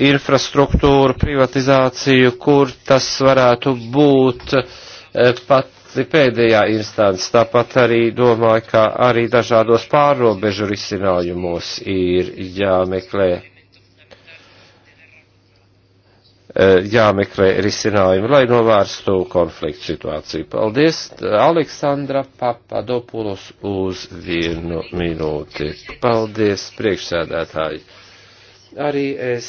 infrastruktūru privatizāciju, kur tas varētu būt uh, Eh, pati pēdējā instance. Tāpat arī domāju, ka arī dažādos pārrobežu risinājumos ir jāmeklē, eh, jāmeklē risinājumi, lai novērstu konfliktu situāciju. Paldies, Aleksandra Papadopulos uz vienu minūti. Paldies, priekšsēdētāji. Arī es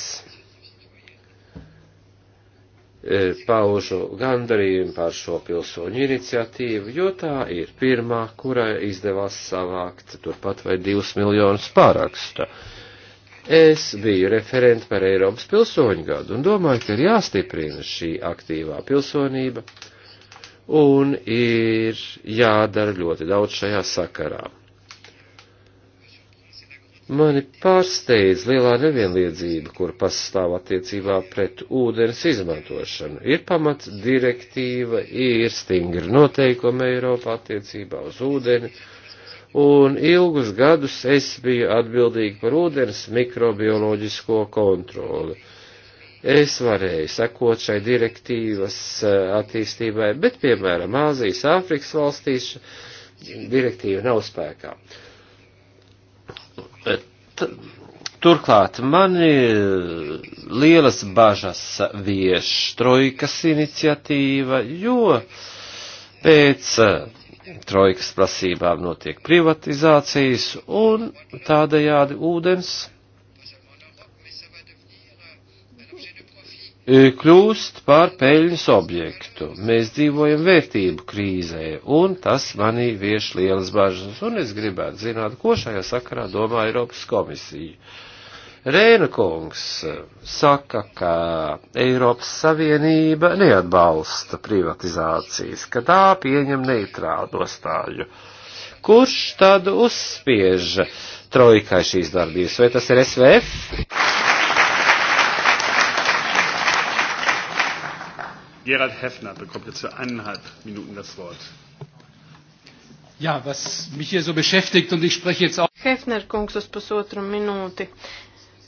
E, paužu gandarījumu par šo pilsoņu iniciatīvu, jo tā ir pirmā, kurai izdevās savākt turpat vai divus miljonus pārakstu. Es biju referenti par Eiropas pilsoņu gadu un domāju, ka ir jāstiprina šī aktīvā pilsonība un ir jādara ļoti daudz šajā sakarā. Mani pārsteidz lielā nevienlīdzība, kur pastāv attiecībā pret ūdens izmantošanu. Ir pamats direktīva, ir stingri noteikumi Eiropā attiecībā uz ūdeni, un ilgus gadus es biju atbildīgi par ūdens mikrobioloģisko kontroli. Es varēju sekot šai direktīvas eh, attīstībai, bet, piemēram, Āzijas, Āfrikas valstīs direktīva nav spēkā. Uh, Turklāt mani lielas bažas vieš trojkas iniciatīva, jo pēc eh, trojkas prasībām notiek privatizācijas un tādējādi ūdens E, kļūst par peļņas objektu. Mēs dzīvojam vērtību krīzē, un tas manī vieš lielas bažas, un es gribētu zināt, ko šajā sakarā domā Eiropas komisija. Rēna kungs e, saka, ka Eiropas Savienība neatbalsta privatizācijas, ka tā pieņem neitrālu nostāju. Kurš tad uzspiež trojkai šīs darbības? Vai tas ir SVF? Gerald Heffner bekommt jetzt für eineinhalb Minuten das Wort. Jā, was mich hier so beschäftigt, un ich spreche jetzt auch. Hefner kungs uz pusotru minūti.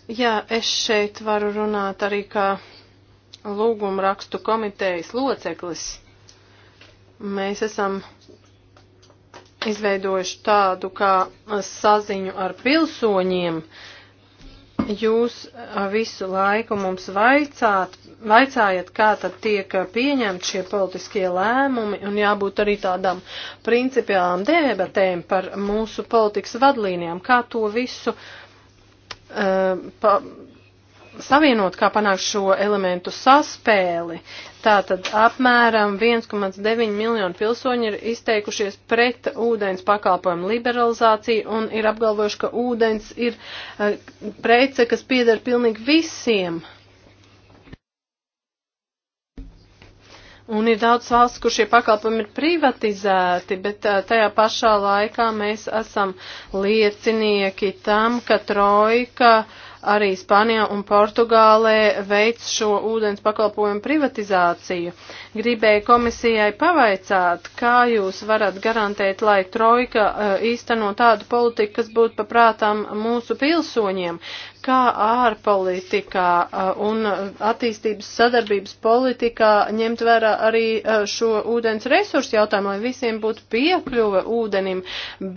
Jā, es šeit varu runāt arī kā lūguma rakstu komitejas loceklis. Mēs esam izveidojuši tādu kā saziņu ar pilsoņiem. Uh, Jūs visu laiku mums vaicāt, vaicājat, kā tad tiek pieņemt šie politiskie lēmumi un jābūt arī tādām principiālām debatēm par mūsu politikas vadlīnijām, kā to visu uh, pa, savienot, kā panākt šo elementu saspēli. Tātad apmēram 1,9 miljonu pilsoņi ir izteikušies pret ūdens pakalpojumu liberalizāciju un ir apgalvojuši, ka ūdens ir eh, prece, kas pieder pilnīgi visiem. Un ir daudz valsts, kur šie pakalpojumi ir privatizēti, bet eh, tajā pašā laikā mēs esam liecinieki tam, ka trojka uh, arī Spānijā un Portugālē veic šo ūdens pakalpojumu privatizāciju. Gribēju komisijai pavaicāt, kā jūs varat garantēt, lai Trojka eh, īsteno tādu politiku, kas būtu paprātām mūsu pilsoņiem kā ārpolitikā uh, un attīstības sadarbības politikā ņemt vērā arī uh, šo ūdens resursu jautājumu, lai visiem būtu piekļuve ūdenim,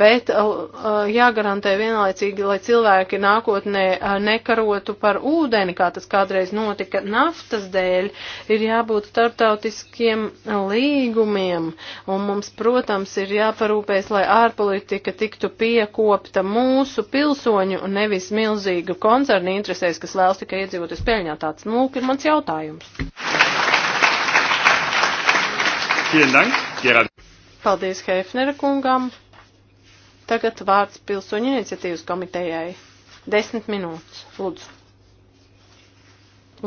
bet uh, jāgarantē vienlaicīgi, lai cilvēki nākotnē nekarotu par ūdeni, kā tas kādreiz notika naftas dēļ, ir jābūt startautiskiem līgumiem, un mums, protams, ir jāparūpēs, lai ārpolitika tiktu piekopta mūsu pilsoņu, nevis milzīgu konfliktu koncerni interesēs, kas vēlas tikai iedzīvoties peļņā. Tāds, nu, ir mans jautājums. Paldies Heifnera kungam. Tagad vārds pilsoņu iniciatīvas komitejai. Desmit minūtes, lūdzu.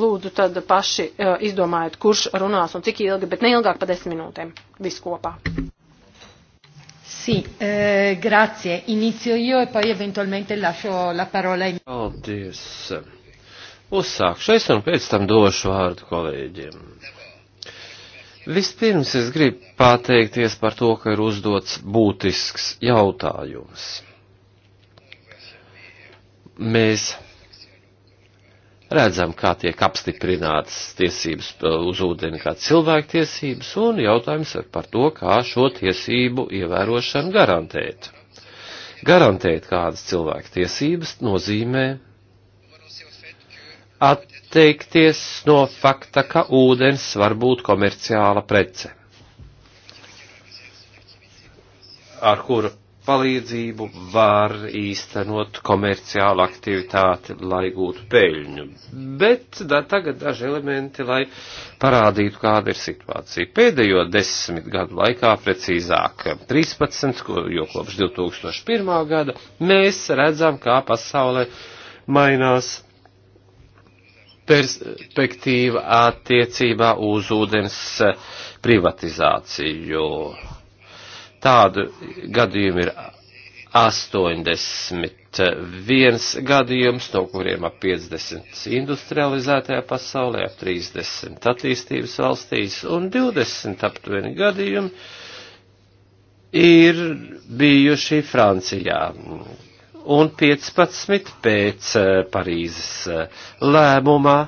Lūdzu, tad paši uh, izdomājiet, kurš runās un cik ilgi, bet neilgāk par desmit minūtēm viskopā. Sì, eh, grazie. Inizio io e poi eventualmente lascio la parola ai Paldies. Uzsākšu es un pēc tam došu vārdu kolēģiem. Vispirms es gribu pateikties par to, ka ir uzdots būtisks jautājums. Mēs redzam, kā tiek apstiprinātas tiesības uh, uz ūdeni kā cilvēktiesības, un jautājums ir par to, kā šo tiesību ievērošanu garantēt. Garantēt kādas cilvēku tiesības nozīmē atteikties no fakta, ka ūdens var būt komerciāla prece, ar kuru palīdzību var īstenot komerciālu aktivitāti, lai gūtu peļņu. Bet da, tagad daži elementi, lai parādītu, kāda ir situācija. Pēdējo desmit gadu laikā, precīzāk 13, ko, jo kopš 2001. gada, mēs redzam, kā pasaulē mainās perspektīva attiecībā uz ūdens privatizāciju Tādu gadījumu ir 81 gadījums, no kuriem ap 50 industrializētajā pasaulē, ap 30 attīstības valstīs un 20 aptuveni gadījumi ir bijuši Francijā. Un 15 pēc eh, Parīzes eh, lēmumā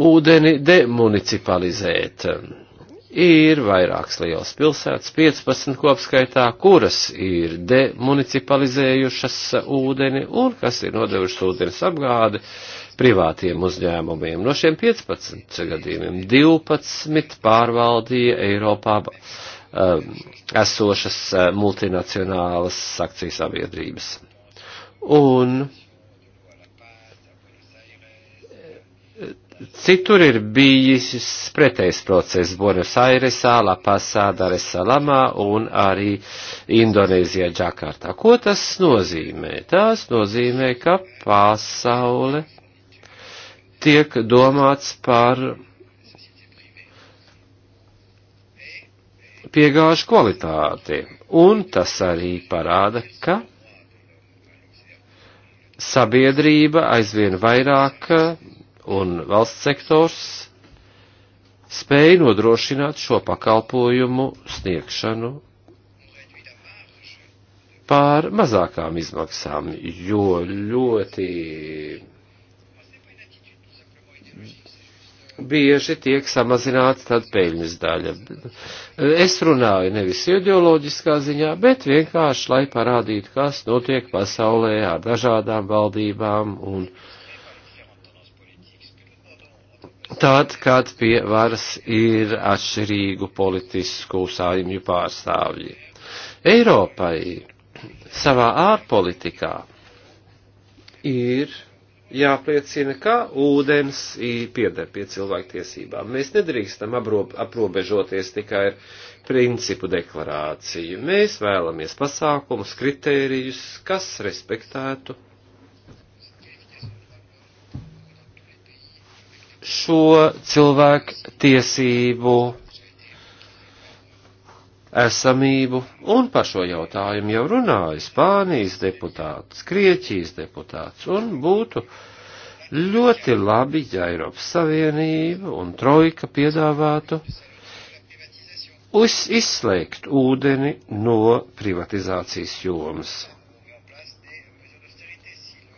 ūdeni demunicipalizēt. Ir vairākas lielas pilsētas, 15 kopskaitā, kuras ir demunicipalizējušas ūdeni un kas ir nodevušas ūdens apgādi privātiem uzņēmumiem. No šiem 15 gadījumiem 12 pārvaldīja Eiropā um, esošas uh, multinacionālas akcijas sabiedrības. Un Citur ir bijis pretējs process Buenos Airesā, La Pasā, Daresalamā un arī Indonēzijā, Džakartā. Ko tas nozīmē? Tas nozīmē, ka pasaule tiek domāts par piegāžu kvalitāti. Un tas arī parāda, ka sabiedrība aizvien vairāk un valsts sektors spēja nodrošināt šo pakalpojumu sniegšanu pār mazākām izmaksām, jo ļoti bieži tiek samazināta tad peļņas daļa. Es runāju nevis ideoloģiskā ziņā, bet vienkārši, lai parādītu, kas notiek pasaulē ar dažādām valdībām un uh, tad, kad pie varas ir atšķirīgu politisku sājumju pārstāvji. Eiropai savā ārpolitikā ir jāpliecina, ka ūdens pieder pie cilvēktiesībām. Mēs nedrīkstam aprobežoties tikai ar principu deklarāciju. Mēs vēlamies pasākumus, kritērijus, kas respektētu šo cilvēku tiesību esamību, un par šo jautājumu jau runāja Spānijas deputāts, Krieķijas deputāts, un būtu ļoti labi, ja Eiropas Savienība un Trojka piedāvātu uz, izslēgt ūdeni no privatizācijas jomas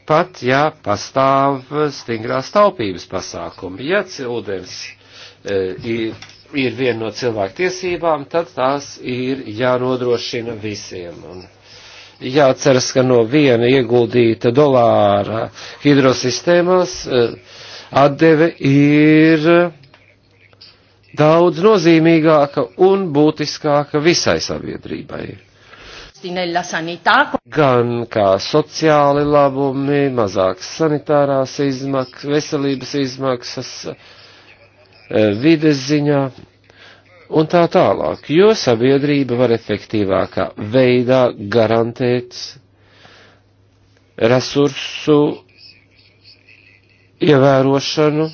pat ja pastāv stingrās taupības pasākumi. Ja ūdens e, ir, ir viena no cilvēku tiesībām, tad tās ir jānodrošina visiem. Un jāceras, ka no viena ieguldīta dolāra hidrosistēmās e, atdeve ir daudz nozīmīgāka un būtiskāka visai sabiedrībai costi nella sanità. Gan kā sociāli labumi, mazākas sanitārās izmaksas, veselības izmaksas, e, vides ziņā un tā tālāk, jo sabiedrība var efektīvākā veidā garantēt resursu ievērošanu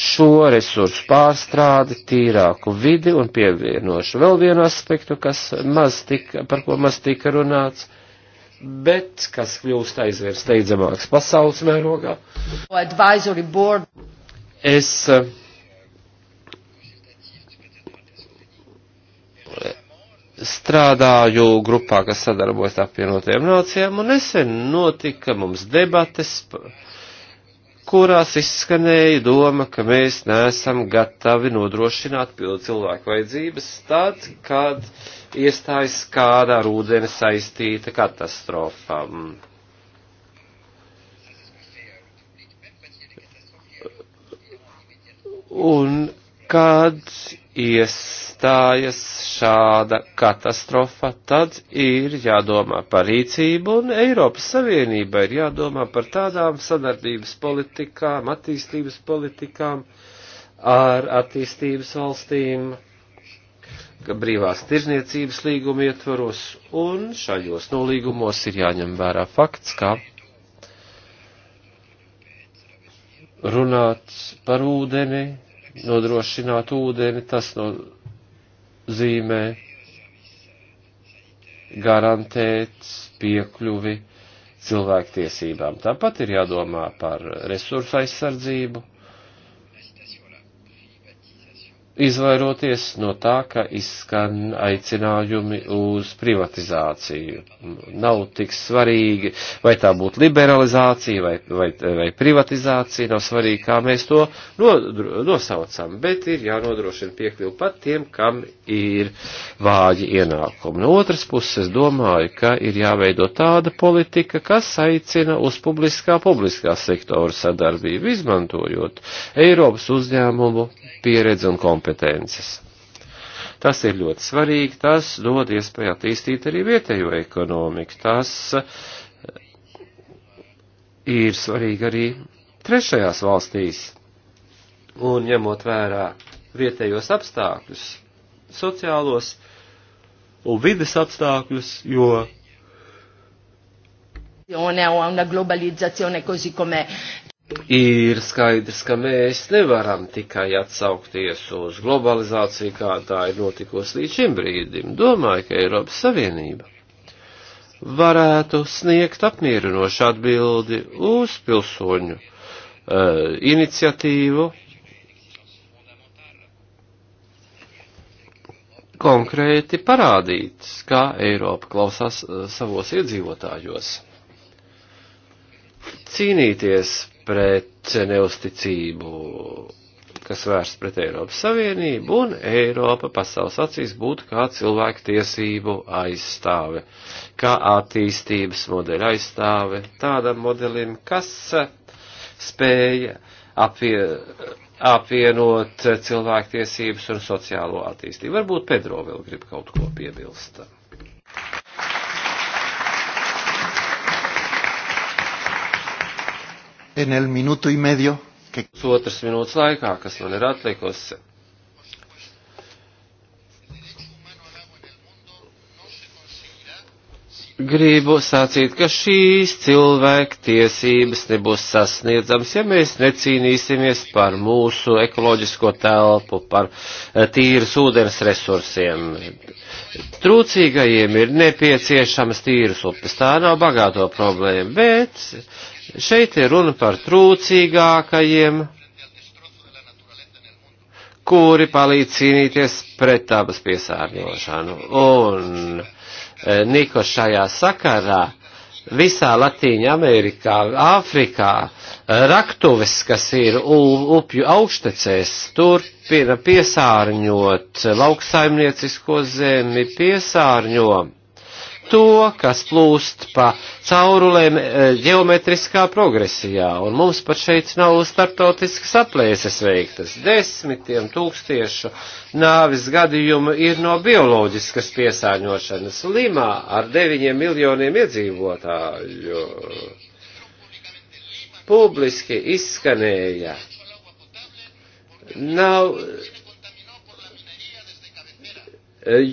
šo resursu pārstrādi, tīrāku vidi un pievienošu vēl vienu aspektu, kas maz tika, par ko maz tika runāts, bet kas kļūst aizvien steidzamāks pasaules mērogā. Es eh, strādāju grupā, kas sadarbojas apvienotajām nācijām, un nesen notika mums debates. Par kurās izskanēja doma, ka mēs neesam gatavi nodrošināt pildu cilvēku vajadzības tad, kad iestājas kādā ar ūdeni saistīta katastrofa. Un kad iestājas šāda katastrofa, tad ir jādomā par rīcību, un Eiropas Savienība ir jādomā par tādām sadarbības politikām, attīstības politikām ar attīstības valstīm, brīvās tirzniecības līguma ietvaros, un šajos nolīgumos ir jāņem vērā fakts, ka runāt par ūdeni, nodrošināt ūdeni, tas nozīmē garantēt piekļuvi cilvēktiesībām. Tāpat ir jādomā par resursu aizsardzību, izvairoties no tā, ka izskan aicinājumi uz privatizāciju. Nav tik svarīgi, vai tā būtu liberalizācija vai, vai, vai privatizācija, nav svarīgi, kā mēs to nosaucam, bet ir jānodrošina piekļuvi pat tiem, kam ir vāji ienākumi. No otras puses, es domāju, ka ir jāveido tāda politika, kas aicina uz publiskā, publiskā sektora sadarbību, izmantojot Eiropas uzņēmumu pieredzi un kompetenci kompetences. Tas ir ļoti svarīgi, tas dod iespēju attīstīt arī vietējo ekonomiku. Tas eh, ir svarīgi arī trešajās valstīs. Un ņemot vērā vietējos apstākļus, sociālos un vides apstākļus, jo. Una globalizzazione così come Ir skaidrs, ka mēs nevaram tikai atsaukties uz globalizāciju, kā tā ir notikusi līdz šim brīdim. Domāju, ka Eiropas Savienība varētu sniegt apmierinošu atbildi uz pilsoņu uh, iniciatīvu konkrēti parādīt, kā Eiropa klausās uh, savos iedzīvotājos. Cīnīties pret neusticību, kas vērsts pret Eiropas Savienību, un Eiropa pasaules acīs būtu kā cilvēku tiesību aizstāve, kā attīstības modeļa aizstāve, tādam modelim, kas spēja apie, apvienot cilvēku tiesības un sociālo attīstību. Varbūt Pedro vēl grib kaut ko piebilst. en el minuto y medio. Que... Otras minūtes laikā, kas man ir atlikusi. Gribu sacīt, ka šīs cilvēku tiesības nebūs sasniedzams, ja mēs necīnīsimies par mūsu ekoloģisko telpu, par eh, tīras ūdens resursiem. Trūcīgajiem ir nepieciešamas tīras upes, tā nav bagāto problēma, bet Šeit ir runa par trūcīgākajiem, kuri palīdz cīnīties pret dabas piesārņošanu. Un e, Niko šajā sakarā visā Latīņa Amerikā, Āfrikā, e, raktuves, kas ir upju augštecēs, turpina piesārņot lauksaimniecisko zemi, piesārņo to, kas plūst pa caurulēm ģeometriskā e, progresijā, un mums pat šeit nav startautiskas aplēses veiktas. Desmitiem tūkstiešu nāvis gadījumu ir no bioloģiskas piesāņošanas Limā ar deviņiem miljoniem iedzīvotāju. Publiski izskanēja. Nav E,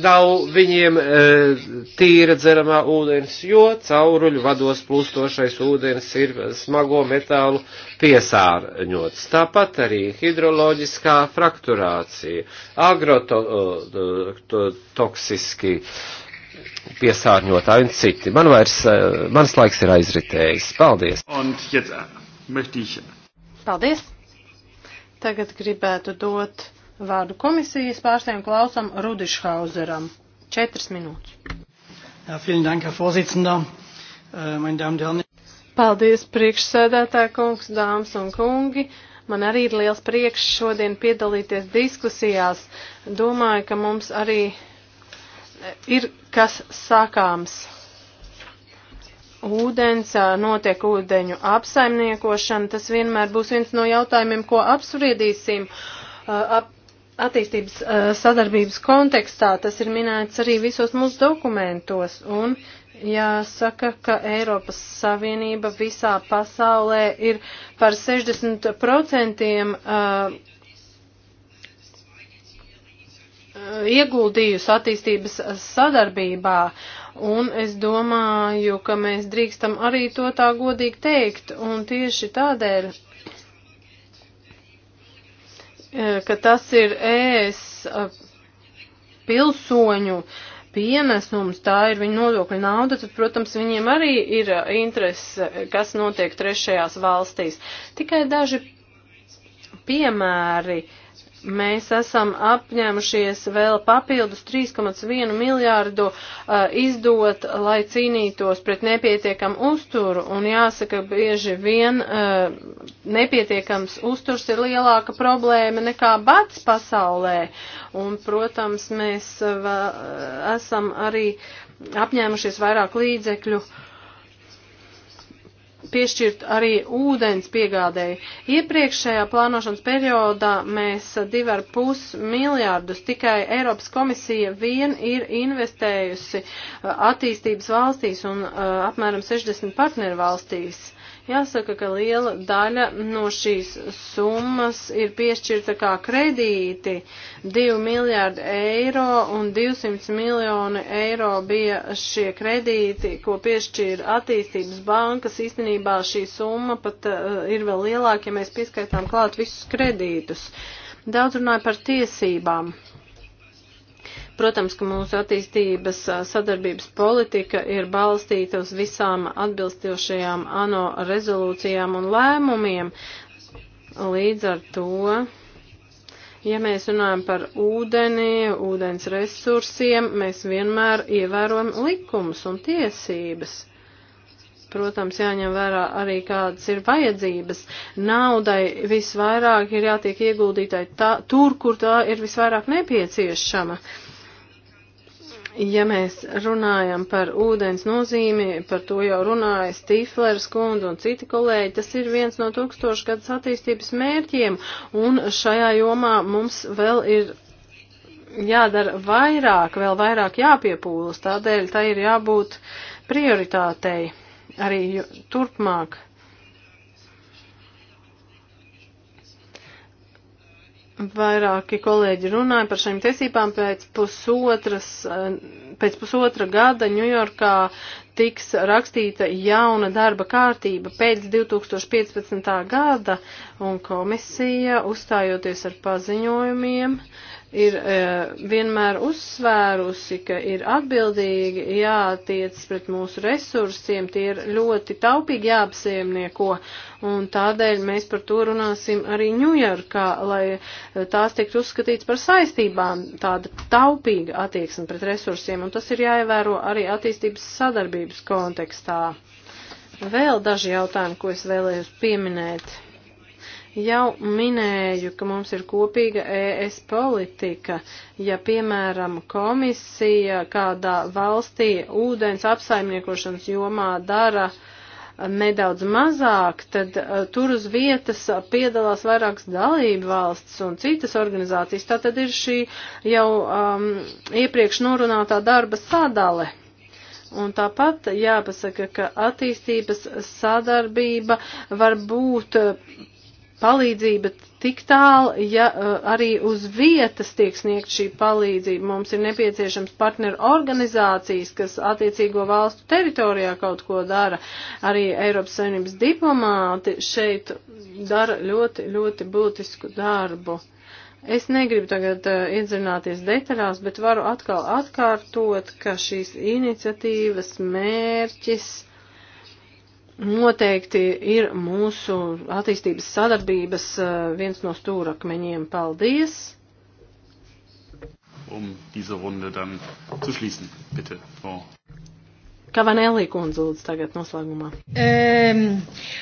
nav viņiem e, tīra dzeramā ūdens, jo cauruļu vados plūstošais ūdens ir smago metālu piesārņots. Tāpat arī hidroloģiskā frakturācija, agrotoksiski piesārņotāji un citi. Man vairs, e, mans laiks ir aizritējis. Paldies! Paldies! Tagad gribētu dot Vārdu komisijas pārstāvjiem klausam Rudišhauseram. Četras minūtes. Jā, vielen dank, Herr Vorsitzender, äh, meine Damen und Herren. Paldies, priekšsēdētāja kungs, dāmas un kungi. Man arī ir liels prieks šodien piedalīties diskusijās. Domāju, ka mums arī ir kas sākāms ūdens, notiek ūdeņu apsaimniekošana, tas vienmēr būs viens no jautājumiem, ko apspriedīsim. Ap attīstības eh, sadarbības kontekstā, tas ir minēts arī visos mūsu dokumentos, un jāsaka, ka Eiropas Savienība visā pasaulē ir par 60% eh, ieguldījusi attīstības sadarbībā, un es domāju, ka mēs drīkstam arī to tā godīgi teikt, un tieši tādēļ E, ka tas ir ES pilsoņu pienesums, tā ir viņa nodokļa nauda, tad, protams, viņiem arī ir interese, kas notiek trešajās valstīs. Tikai daži piemēri. Uh, Mēs esam apņēmušies vēl papildus 3,1 miljārdu uh, izdot, lai cīnītos pret nepietiekamu uzturu. Un jāsaka, bieži vien uh, nepietiekams uzturs ir lielāka problēma nekā bats pasaulē. Un, protams, mēs uh, uh esam arī apņēmušies vairāk līdzekļu uh, piešķirt arī ūdens piegādēji. Iepriekšējā plānošanas periodā mēs 2,5 miljārdus tikai Eiropas komisija vien ir investējusi uh, attīstības valstīs un uh, apmēram 60 partneru valstīs. Jāsaka, ka liela daļa no šīs summas ir piešķirta kā kredīti. 2 miljārdi eiro un 200 miljoni eiro bija šie kredīti, ko piešķīra attīstības bankas. Īstenībā šī summa pat uh, ir vēl lielāka, ja mēs pieskaitām klāt visus kredītus. Daudz runāja par tiesībām. Protams, ka mūsu attīstības sadarbības politika ir balstīta uz visām atbilstošajām ANO rezolūcijām un lēmumiem. Līdz ar to, ja mēs runājam par ūdeni, ūdens resursiem, mēs vienmēr ievērojam likumus un tiesības protams, jāņem vērā arī kādas ir vajadzības. Naudai visvairāk ir jātiek ieguldītai tā, tur, kur tā ir visvairāk nepieciešama. Uh, Ja mēs runājam par ūdens nozīmi, par to jau runāja Stīflers kundze un citi kolēģi, tas ir viens no tūkstošgadus attīstības mērķiem, un šajā jomā mums vēl ir jādara vairāk, vēl vairāk jāpiepūlas, tādēļ tai ir jābūt prioritātei arī turpmāk. Vairāki kolēģi runāja par šīm tiesībām pēc pusotras, eh, pēc pusotra gada Ņujorkā tiks rakstīta jauna darba kārtība pēc 2015. gada, un komisija, uzstājoties ar paziņojumiem, ir e, vienmēr uzsvērusi, ka ir atbildīgi jātiec pret mūsu resursiem, tie ir ļoti taupīgi jāapsiemnieko, un tādēļ mēs par to runāsim arī Ņujorkā, lai e, tās tiktu uzskatīts par saistībām, tāda taupīga attieksme pret resursiem, un tas ir jāievēro arī attīstības sadarbības kontekstā. Vēl daži jautājumi, ko es vēlējos pieminēt. Jau minēju, ka mums ir kopīga ES politika. Ja, piemēram, komisija kādā valstī ūdens apsaimniekošanas jomā dara nedaudz mazāk, tad uh, tur uz vietas piedalās vairākas dalību valsts un citas organizācijas. Tā tad ir šī jau um, iepriekš norunātā darba sadale. Un tāpat jāpasaka, ka attīstības sadarbība var būt palīdzība tik tālu, ja uh, arī uz vietas tiek sniegt šī palīdzība. Mums ir nepieciešams partneru organizācijas, kas attiecīgo valstu teritorijā kaut ko dara. Arī Eiropas Savienības diplomāti šeit dara ļoti, ļoti būtisku darbu. Es negribu tagad uh, iedzināties detaļās, bet varu atkal atkārtot, ka šīs iniciatīvas mērķis noteikti ir mūsu attīstības sadarbības eh, viens no stūrakmeņiem. Paldies! Um diese Runde dann zu schließen, bitte, Frau. Kavanelli kundze lūdzu tagad noslēgumā. Um,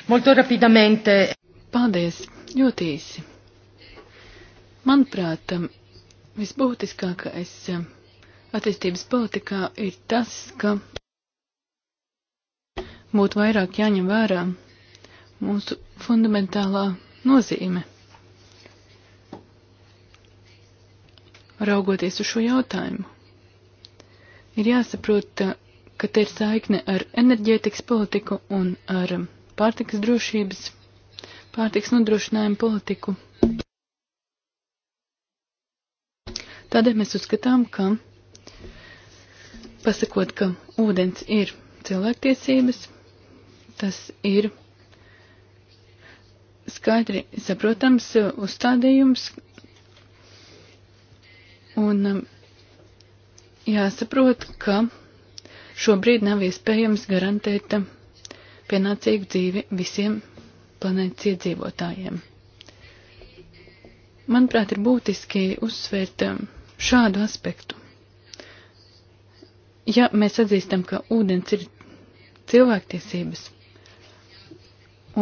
molto rapidamente. Paldies, ļoti īsi. Manuprāt, um, visbūtiskākais um, attīstības politikā ir tas, ka būtu vairāk jāņem vērā mūsu fundamentālā nozīme. Raugoties uz šo jautājumu, ir jāsaprot, ka te ir saikne ar enerģētikas politiku un ar pārtikas drošības, pārtikas nodrošinājumu politiku. Tādēļ mēs uzskatām, ka pasakot, ka ūdens ir cilvēktiesības, Tas ir skaidri saprotams uzstādījums un um, jāsaprot, ka šobrīd nav iespējams garantēt pienācīgu dzīvi visiem planētas iedzīvotājiem. Manuprāt, ir būtiski uzsvērt um, šādu aspektu. Ja mēs atzīstam, ka ūdens ir cilvēktiesības,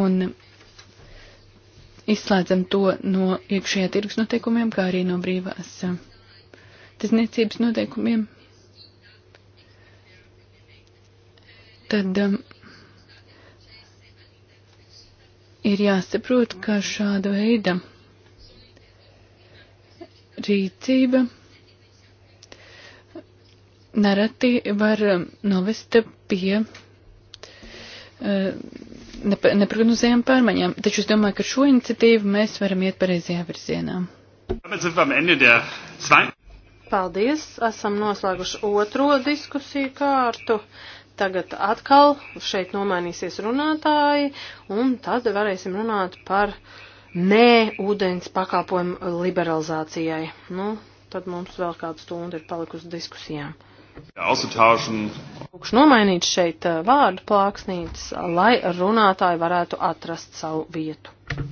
un izslēdzam to no iekšējā tirgus noteikumiem, kā arī no brīvās uh, tirzniecības noteikumiem. Tad um, ir jāsaprot, ka šāda veida rīcība nereti var novest pie uh, neprognozējām pārmaiņām, taču es domāju, ka šo iniciatīvu mēs varam iet pareizajā virzienā. Paldies, esam noslēguši otro diskusiju kārtu. Tagad atkal šeit nomainīsies runātāji, un tad varēsim runāt par nē ūdens pakalpojumu liberalizācijai. Nu, tad mums vēl kāda stunda ir palikusi diskusijām. Ja, Lūkšu nomainīt šeit eh, vārdu plāksnītes, lai runātāji varētu atrast savu vietu.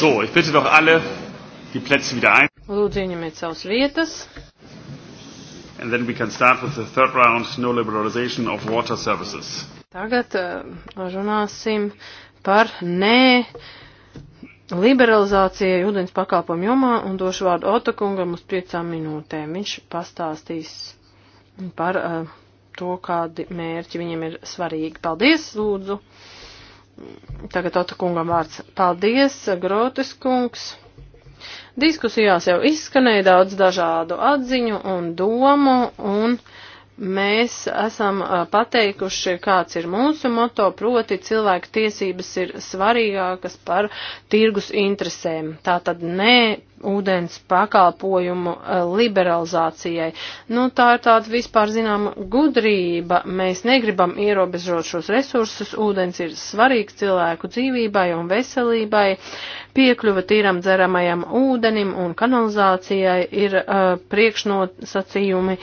So, ich bitte doch alle, die Plätze wieder ein. Lūdzu, ieņemiet savas vietas. And then we can start with the third round, no liberalization of water services. Tagad uh, eh, runāsim par nē liberalizācijai ūdens pakalpojumu jomā un došu vārdu Otokungam uz piecām minūtēm. Viņš pastāstīs par uh, to, kādi mērķi viņiem ir svarīgi. Paldies, lūdzu! Uh, Tagad Ota kungam vārds. Paldies, Grotis kungs. Diskusijās jau izskanēja daudz dažādu atziņu un domu un mēs esam pateikuši, kāds ir mūsu moto, proti cilvēku tiesības ir svarīgākas par tirgus interesēm. Tā tad nē ūdens pakalpojumu eh, liberalizācijai. Nu, tā ir tāda vispār zināma gudrība. Mēs negribam ierobežot šos resursus. Ūdens ir svarīgs cilvēku dzīvībai un veselībai. Piekļuva tīram dzeramajam ūdenim un kanalizācijai ir uh, priekšnosacījumi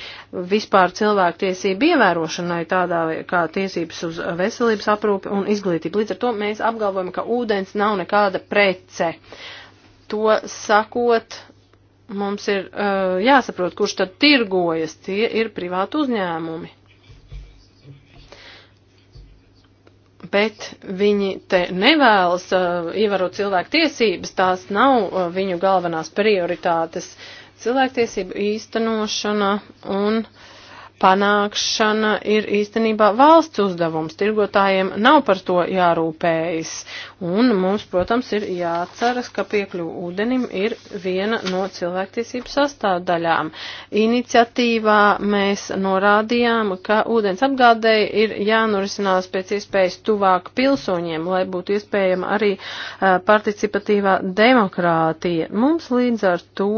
vispār cilvēktiesību ievērošanai tādā kā tiesības uz veselības aprūpi un izglītību. Līdz ar to mēs apgalvojam, ka ūdens nav nekāda prece. Uh, to sakot, mums ir uh, jāsaprot, kurš tad tirgojas. Tie ir privāti uzņēmumi. Bet viņi te nevēlas uh, ievērot cilvēku tiesības, tās nav uh, viņu galvenās prioritātes. Cilvēktiesību īstenošana un panākšana ir īstenībā valsts uzdevums. Tirgotājiem nav par to jārūpējas. Un mums, protams, ir jāatceras, ka piekļuva ūdenim ir viena no cilvēktiesību sastāvdaļām. Iniciatīvā mēs norādījām, ka ūdens apgādēji ir jānorisinās pēc iespējas tuvāk pilsoņiem, lai būtu iespējama arī uh, participatīvā demokrātija. Mums līdz ar to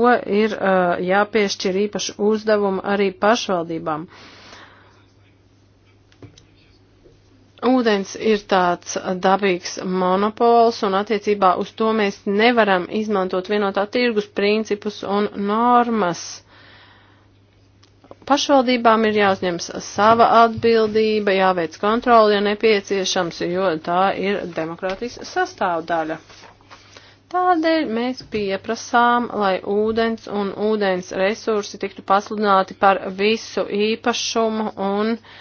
ir uh, jāpiešķir īpaši uzdevumi arī pašvaldībām. Uh, Ūdens ir tāds dabīgs monopols, un attiecībā uz to mēs nevaram izmantot vienotā tirgus principus un normas. Pašvaldībām ir jāuzņems sava atbildība, jāveic kontroli, ja nepieciešams, jo tā ir demokrātijas sastāvdaļa. Tādēļ mēs pieprasām, lai ūdens un ūdens resursi tiktu pasludināti par visu īpašumu un uh,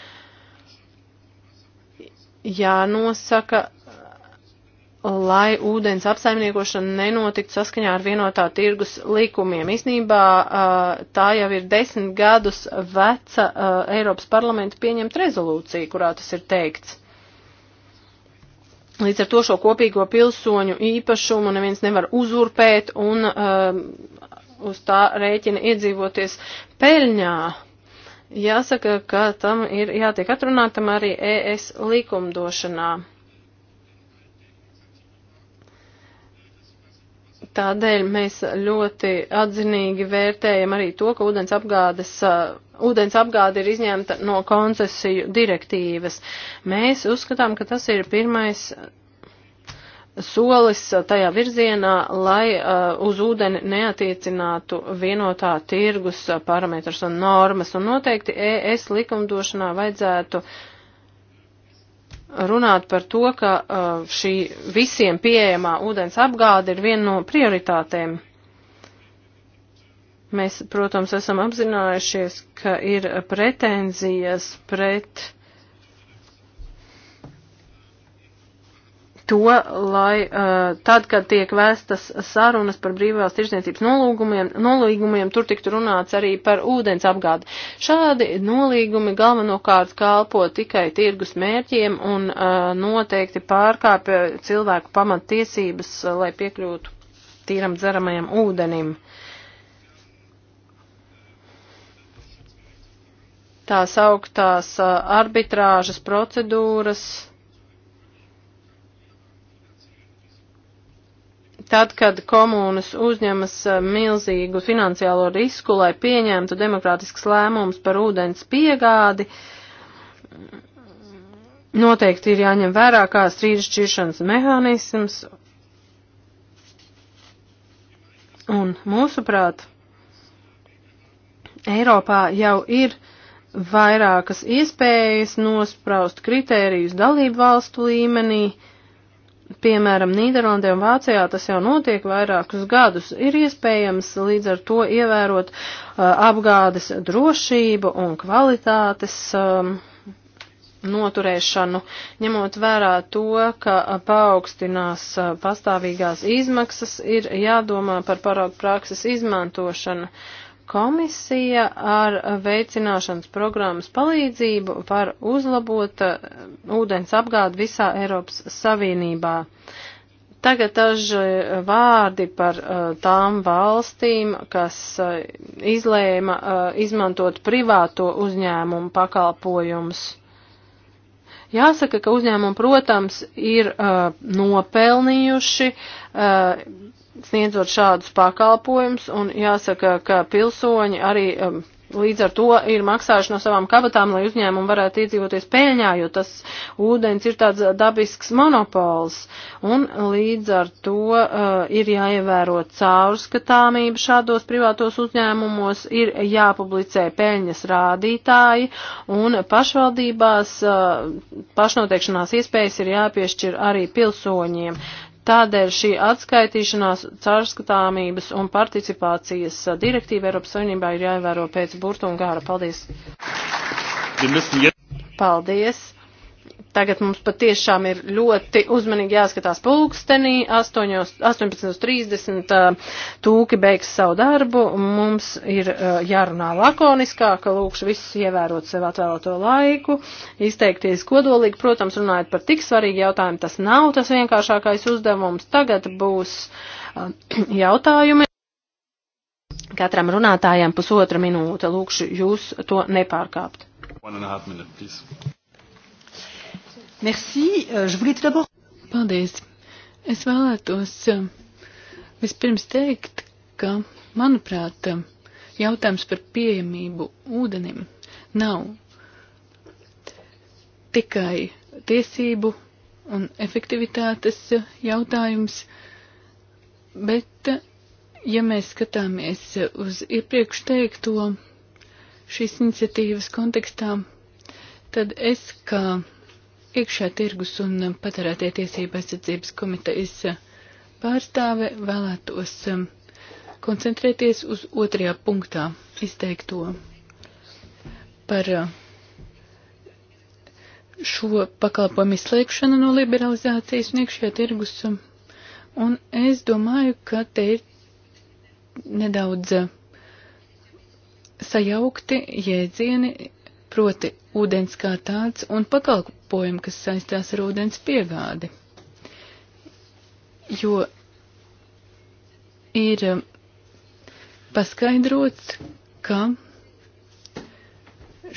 jānosaka, lai ūdens apsaimniekošana nenotiktu saskaņā ar vienotā tirgus likumiem. Īsnībā tā jau ir desmit gadus veca Eiropas parlamenta pieņemta rezolūcija, kurā tas ir teikts. Līdz ar to šo kopīgo pilsoņu īpašumu neviens nevar uzurpēt un um, uz tā rēķina iedzīvoties peļņā. Jāsaka, ka tam ir jātiek atrunātam arī ES likumdošanā. Tādēļ mēs ļoti atzinīgi vērtējam arī to, ka ūdens apgādes, uh, ūdens apgāde ir izņemta no koncesiju direktīvas. Mēs uzskatām, ka tas ir pirmais solis tajā virzienā, lai uh, uz ūdeni neatiecinātu vienotā tirgus parametrus un normas. Un noteikti ES likumdošanā vajadzētu runāt par to, ka uh, šī visiem pieejamā ūdens apgāde ir viena no prioritātēm. Mēs, protams, esam apzinājušies, ka ir pretenzijas pret to, lai uh, tad, kad tiek vēstas sarunas par brīvās tirzniecības nolīgumiem, nolīgumiem, tur tiktu runāts arī par ūdens apgādi. Šādi nolīgumi galvenokārt kalpo tikai tirgus mērķiem un uh, noteikti pārkāpja cilvēku pamattiesības, uh, lai piekļūtu tīram dzeramajam ūdenim. Tās augtās uh, arbitrāžas procedūras Tad, kad komunas uzņemas e, milzīgu finansiālo risku, lai pieņemtu demokrātisks lēmums par ūdens piegādi, noteikti ir jāņem vērā kā strīdšķiršanas mehānisms. Un mūsuprāt, Eiropā jau ir vairākas iespējas nospraust kritērijus dalību valstu līmenī, uh, piemēram, Nīderlandē un Vācijā tas jau notiek vairākus gadus, ir iespējams līdz ar to ievērot uh, apgādes drošību un kvalitātes. Um, noturēšanu, ņemot vērā to, ka paaugstinās uh, pastāvīgās izmaksas, ir jādomā par paraugu prakses izmantošanu. Uh, Komisija ar veicināšanas programmas palīdzību var uzlabot eh, ūdens apgādi visā Eiropas Savienībā. Tagad daži vārdi par eh, tām valstīm, kas eh, izlēma izmantot privāto uzņēmumu pakalpojumus. Jāsaka, ka uzņēmumi, protams, ir uh, nopelnījuši uh, sniedzot šādus pakalpojumus, un jāsaka, ka pilsoņi arī um, līdz ar to ir maksājuši no savām kabatām, lai uzņēmumi varētu iedzīvoties peļņā, jo tas ūdens ir tāds dabisks monopols, un līdz ar to uh, ir jāievēro caurskatāmība šādos privātos uzņēmumos, ir jāpublicē peļņas rādītāji, un pašvaldībās uh, pašnoteikšanās iespējas ir jāpiešķir arī pilsoņiem. Uh, Tādēļ šī atskaitīšanās, caurskatāmības un participācijas uh, direktīva Eiropas Savienībā ir jāievēro pēc burtu un gāra. Paldies! Paldies! Tagad mums patiešām ir ļoti uzmanīgi jāskatās pulkstenī. 18.30 tūki beigs savu darbu. Mums ir jārunā lakoniskāk, lūkšu visus ievērot sev atvēlēto laiku, izteikties kodolīgi. Protams, runājot par tik svarīgu jautājumu, tas nav tas vienkāršākais uzdevums. Tagad būs [CLEARS THROAT] jautājumi. Katram runātājam pusotra minūte. Lūkšu jūs to nepārkāpt. One and a half minute, please. Merci. Euh, je voulais tout d'abord. Paldies. Es vēlētos um, vispirms teikt, ka, manuprāt, um, jautājums par pieejamību ūdenim nav tikai tiesību un efektivitātes uh, jautājums, bet, uh, ja mēs skatāmies uh, uz iepriekš teikto šīs iniciatīvas kontekstā, tad es kā iekšā tirgus un patērētie tiesība aizsardzības komitejas eh, pārstāve vēlētos eh, koncentrēties uz otrajā punktā izteikto par eh, šo pakalpojumu izslēgšanu no liberalizācijas un iekšējā tirgus. Un es domāju, ka te ir nedaudz sajaukti jēdzieni proti ūdens kā tāds un pakalpojumi, kas saistās ar ūdens piegādi. Jo ir um, paskaidrots, ka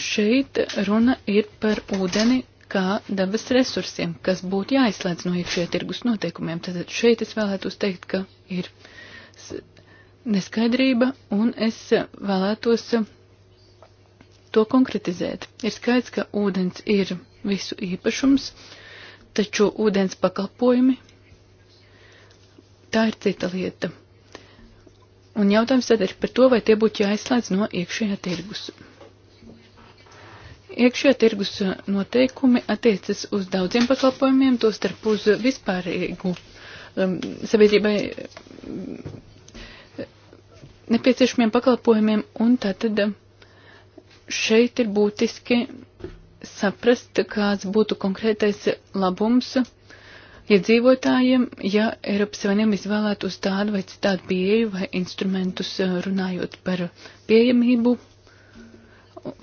šeit runa ir par ūdeni kā dabas resursiem, kas būtu jāizslēdz no iekšē tirgus noteikumiem. Tad šeit es vēlētos teikt, ka ir neskaidrība, un es vēlētos to konkretizēt. Ir skaidrs, ka ūdens ir visu īpašums, taču ūdens pakalpojumi tā ir cita lieta. Un jautājums tad ir par to, vai tie būtu jāizslēdz no iekšējā tirgus. Iekšējā tirgus noteikumi attiecas uz daudziem pakalpojumiem, to starp uz vispārīgu um, sabiedrībai um, nepieciešamiem pakalpojumiem un tātad. Um, šeit ir būtiski saprast, kāds būtu konkrētais labums iedzīvotājiem, ja Eiropas Savienība izvēlētos tādu vai citādu pieeju vai instrumentus eh, runājot par pieejamību,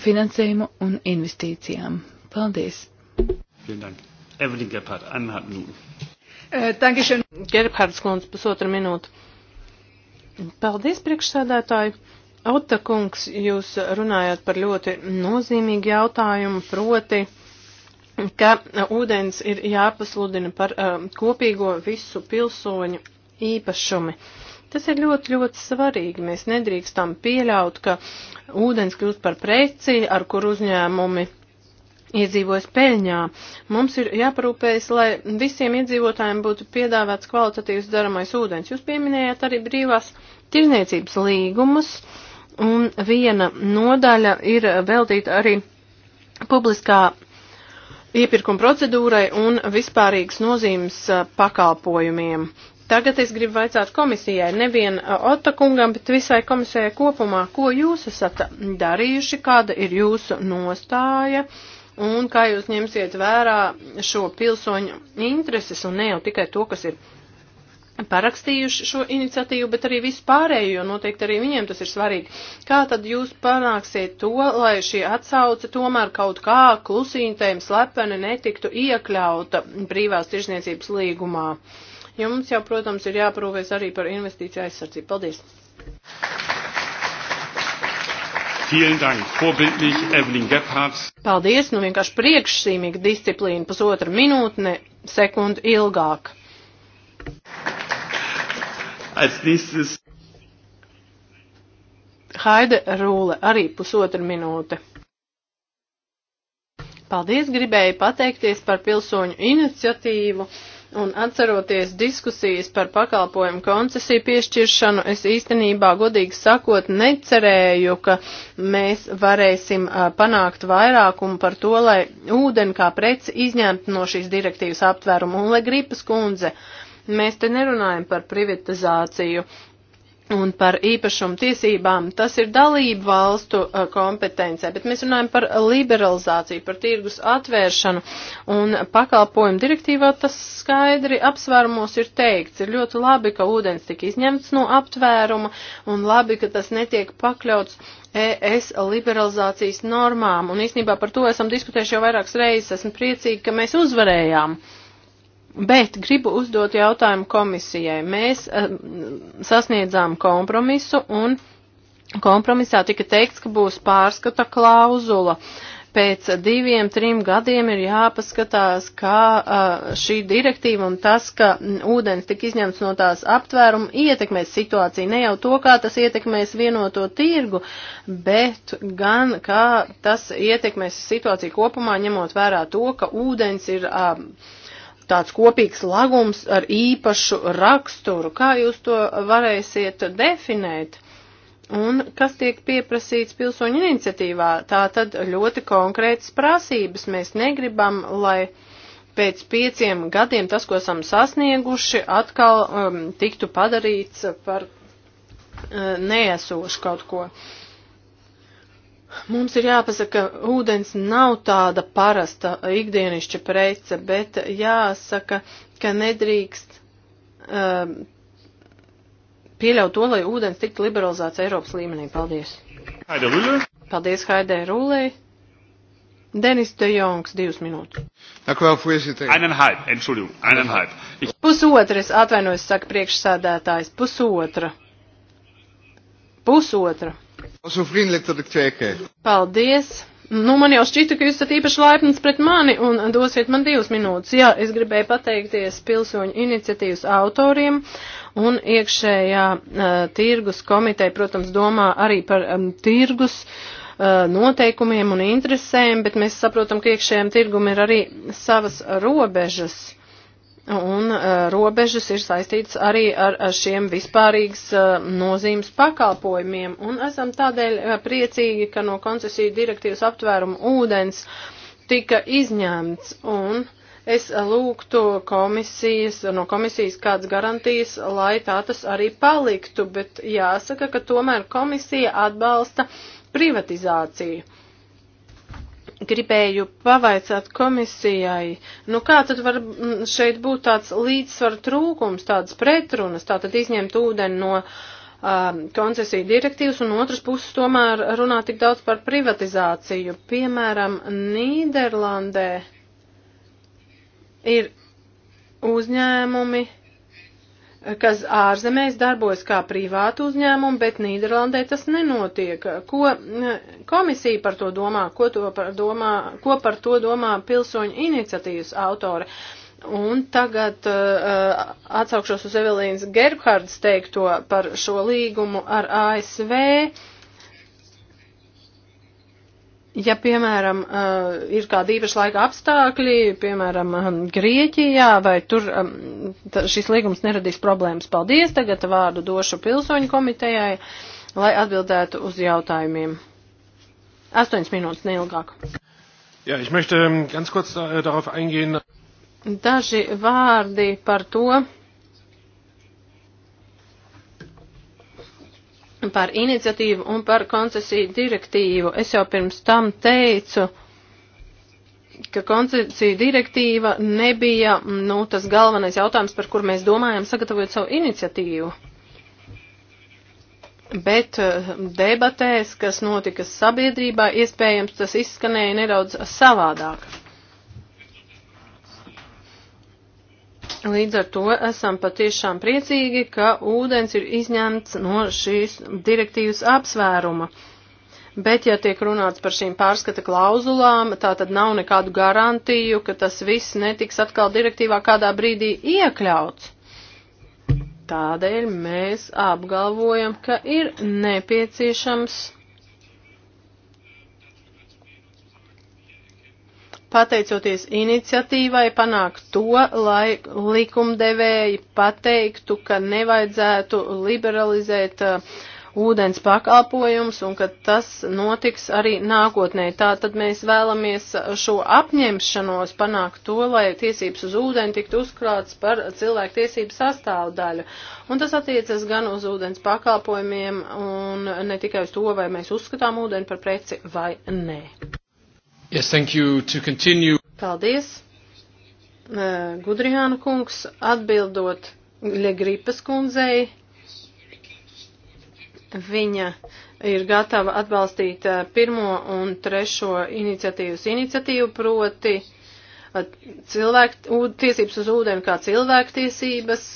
finansējumu un investīcijām. Paldies! Evelyn Gephardt, eineinhalb Minuten. Äh, Dankeschön. Gerhards Klons, pusotra minūte. Paldies, priekšsēdētāji. Auta kungs, jūs runājāt par ļoti nozīmīgu jautājumu, proti, ka ūdens ir jāpasludina par um, kopīgo visu pilsoņu īpašumi. Tas ir ļoti, ļoti svarīgi. Mēs nedrīkstam pieļaut, ka ūdens kļūst par preci, ar kur uzņēmumi iedzīvojas peļņā. Mums ir jāparūpējas, lai visiem iedzīvotājiem būtu piedāvāts kvalitatīvs daramais ūdens. Jūs pieminējāt arī brīvās tirniecības līgumus. Uh, Un viena nodaļa ir veltīta arī publiskā iepirkuma procedūrai un vispārīgas nozīmes uh, pakalpojumiem. Tagad es gribu vaicāt komisijai, nevien uh, Otta kungam, bet visai komisijai kopumā, ko jūs esat darījuši, kāda ir jūsu nostāja un kā jūs ņemsiet vērā šo pilsoņu intereses un ne jau tikai to, kas ir parakstījuši šo iniciatīvu, bet arī vispārēju, jo noteikti arī viņiem tas ir svarīgi. Kā tad jūs panāksiet to, lai šī atsauce tomēr kaut kā klusīntēm slepeni netiktu iekļauta brīvās tirzniecības līgumā? Jo mums jau, protams, ir jāprūvēs arī par investīciju aizsardzību. Paldies! Paldies, nu vienkārši priekšsīmīga disciplīna pusotra minūte, ne sekundi ilgāk. Thank you. Als nächstes. Haide Rūle, arī pusotra minūte. Paldies, gribēju pateikties par pilsoņu iniciatīvu un atceroties diskusijas par pakalpojumu koncesiju piešķiršanu, es īstenībā godīgi sakot necerēju, ka mēs varēsim panākt vairākumu par to, lai ūdeni kā preci izņemtu no šīs direktīvas aptvērumu. Un, lai gripas kundze, uh, Mēs te nerunājam par privatizāciju, un par īpašumu tiesībām, tas ir dalību valstu uh, kompetencē, bet mēs runājam par liberalizāciju, par tirgus atvēršanu un pakalpojumu direktīvā tas skaidri apsvērumos ir teikts. Ir ļoti labi, ka ūdens tika izņemts no aptvēruma un labi, ka tas netiek pakļauts ES liberalizācijas normām. Un īstenībā par to esam diskutējuši jau vairākas reizes. Esmu priecīgi, ka mēs uzvarējām. Uh, Bet gribu uzdot jautājumu komisijai. Mēs uh, sasniedzām kompromisu un kompromisā tika teikts, ka būs pārskata klauzula. Pēc diviem, trim gadiem ir jāpaskatās, kā uh, šī direktīva un tas, ka ūdens tika izņemts no tās aptvēruma, ietekmēs situāciju. Ne jau to, kā tas ietekmēs vienoto tirgu, bet gan kā tas ietekmēs situāciju kopumā, ņemot vērā to, ka ūdens ir. Uh, tāds kopīgs lagums ar īpašu raksturu. Kā jūs to varēsiet definēt? Un kas tiek pieprasīts pilsoņu iniciatīvā? Tā tad ļoti konkrētas prasības. Mēs negribam, lai pēc pieciem gadiem tas, ko esam sasnieguši, atkal um, tiktu padarīts par uh, neesošu kaut ko. Uh, Mums ir jāpasaka, ka ūdens nav tāda parasta ikdienišķa prece, bet jāsaka, ka nedrīkst um, pieļaut to, lai ūdens tiktu liberalizēts Eiropas līmenī. Paldies! Haide Rulē! Paldies, Haidē Rulē! Denis De Jongs, divas minūtes. Eineinhalb, entschuldigung, eineinhalb. Ich... Pusotras, atvainojos, saka priekšsādātājs, pusotra. Pusotra. Paldies! Nu, man jau šķita, ka jūs esat īpaši laipns pret mani un dosiet man divas minūtes. Jā, es gribēju pateikties pilsoņu iniciatīvas autoriem un iekšējā uh, tirgus komiteja, protams, domā arī par um, tirgus uh, noteikumiem un interesēm, bet mēs saprotam, ka iekšējiem tirgum ir arī savas robežas. Uh, un uh, robežas ir saistītas arī ar, ar šiem vispārīgas uh, nozīmes pakalpojumiem, un esam tādēļ uh, priecīgi, ka no koncesiju direktīvas aptvērumu ūdens tika izņemts, un es lūgtu komisijas, no komisijas kādas garantijas, lai tā tas arī paliktu, bet jāsaka, ka tomēr komisija atbalsta privatizāciju gribēju pavaicāt komisijai, nu kā tad var šeit būt tāds līdzsvaru trūkums, tādas pretrunas, tātad izņemt ūdeni no um, koncesiju direktīvas un otras puses tomēr runā tik daudz par privatizāciju. Piemēram, Nīderlandē ir uzņēmumi, kas ārzemēs darbojas kā privātu uzņēmumu, bet Nīderlandē tas nenotiek. Ko komisija par to domā, ko, to par, domā, ko par to domā pilsoņu iniciatīvas autori? Un tagad uh, uh, atsaukšos uz Evelīnas Gerbhards teikto par šo līgumu ar ASV. Uh, ja, piemēram, eh, ir kāda īpaša laika apstākļi, piemēram, eh, Grieķijā, vai tur eh, šis līgums neradīs problēmas. Paldies, tagad vārdu došu pilsoņu komitejai, lai atbildētu uz jautājumiem. Astoņas minūtes neilgāk. Jā, ja, es möchte ähm, ganz kurz äh, darauf eingehen. Daži vārdi par to, par iniciatīvu un par koncesiju direktīvu. Es jau pirms tam teicu, ka koncesija direktīva nebija nu, tas galvenais jautājums, par kur mēs domājam, sagatavojot savu iniciatīvu. Bet eh, debatēs, kas notika sabiedrībā, iespējams tas izskanēja nedaudz savādāk. Līdz ar to esam patiešām priecīgi, ka ūdens ir izņemts no šīs direktīvas apsvēruma. Bet, ja tiek runāts par šīm pārskata klauzulām, tā tad nav nekādu garantiju, ka tas viss netiks atkal direktīvā kādā brīdī iekļauts. Tādēļ mēs apgalvojam, ka ir nepieciešams pateicoties iniciatīvai, panākt to, lai likumdevēji pateiktu, ka nevajadzētu liberalizēt uh, ūdens pakalpojums un ka tas notiks arī nākotnē. Tā tad mēs vēlamies šo apņemšanos panākt to, lai tiesības uz ūdeni tiktu uzkrāts par cilvēku tiesību sastāvdaļu. Un tas attiecas gan uz ūdens pakalpojumiem un ne tikai uz to, vai mēs uzskatām ūdeni par preci vai nē. Yes, thank you. To continue. Paldies. Gudrihāna kungs atbildot Legripas kundzei, viņa ir gatava atbalstīt pirmo un trešo iniciatīvas iniciatīvu, proti cilvēku, tiesības uz ūdeni kā cilvēktiesības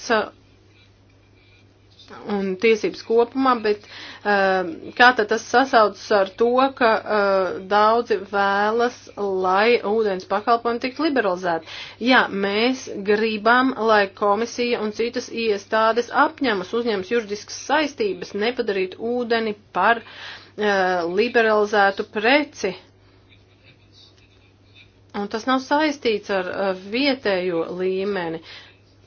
un tiesības kopumā, bet uh, kā tad tas sasaucas ar to, ka uh, daudzi vēlas, lai ūdens pakalpojumi tiktu liberalizēti. Jā, mēs gribam, lai komisija un citas iestādes apņemas uzņemas juridiskas saistības nepadarīt ūdeni par uh, liberalizētu preci. Un tas nav saistīts ar uh, vietējo līmeni. Uh,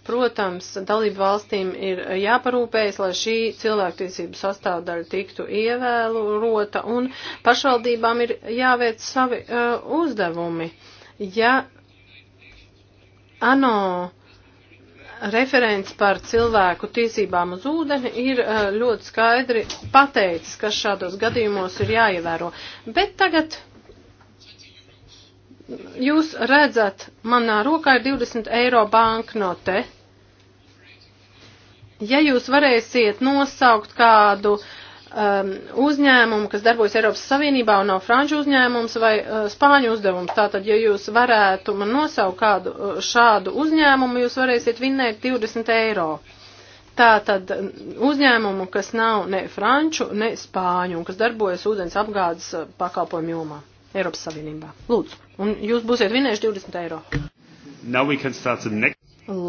Protams, dalību valstīm ir jāparūpējas, lai šī cilvēktiesību sastāvdaļa tiktu ievērota, un pašvaldībām ir jāveic savi uh, uzdevumi. Ja ANO referents par cilvēku tiesībām uz ūdeni ir uh, ļoti skaidri pateicis, kas šādos gadījumos ir jāievēro. Bet tagad jūs redzat, manā rokā ir 20 eiro banknote. Ja jūs varēsiet nosaukt kādu um, uzņēmumu, kas darbojas Eiropas Savienībā un nav franču uzņēmums vai uh, spāņu uzdevums, tātad, ja jūs varētu man nosaukt kādu uh, šādu uzņēmumu, jūs varēsiet vinnēt 20 eiro. Tātad uzņēmumu, kas nav ne franču, ne spāņu un kas darbojas ūdens apgādes uh, pakalpojumu jomā Eiropas Savienībā. Lūdzu. Un jūs būsiet vinējuši 20 eiro.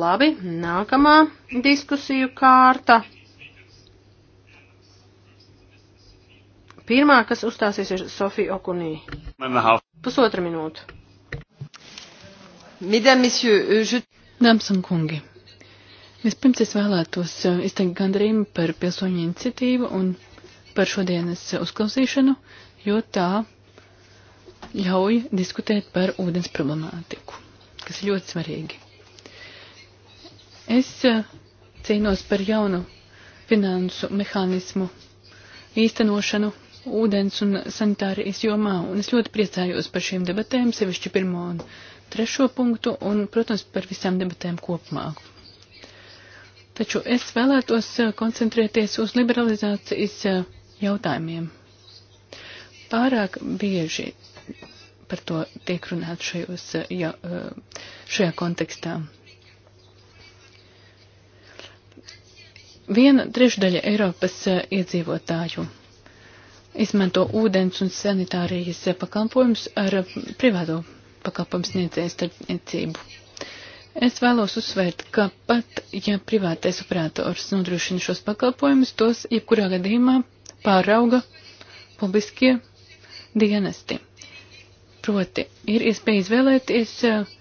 Labi, nākamā diskusiju kārta. Pirmā, kas uzstāsies, ir Sofija Okunī. Pusotra minūte. Euh, Dāmas un kungi, vispirms es vēlētos euh, izteikt gandrību par pilsoņu iniciatīvu un par šodienas euh, uzklausīšanu, jo tā ļauj diskutēt par ūdens problemātiku, kas ir ļoti svarīgi. Es eh, cīnos par jaunu finansu mehānismu īstenošanu ūdens un sanitārijas jomā, un es ļoti priecājos par šīm debatēm, sevišķi pirmo un trešo punktu, un, protams, par visām debatēm kopumā. Taču es vēlētos eh, koncentrēties uz liberalizācijas eh, jautājumiem. Pārāk bieži par to tiek runāt šajos, ja, šajā kontekstā. Viena trešdaļa Eiropas eh, iedzīvotāju izmanto ūdens un sanitārijas pakalpojumus ar privāto pakalpojumu sniedzēju starpniecību. Es vēlos uzsvērt, ka pat, ja privātais operators nodrošina šos pakalpojumus, tos jebkurā gadījumā pārauga publiskie dienesti. Proti, ir iespēja izvēlēties, eh,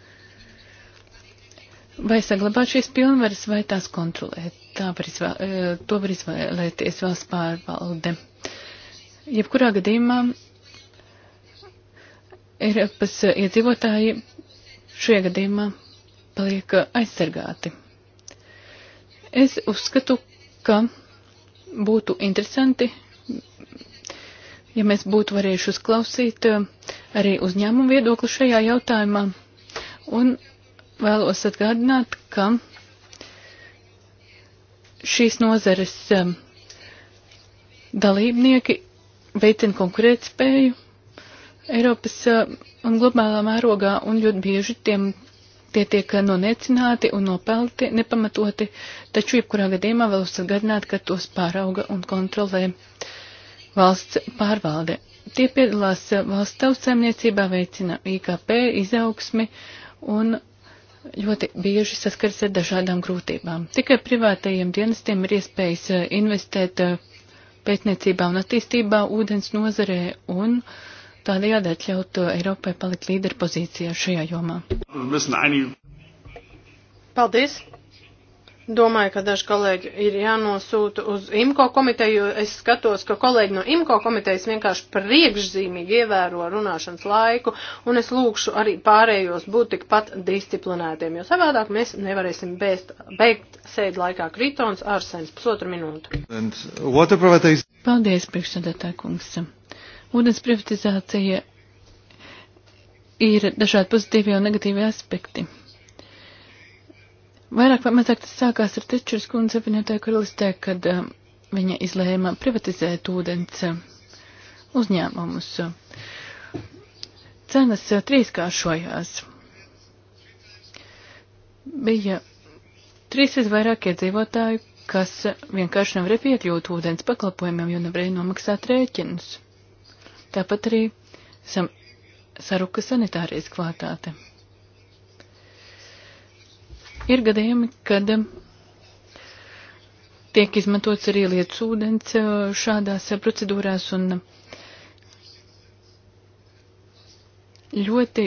vai saglabāt šīs pilnvaras, vai tās kontrolēt. Tā var izvēl, eh, to var izvēlēties valsts pārvalde. Jebkurā gadījumā Eiropas iedzīvotāji šajā gadījumā paliek aizsargāti. Es uzskatu, ka būtu interesanti ja mēs būtu varējuši uzklausīt eh, arī uzņēmumu viedokli šajā jautājumā. Un vēlos atgādināt, ka šīs nozares eh, dalībnieki veicina konkurētspēju Eiropas eh, un globālā mērogā, un ļoti bieži tiem tie tiek noniecināti un nopelti nepamatoti, taču jebkurā gadījumā vēlos atgādināt, ka tos pārauga un kontrolē. Uh, valsts pārvalde. Tie piedalās valsts tautsēmniecībā, veicina IKP izaugsmi un ļoti bieži saskars ar dažādām grūtībām. Tikai privātajiem dienestiem ir iespējas eh, investēt eh, pētniecībā un attīstībā ūdens nozarē un tādējādi atļaut eh, Eiropai palikt līderpozīcijā šajā jomā. Paldies! Domāju, ka daži kolēģi ir jānosūta uz IMCO komiteju, jo es skatos, ka kolēģi no IMCO komitejas vienkārši priekšzīmīgi ievēro runāšanas laiku, un es lūkšu arī pārējos būt tikpat disciplinētiem, jo savādāk mēs nevarēsim bēst, beigt sēdi laikā kritons ārsens pusotru minūtu. Paldies, priekšsēdētāj kungs. Ūdens privatizācija ir dažādi pozitīvie un negatīvie aspekti. Vairāk vai mazāk tas sākās ar Tečers kundze apvienotāju karalistē, kad uh, viņa izlēma privatizēt ūdens um, uzņēmumus. Cenas uh, trīskāršojās. Bija trīsreiz vairāk iedzīvotāju, kas vienkārši nevarēja piekļūt ūdens pakalpojumiem, jo nevarēja nomaksāt rēķinus. Tāpat arī sam saruka sanitārijas kvalitāte. Ir gadījumi, kad tiek izmantots arī lietas ūdens eh, šādās eh, procedūrās un ļoti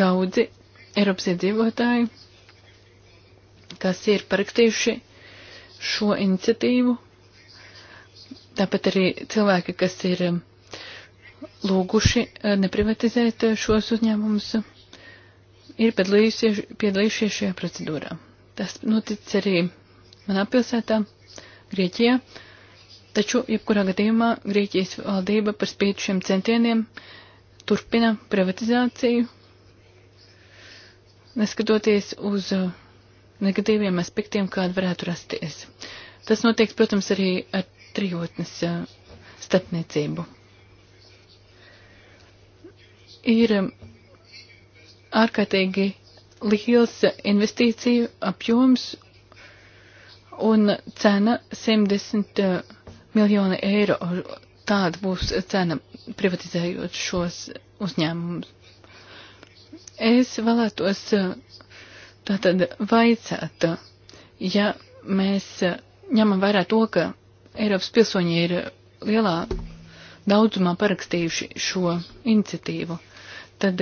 daudzi Eiropas iedzīvotāji, kas ir parakstījuši šo iniciatīvu, tāpat arī cilvēki, kas ir eh, lūguši neprivatizēt šos uzņēmumus ir piedalījušies, piedalījušies šajā procedūrā. Tas noticis arī manā pilsētā, Grieķijā, taču jebkurā gadījumā Grieķijas valdība par spīti šiem centieniem turpina privatizāciju, neskatoties uz uh, negatīviem aspektiem, kāda varētu rasties. Tas notiek, protams, arī ar trijotnes uh, starpniecību. Ir um, ārkārtīgi liels investīciju apjoms un cena 110 eh, miljoni eiro. Tāda būs cena privatizējot šos uzņēmumus. Es vēlētos eh, tātad vaicāt, ja mēs eh, ņemam vērā to, ka Eiropas pilsoņi ir lielā daudzumā parakstījuši šo iniciatīvu, tad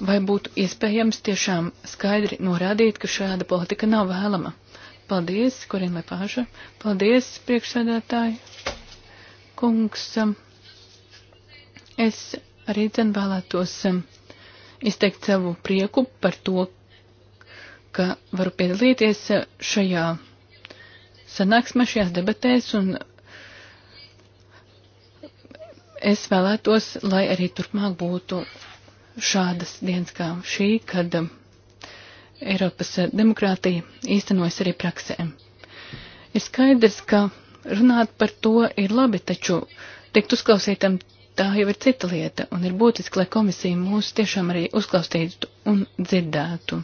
vai būtu iespējams tiešām skaidri norādīt, ka šāda politika nav vēlama. Paldies, Korina Lepāža. Paldies, priekšsēdētāji. Kungs, um, es arī dzen vēlētos um, izteikt savu prieku par to, ka varu piedalīties uh, šajā sanāksmē, šajās debatēs un es vēlētos, lai arī turpmāk būtu šādas dienas kā šī, kad um, Eiropas uh, demokrātija īstenojas arī praksēm. Ir skaidrs, ka runāt par to ir labi, taču tikt uzklausītam tā jau ir cita lieta, un ir būtiski, lai komisija mūs tiešām arī uzklausītu un dzirdētu.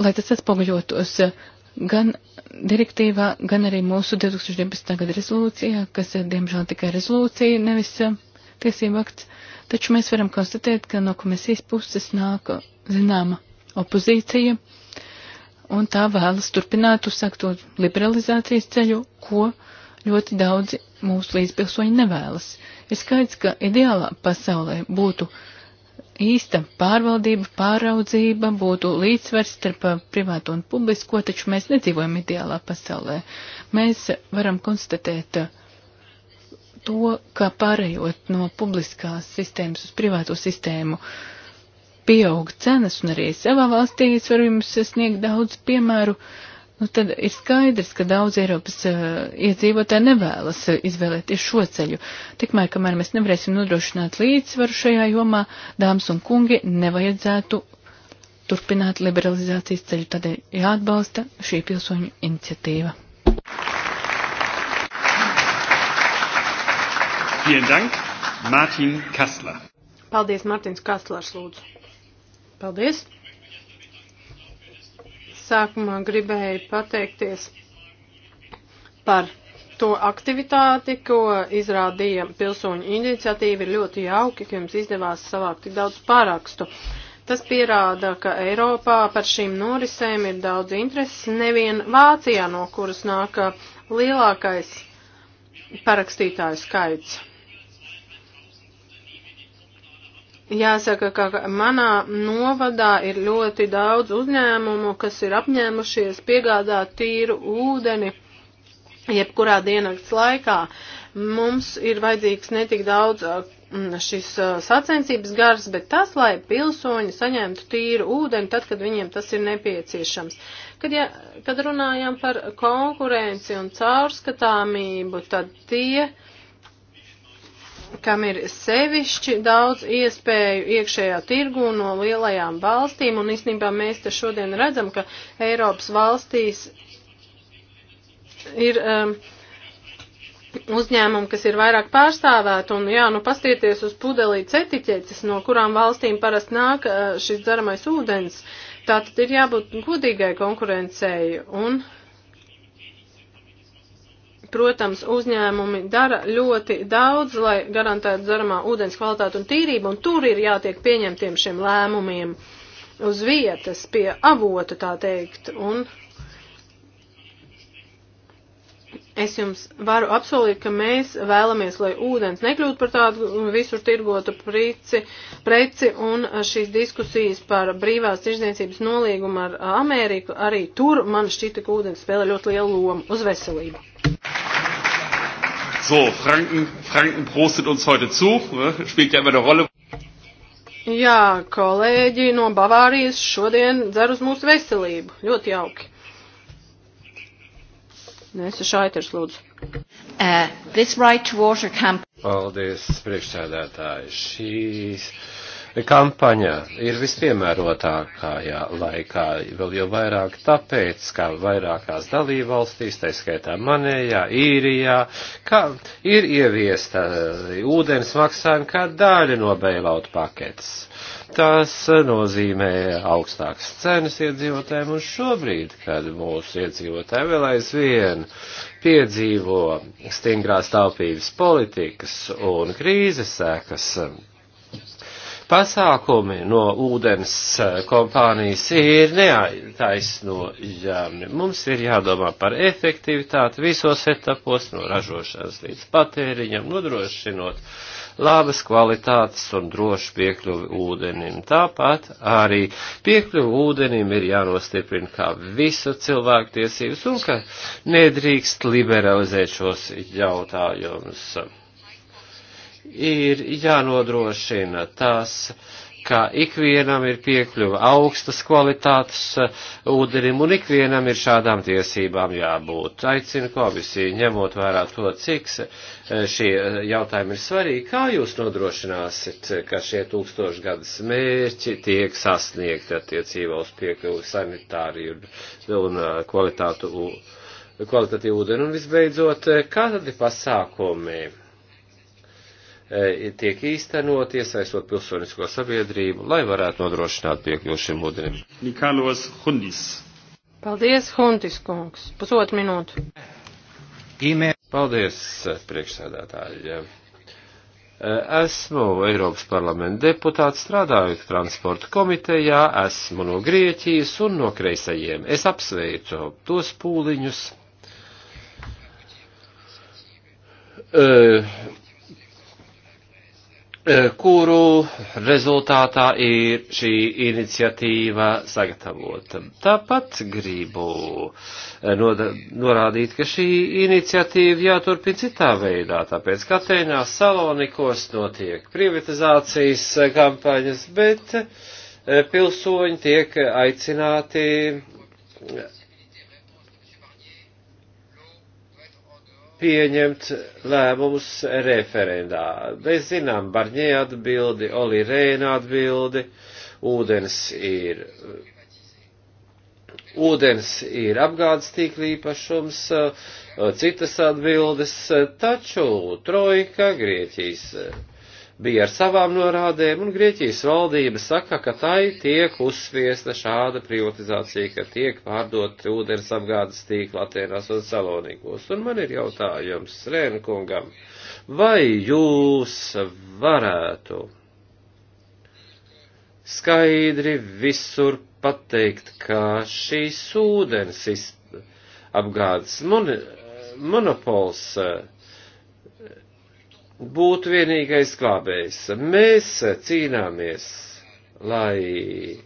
Lai tas atspoguļotos uh, gan direktīvā, gan arī mūsu 2011. gada rezolūcijā, kas, uh, diemžēl, tikai rezolūcija, nevis uh, tiesību akts, taču mēs varam konstatēt, ka no komisijas puses nāk zināma opozīcija, un tā vēlas turpināt uzsākto liberalizācijas ceļu, ko ļoti daudzi mūsu līdzpilsoņi nevēlas. Ir skaidrs, ka ideālā pasaulē būtu īsta pārvaldība, pāraudzība, būtu līdzsvers starp privātu un publisko, taču mēs nedzīvojam ideālā pasaulē. Mēs varam konstatēt uh, to, ka pārējot no publiskās sistēmas uz privāto sistēmu pieaug cenas, un arī savā valstī es varu jums sniegt daudz piemēru, nu tad ir skaidrs, ka daudz Eiropas uh, iedzīvotāji nevēlas eh, izvēlēties šo ceļu. Tikmēr, kamēr mēs nevarēsim nodrošināt līdzsvaru šajā jomā, dāmas un kungi, nevajadzētu turpināt liberalizācijas ceļu, tādēļ jāatbalsta šī pilsoņu iniciatīva. Vielen Dank, Martin Kastler. Paldies, Martins Kastlers, lūdzu. Paldies. Sākumā gribēju pateikties par to aktivitāti, ko izrādīja pilsoņu iniciatīva, ir ļoti jauki, ka jums izdevās savākt tik daudz pārakstu. Tas pierāda, ka Eiropā par šīm norisēm ir daudz intereses, nevien Vācijā, no kuras nāk lielākais parakstītāju skaits. Jāsaka, ka manā novadā ir ļoti daudz uzņēmumu, kas ir apņēmušies piegādāt tīru ūdeni jebkurā diennakts laikā. Mums ir vajadzīgs netik daudz uh, šis uh, sacensības gars, bet tas, lai pilsoņi saņemtu tīru ūdeni tad, kad viņiem tas ir nepieciešams. Kad, ja, kad runājam par konkurenci un caurskatāmību, tad tie. Uh, kam ir sevišķi daudz iespēju iekšējā tirgu no lielajām valstīm, un īstenībā mēs te šodien redzam, ka Eiropas valstīs ir um, uzņēmumi, kas ir vairāk pārstāvēti, un jā, nu pastieties uz pudelītes etiķetes, no kurām valstīm parasti nāk uh, šis dzeramais ūdens, tātad ir jābūt godīgai konkurencei, un uh, Protams, uzņēmumi dara ļoti daudz, lai garantētu dzeramā ūdens kvalitāti un tīrību, un tur ir jātiek pieņemtiem šiem lēmumiem uz vietas, pie avota tā teikt. Un es jums varu apsolīt, ka mēs vēlamies, lai ūdens nekļūtu par tādu visur tirgotu prici, preci, un šīs diskusijas par brīvās tirdzniecības nolīgumu ar Ameriku, arī tur man šķita, ka ūdens spēlē ļoti lielu lomu uz veselību. So, Franken, Franken prostet uns heute zu, ne? spielt ja immer eine Rolle. Jā, kolēģi no Bavārijas šodien dzer uz mūsu veselību. Ļoti jauki. Nesa Šaiters, lūdzu. Uh, right Paldies, priekšsēdētāji. Šīs kampaņa ir vispiemērotākajā laikā, vēl jau vairāk tāpēc, ka vairākās dalībvalstīs, tā skaitā manējā, īrijā, ka ir ieviesta e, ūdens maksājuma kā daļa no beilautu paketes. Tas nozīmē augstākas cenas iedzīvotājiem, un šobrīd, kad mūsu iedzīvotāji vēl aizvien piedzīvo stingrās taupības politikas un krīzes sekas, pasākumi no ūdens eh, kompānijas ir neaiztaisnojami. Mums ir jādomā par efektivitāti visos etapos, no ražošanas līdz patēriņam, nodrošinot labas kvalitātes un drošu piekļuvi ūdenim. Tāpat arī piekļuvi ūdenim ir jānostiprina kā visu cilvēku tiesības un ka nedrīkst liberalizēt šos jautājumus ir jānodrošina tās, ka ikvienam ir piekļuva augstas kvalitātes uh, ūdenim un ikvienam ir šādām tiesībām jābūt. Aicinu komisiju, ņemot vērā to, cik uh, šie uh, jautājumi ir svarīgi, kā jūs nodrošināsit, ka šie tūkstošgadas mērķi tiek sasniegti attiecībā uz piekļuvu sanitāriju un kvalitātu, kvalitatīvu ūdeni un visbeidzot, kādi pasākumi Eh, tiek īstenot, iesaistot pilsonisko sabiedrību, lai varētu nodrošināt piekļuvu šim ūdenim. Nikalos Hundis. Paldies, Hundis kungs. Pusotru minūtu. Ime. Paldies, priekšsēdētāji. Eh, esmu Eiropas parlamenta deputāts, strādāju transporta komitejā, esmu no Grieķijas un no kreisajiem. Es apsveicu tos pūliņus. Uh, Eh, kuru rezultātā ir šī iniciatīva sagatavota. Tāpat gribu eh, norādīt, ka šī iniciatīva jāturpina citā veidā, tāpēc ka Atēnā Salonikos notiek privatizācijas eh, kampaņas, bet pilsoņi tiek aicināti pieņemt lēmumus referendā. Mēs zinām, Barņē atbildi, Oli Rēna atbildi, ūdens ir, ūdens ir apgādes tīkli īpašums, citas atbildes, taču Trojka, Grieķijas bija ar savām norādēm, un Grieķijas valdība saka, ka tai tiek uzsviesta šāda privatizācija, ka tiek pārdot ūdens apgādes tīkla Atēnās un Salonīkos. Un man ir jautājums Rēnkungam, vai jūs varētu skaidri visur pateikt, ka šīs ūdens apgādes mon monopols uh, būtu vienīgais glābējs. Mēs cīnāmies, lai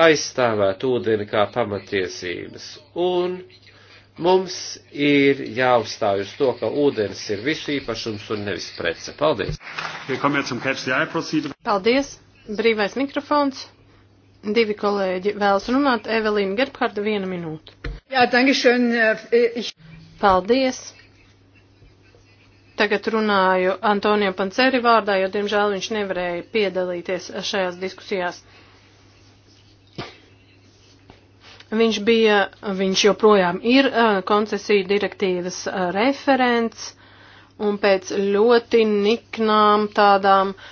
aizstāvētu ūdeni kā pamatiesības, un mums ir jāuzstāj uz to, ka ūdens ir visu īpašums un nevis prece. Paldies! Paldies! Brīvais mikrofons. Divi kolēģi vēlas runāt. Evelīna Gerbharda, viena minūte. Jā, dankeschön. Eh, ich... Paldies! tagad runāju Antonio Panceri vārdā, jo, diemžēl, viņš nevarēja piedalīties šajās diskusijās. Viņš bija, viņš joprojām ir koncesiju direktīvas referents, un pēc ļoti niknām tādām uh,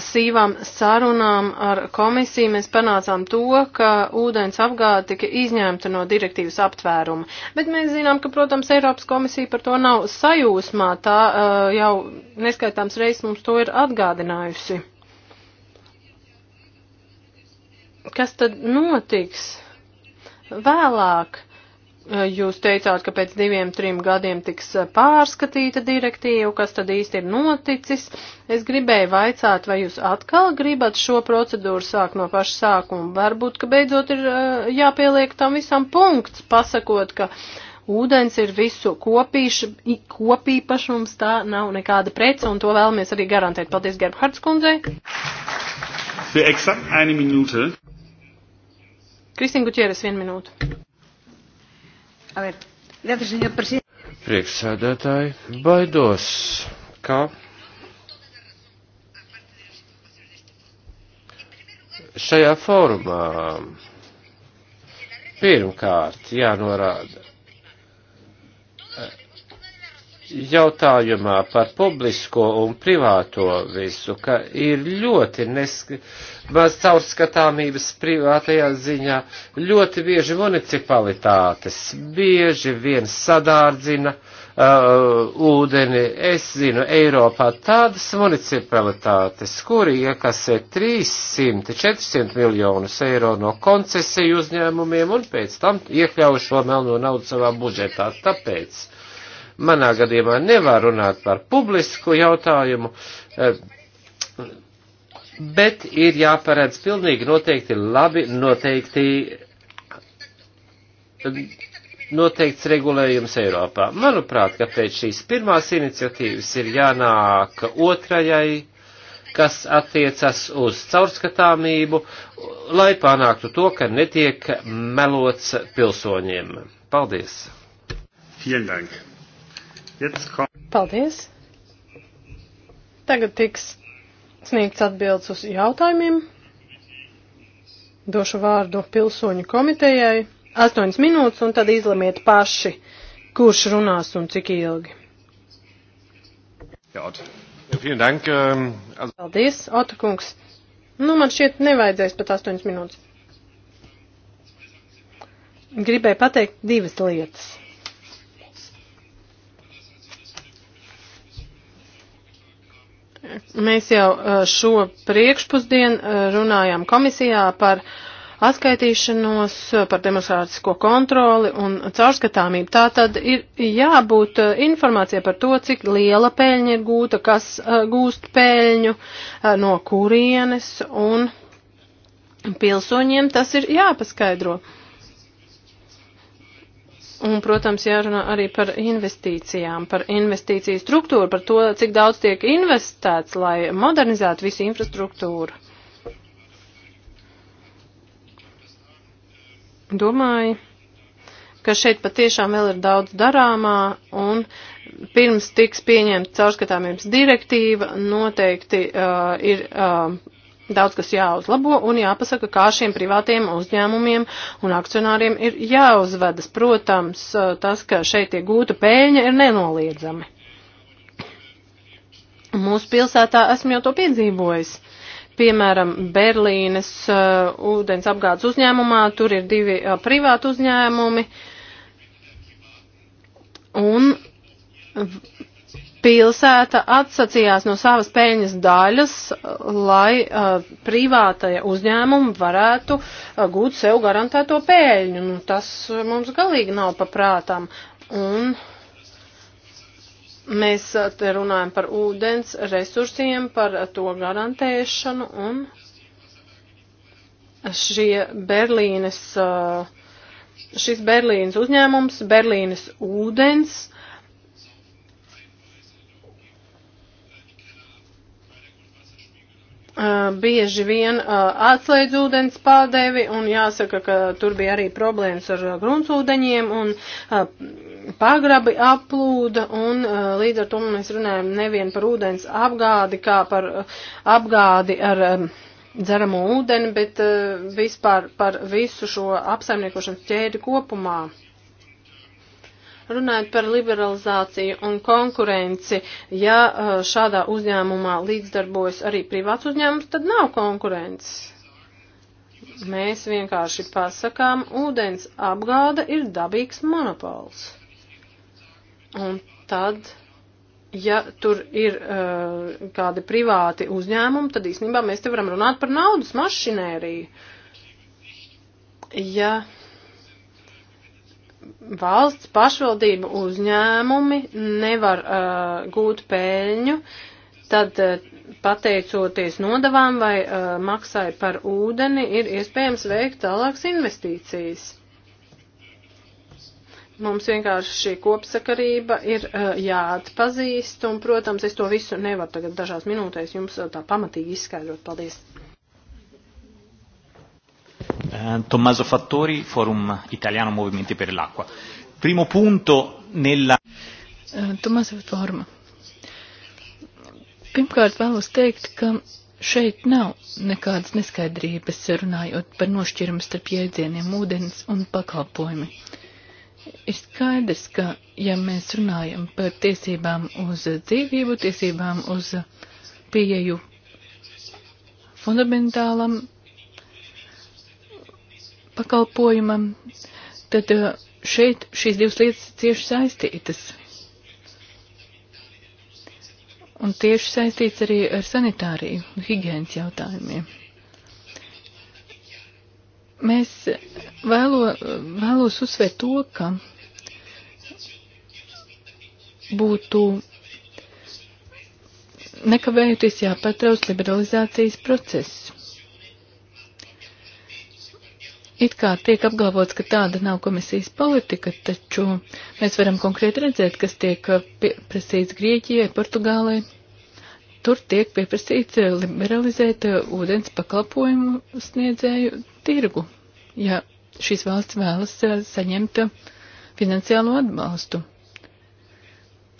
sīvām sarunām ar komisiju mēs panācām to, ka ūdens apgāde tika izņemta no direktīvas aptvēruma. Bet mēs zinām, ka, protams, Eiropas komisija par to nav sajūsmā. Tā uh, jau neskaitāms reizes mums to ir atgādinājusi. Kas tad notiks vēlāk? Uh, Eh, jūs teicāt, ka pēc diviem, trim gadiem tiks eh, pārskatīta direktīva, kas tad īsti ir noticis. Es gribēju vaicāt, vai jūs atkal gribat šo procedūru sākt no paša sākuma. Varbūt, ka beidzot ir eh, jāpieliek tam visam punkts, pasakot, ka ūdens ir visu kopīšu, kopīpašums, tā nav nekāda prece, un to vēlamies arī garantēt. Paldies, Gerbhards kundzei! Für exakt eine Minute. Kristīna Gutieres, viena minūte. Priekšsēdētāji, baidos, ka šajā fórumā pirmkārt jānorāda jautājumā par publisko un privāto visu, ka ir ļoti nesk... maz caurskatāmības privātajā ziņā, ļoti bieži municipalitātes, bieži vien sadārdzina uh, ūdeni. Es zinu, Eiropā tādas municipalitātes, kuri iekasē 300-400 miljonus eiro no koncesiju uzņēmumiem un pēc tam iekļauj šo melno naudu savā budžetā. Tāpēc manā gadījumā nevar runāt par publisku jautājumu, eh, bet ir jāparedz pilnīgi noteikti labi noteikti noteikts regulējums Eiropā. Manuprāt, ka pēc šīs pirmās iniciatīvas ir jānāk otrajai, kas attiecas uz caurskatāmību, lai panāktu to, ka netiek melots pilsoņiem. Paldies! Vielen Dank! Paldies! Tagad tiks sniegts atbildes uz jautājumiem. Došu vārdu pilsoņu komitejai. Astoņas minūtes un tad izlemiet paši, kurš runās un cik ilgi. Jā, dank, um, az... Paldies, Otakungs. Nu, man šķiet nevajadzēs pat astoņas minūtes. Gribēju pateikt divas lietas. Mēs jau uh, šo priekšpusdienu uh, runājām komisijā par atskaitīšanos, uh, par demokrātisko kontroli un caurskatāmību. Tā tad ir jābūt informācija par to, cik liela peļņa ir gūta, kas gūst peļņu, no kurienes, un pilsoņiem tas ir jāpaskaidro. Un, protams, jārunā arī par investīcijām, par investīciju struktūru, par to, cik daudz tiek investēts, lai modernizētu visu infrastruktūru. Domāju, ka šeit patiešām vēl ir daudz darāmā un pirms tiks pieņemta caurskatāmības direktīva noteikti uh, ir uh, Daudz kas jāuzlabo un jāpasaka, kā šiem privātiem uzņēmumiem un akcionāriem ir jāuzvedas. Protams, eh, tas, ka šeit tiek gūta pēļņa, ir nenoliedzami. Mūsu pilsētā esmu jau to piedzīvojis piemēram, Berlīnes uh, ūdens apgādes uzņēmumā, tur ir divi uh, privāti uzņēmumi, un pilsēta atsacījās no savas peļņas daļas, lai uh, privātaja uzņēmuma varētu uh, gūt sev garantēto peļņu. Nu, tas mums galīgi nav paprātām. Un mēs uh, te runājam par ūdens resursiem, par uh, to garantēšanu un šie Berlīnes, uh, šis Berlīnas uzņēmums, Berlīnes ūdens, bieži vien atslēdz ūdens pādevi un jāsaka, ka tur bija arī problēmas ar gruntsūdeņiem un pagrabi aplūda un līdz ar to mēs runājam nevien par ūdens apgādi, kā par apgādi ar dzeramo ūdeni, bet vispār par visu šo apsaimniekošanas ķēdi kopumā. Runājot par liberalizāciju un konkurenci, ja uh, šādā uzņēmumā līdzdarbojas arī privāts uzņēmums, tad nav konkurences. Mēs vienkārši pasakām, ūdens apgāda ir dabīgs monopols. Un tad, ja tur ir uh, kādi privāti uzņēmumi, tad īstenībā mēs te varam runāt par naudas mašinēriju. Ja valsts, pašvaldība, uzņēmumi nevar uh, gūt peļņu, tad uh, pateicoties nodavām vai uh, maksai par ūdeni, ir iespējams veikt tālākas investīcijas. Mums vienkārši šī kopsakarība ir uh, jāatpazīst, un, protams, es to visu nevaru tagad dažās minūtēs jums uh, tā pamatīgi izskaidrot. Paldies! Eh, Tommaso Fattori, Forum Italiano Movimenti per l'Acqua. Primo punto nella. Eh, Tommaso Forma. Pirmkārt vēlos teikt, ka šeit nav nekādas neskaidrības runājot par nošķirumu starp jēdzieniem ūdens un pakalpojumi. Ir skaidrs, ka ja mēs runājam par tiesībām uz dzīvību, tiesībām uz pieeju fundamentālam pakalpojumam, tad uh, šeit šīs divas lietas cieši saistītas. Un tieši saistīts arī ar sanitāriju un higiēnas jautājumiem. Mēs vēlo, vēlos uzsvērt to, ka būtu nekavējoties jāpatrauc liberalizācijas procesu. It kā tiek apgalvots, ka tāda nav komisijas politika, taču mēs varam konkrēti redzēt, kas tiek uh, pieprasīts Grieķijai, Portugālei. Tur tiek pieprasīts uh, liberalizēt uh, ūdens pakalpojumu sniedzēju tirgu, ja šīs valsts vēlas saņemt finansiālo atbalstu.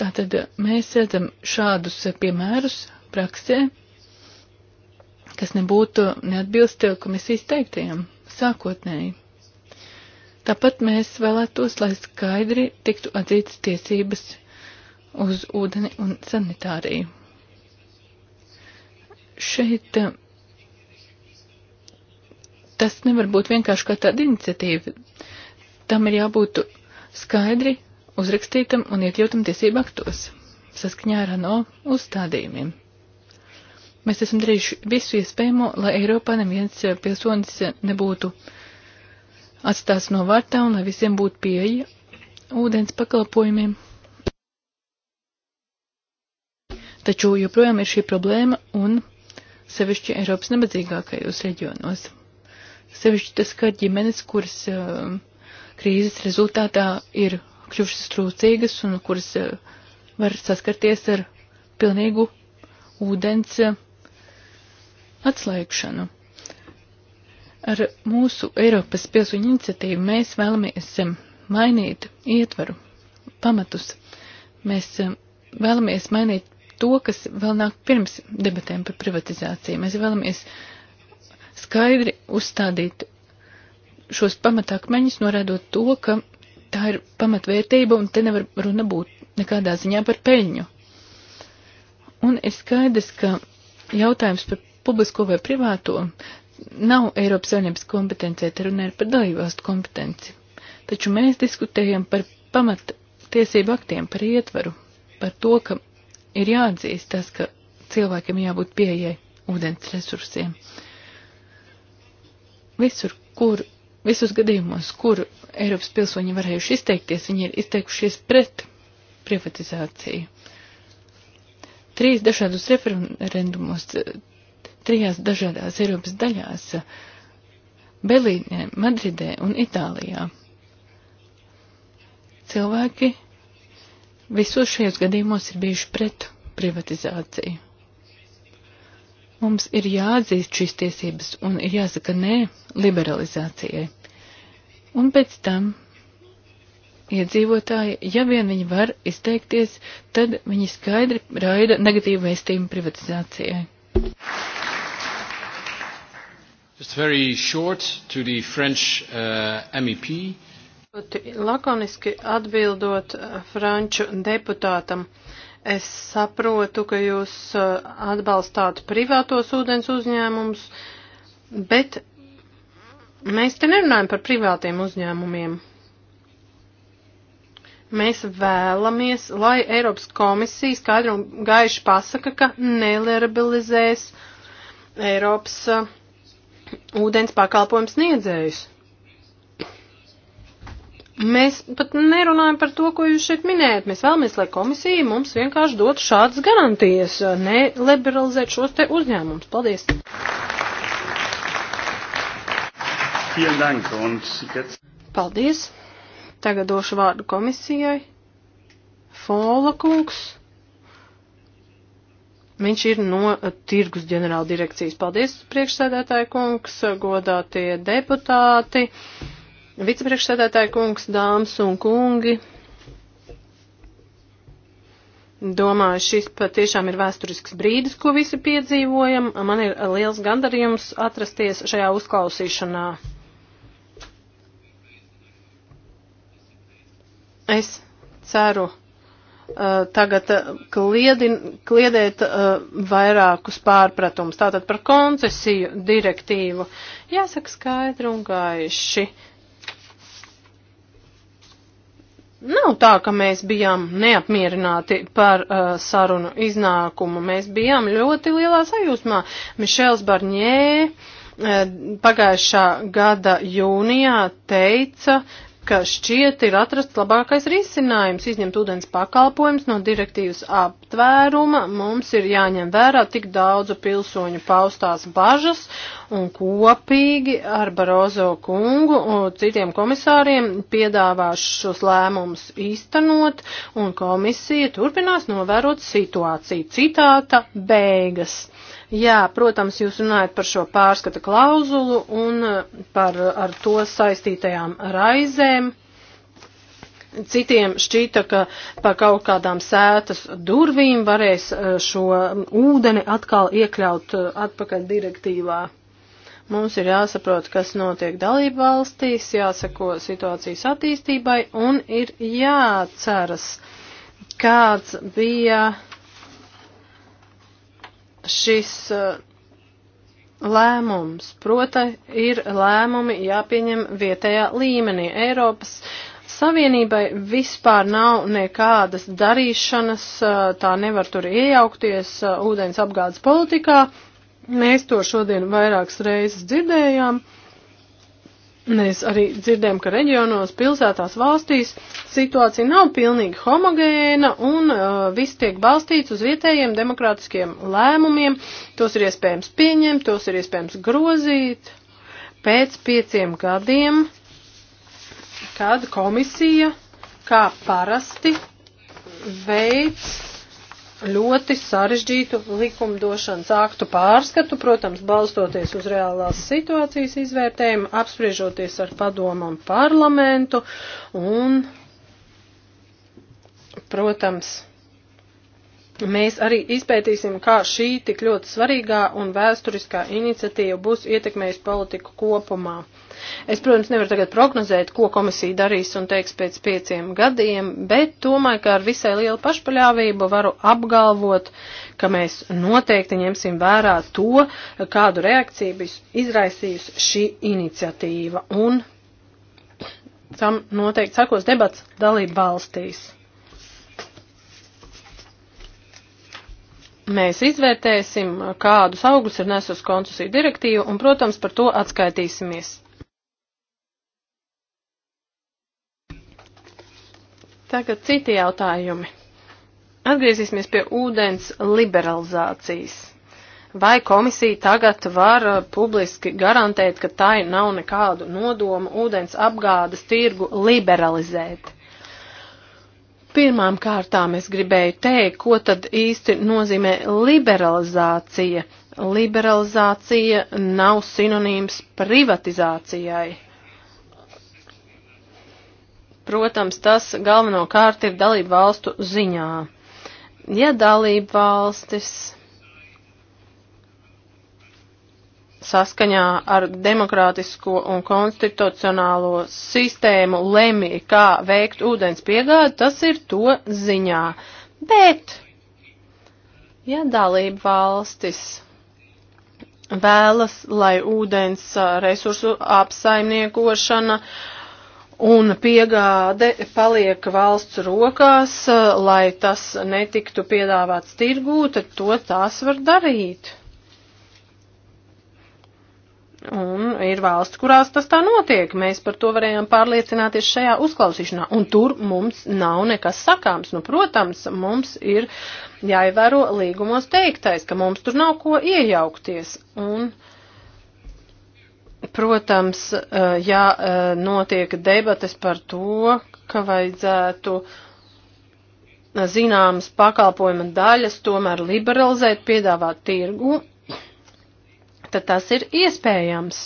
Tātad mēs redzam šādus piemērus praksē, kas nebūtu neatbilst komisijas teiktajam sākotnēji. Tāpat mēs vēlētos, lai skaidri tiktu atzītas tiesības uz ūdeni un sanitāriju. Šeit eh, tas nevar būt vienkārši kā tāda iniciatīva. Tam ir jābūt skaidri uzrakstītam un iekļautam tiesību aktos saskaņā ar ANO uzstādījumiem. Mēs esam darījuši visu iespējamo, lai Eiropā neviens pilsonis nebūtu atstās no vārtā un lai visiem būtu pieeja ūdens pakalpojumiem. Taču joprojām ir šī problēma un sevišķi Eiropas nabadzīgākajos reģionos. Sevišķi tas, ka ģimenes, kuras uh, krīzes rezultātā ir kļuvušas trūcīgas un kuras uh, var saskarties ar pilnīgu ūdens uh, atslēgšanu. Ar mūsu Eiropas pilsoņu iniciatīvu mēs vēlamies um, mainīt ietvaru, pamatus. Mēs um, vēlamies mainīt to, kas vēl nāk pirms debatēm par privatizāciju. Mēs vēlamies skaidri uzstādīt šos pamatakmeņus, norādot to, ka tā ir pamatvērtība un te nevar runa būt nekādā ziņā par peļņu. Un ir skaidrs, ka jautājums par publisko vai privāto, nav Eiropas Savienības kompetencija, te runa ir par dalībvalstu kompetenci. Taču mēs diskutējam par pamat tiesību aktiem, par ietvaru, par to, ka ir jāatzīst tas, ka cilvēkiem jābūt pieejai ūdens resursiem. Visur, kur, visos gadījumos, kur Eiropas pilsoņi varējuši izteikties, viņi ir izteikušies pret privatizāciju. Trīs dažādus referendumos trijās dažādās Eiropas daļās - Belīnē, Madridē un Itālijā. Cilvēki visos šajos gadījumos ir bijuši pret privatizāciju. Mums ir jāatzīst šīs tiesības un ir jāsaka nē liberalizācijai. Un pēc tam iedzīvotāji, ja vien viņi var izteikties, tad viņi skaidri raida negatīvu vēstījumu privatizācijai. Just very short to the French uh, MEP. Lakoniski atbildot uh, franču deputātam, es saprotu, ka jūs uh, atbalstāt privātos ūdens uzņēmumus, bet mēs te nerunājam par privātiem uzņēmumiem. Mēs vēlamies, lai Eiropas komisija skaidri un gaiši pasaka, ka nelerabilizēs Eiropas uh, ūdens pakalpojums sniedzējus. Mēs pat nerunājam par to, ko jūs šeit minējat. Mēs vēlamies, lai komisija mums vienkārši dotu šādas garantijas, neliberalizēt šos te uzņēmumus. Paldies! Paldies! Tagad došu vārdu komisijai. Fola kungs. Viņš ir no tirgus ģenerāla direkcijas. Paldies, priekšsēdētāja kungs, godātie deputāti, vicepriekšsēdētāja kungs, dāmas un kungi. Domāju, šis patiešām ir vēsturisks brīdis, ko visi piedzīvojam. Man ir liels gandarījums atrasties šajā uzklausīšanā. Es ceru, Uh, tagad uh, kliedi, kliedēt uh, vairākus pārpratumus. Tātad par koncesiju direktīvu jāsaka skaidri un gaiši. Nav tā, ka mēs bijām neapmierināti par uh, sarunu iznākumu. Mēs bijām ļoti lielā sajūsmā. Mišels Barņē uh, pagājušā gada jūnijā teica, uh, ka šķiet ir atrasts labākais risinājums izņemt ūdens pakalpojums no direktīvas aptvēruma. Mums ir jāņem vērā tik daudzu pilsoņu paustās bažas un kopīgi ar Barozo kungu un citiem komisāriem piedāvās šos lēmumus īstenot un komisija turpinās novērot situāciju. Citāta beigas. Jā, protams, jūs runājat par šo pārskata klauzulu un eh, par ar to saistītajām raizēm. Citiem šķita, ka par kaut kādām sētas durvīm varēs eh, šo ūdeni atkal iekļaut eh, atpakaļ direktīvā. Mums ir jāsaprot, kas notiek dalību valstīs, jāsako situācijas attīstībai un ir jāceras, kāds bija šis uh, lēmums. Prota ir lēmumi jāpieņem vietējā līmenī. Eiropas Savienībai vispār nav nekādas darīšanas, uh, tā nevar tur iejaukties uh, ūdens apgādes politikā. Mēs to šodien vairākas reizes dzirdējām. Mēs arī dzirdējam, ka reģionos, pilsētās, valstīs situācija nav pilnīgi homogēna un uh, viss tiek balstīts uz vietējiem demokrātiskiem lēmumiem. Tos ir iespējams pieņemt, tos ir iespējams grozīt. Pēc pieciem gadiem, kad komisija, kā parasti, veids ļoti sarežģītu likumdošanas aktu pārskatu, protams, balstoties uz reālās situācijas izvērtējumu, apspriežoties ar padomam parlamentu un, protams, Mēs arī izpētīsim, kā šī tik ļoti svarīgā un vēsturiskā iniciatīva būs ietekmējusi politiku kopumā. Es, protams, nevaru tagad prognozēt, ko komisija darīs un teiks pēc pieciem gadiem, bet domāju, ka ar visai lielu pašpaļāvību varu apgalvot, ka mēs noteikti ņemsim vērā to, kādu reakciju bija izraisījusi šī iniciatīva. Un tam noteikti sakos debats dalību valstīs. mēs izvērtēsim, kādus augus ir nesus koncesiju direktīva, un, protams, par to atskaitīsimies. Tagad citi jautājumi. Atgriezīsimies pie ūdens liberalizācijas. Vai komisija tagad var uh, publiski garantēt, ka tai nav nekādu nodomu ūdens apgādes tirgu liberalizēt? Pirmām kārtām es gribēju teikt, ko tad īsti nozīmē liberalizācija. Liberalizācija nav sinonīms privatizācijai protams, tas galvenokārt ir dalību valstu ziņā. Ja dalību valstis saskaņā ar demokrātisko un konstitucionālo sistēmu lemj, kā veikt ūdens piegādi, tas ir to ziņā. Bet, ja dalību valstis vēlas, lai ūdens resursu apsaimniekošana uh, un piegāde paliek valsts rokās, eh, lai tas netiktu piedāvāts tirgū, tad to tās var darīt. Un ir valsts, kurās tas tā notiek. Mēs par to varējām pārliecināties šajā uzklausīšanā. Un tur mums nav nekas sakāms. Nu, protams, mums ir jāievēro līgumos teiktais, ka mums tur nav ko iejaukties. Un, uh, Protams, eh, ja eh, notiek debates par to, ka vajadzētu zināmas pakalpojuma daļas tomēr liberalizēt, piedāvāt tirgu, tad tas ir iespējams.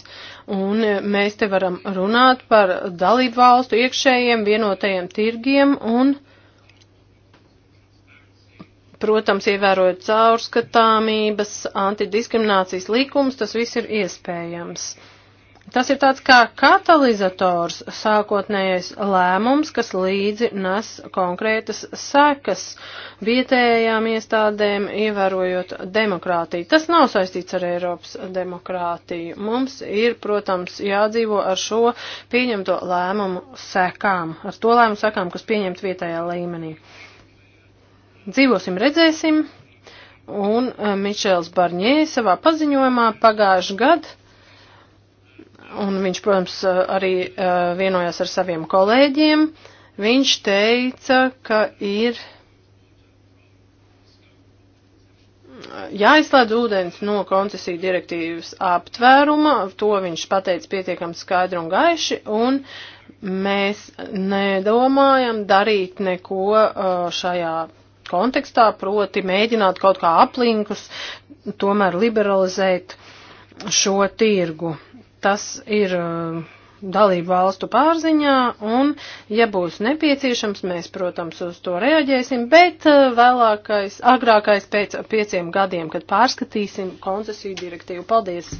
Un eh, mēs te varam runāt par dalību valstu iekšējiem vienotajiem tirgiem un, protams, ievērojot caurskatāmības, antidiskriminācijas likums, tas viss ir iespējams. Uh, Tas ir tāds kā katalizators sākotnējais lēmums, kas līdzi nes konkrētas sekas vietējām iestādēm, ievērojot demokrātiju. Tas nav saistīts ar Eiropas demokrātiju. Mums ir, protams, jādzīvo ar šo pieņemto lēmumu sekām, ar to lēmumu sekām, kas pieņemt vietējā līmenī. Dzīvosim, redzēsim. Un eh, Mičels Barņē savā paziņojumā pagājuši gadu un viņš, protams, arī eh, vienojās ar saviem kolēģiem, viņš teica, ka ir eh, jāizslēdz ūdens no koncesiju direktīvas aptvēruma, to viņš pateica pietiekami skaidri un gaiši, un mēs nedomājam darīt neko eh, šajā kontekstā, proti mēģināt kaut kā aplinkus, tomēr liberalizēt šo tirgu tas ir uh, dalību valstu pārziņā, un, ja būs nepieciešams, mēs, protams, uz to reaģēsim, bet uh, vēlākais, agrākais pēc pieciem gadiem, kad pārskatīsim koncesiju direktīvu. Paldies!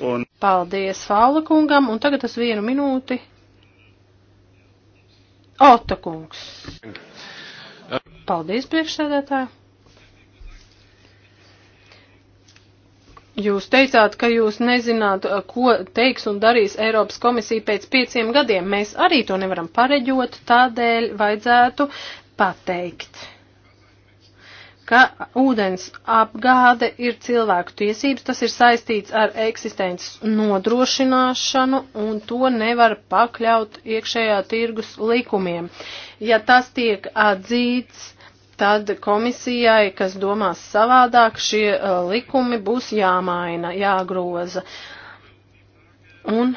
Un... Paldies Fāla kungam, un tagad tas vienu minūti. Ota kungs. Paldies, priekšsēdētāji! Jūs teicāt, ka jūs nezināt, uh, ko teiks un darīs Eiropas komisija pēc pieciem gadiem. Mēs arī to nevaram pareģot, tādēļ vajadzētu pateikt, ka ūdens apgāde ir cilvēku tiesības, tas ir saistīts ar eksistences nodrošināšanu un to nevar pakļaut iekšējā tirgus likumiem. Ja tas tiek atzīts, tad komisijai, kas domās savādāk, šie uh, likumi būs jāmaina, jāgroza. Un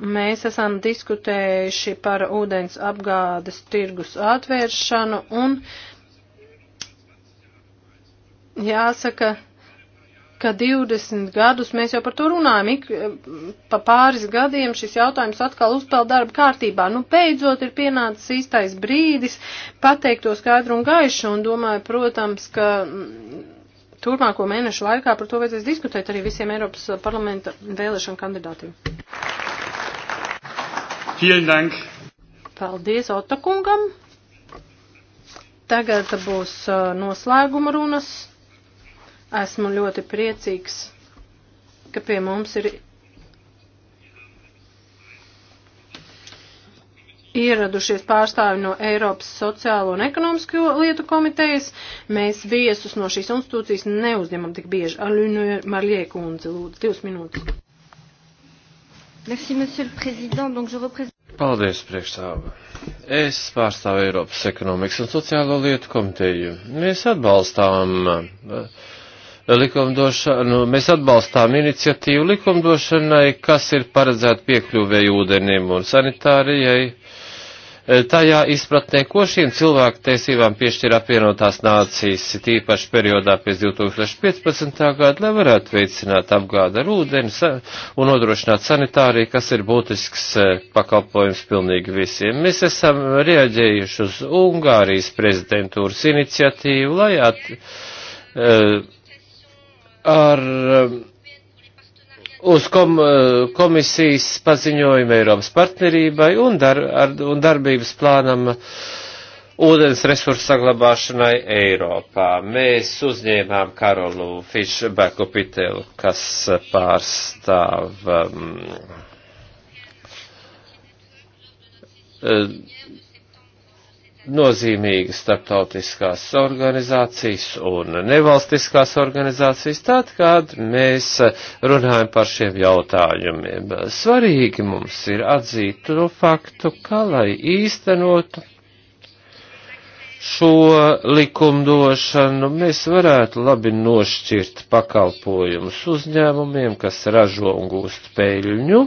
mēs esam diskutējuši par ūdens apgādes tirgus atvēršanu un jāsaka, ka 20 gadus mēs jau par to runājam, ik eh, pa pāris gadiem šis jautājums atkal uzpeld darba kārtībā. Nu, beidzot ir pienācis īstais brīdis pateikt to skaidru un gaišu un domāju, protams, ka mm, turpmāko mēnešu laikā par to vajadzēs diskutēt arī visiem Eiropas parlamenta vēlēšanu kandidātiem. Paldies Otakungam. Tagad būs eh, noslēguma runas. Esmu ļoti priecīgs, ka pie mums ir ieradušies pārstāvi no Eiropas sociālo un ekonomisko lietu komitejas. Mēs viesus no šīs institūcijas neuzņemam tik bieži. Alīna Marļie kundze, lūdzu, divas minūtes. Merci, monsieur le président. Donc, je représente... Paldies, priekšstāva. Es pārstāvu Eiropas ekonomikas un sociālo lietu komiteju. Mēs atbalstām uh, likumdošanu, mēs atbalstām iniciatīvu likumdošanai, kas ir paredzēta piekļuvēju ūdenim un sanitārijai. E, tajā izpratnē, ko šīm cilvēku tiesībām piešķir apvienotās nācijas, tīpaši periodā pēc 2015. gada, lai varētu veicināt apgādu ar ūdeni un nodrošināt sanitāriju, kas ir būtisks e, pakalpojums pilnīgi visiem. Mēs esam rieģējuši uz Ungārijas prezidentūras iniciatīvu, lai at, uh, ar um, uz kom, uh, komisijas paziņojumu Eiropas partnerībai un, dar, ar, un darbības plānam ūdens resursu saglabāšanai Eiropā. Mēs uzņēmām Karolu Fišbeku Pitelu, kas pārstāv um, uh, nozīmīgas starptautiskās organizācijas un nevalstiskās organizācijas, tad, kad mēs runājam par šiem jautājumiem. Svarīgi mums ir atzīt to faktu, ka, lai īstenotu šo likumdošanu, mēs varētu labi nošķirt pakalpojumus uzņēmumiem, kas ražo un gūst peļņu.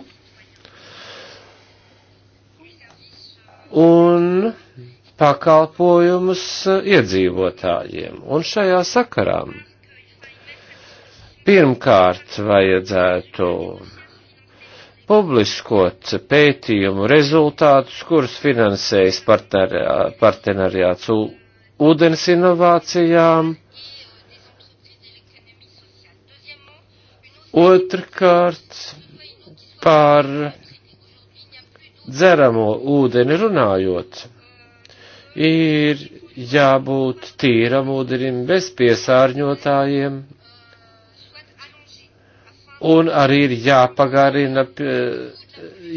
Un pakalpojumus eh, iedzīvotājiem. Un šajā sakarā pirmkārt vajadzētu publiskot pētījumu rezultātus, kurus finansējas partenariāts ūdens inovācijām. Otrkārt, par dzeramo ūdeni runājot, ir jābūt tīram ūdenim bez piesārņotājiem, un arī ir jāpagarina,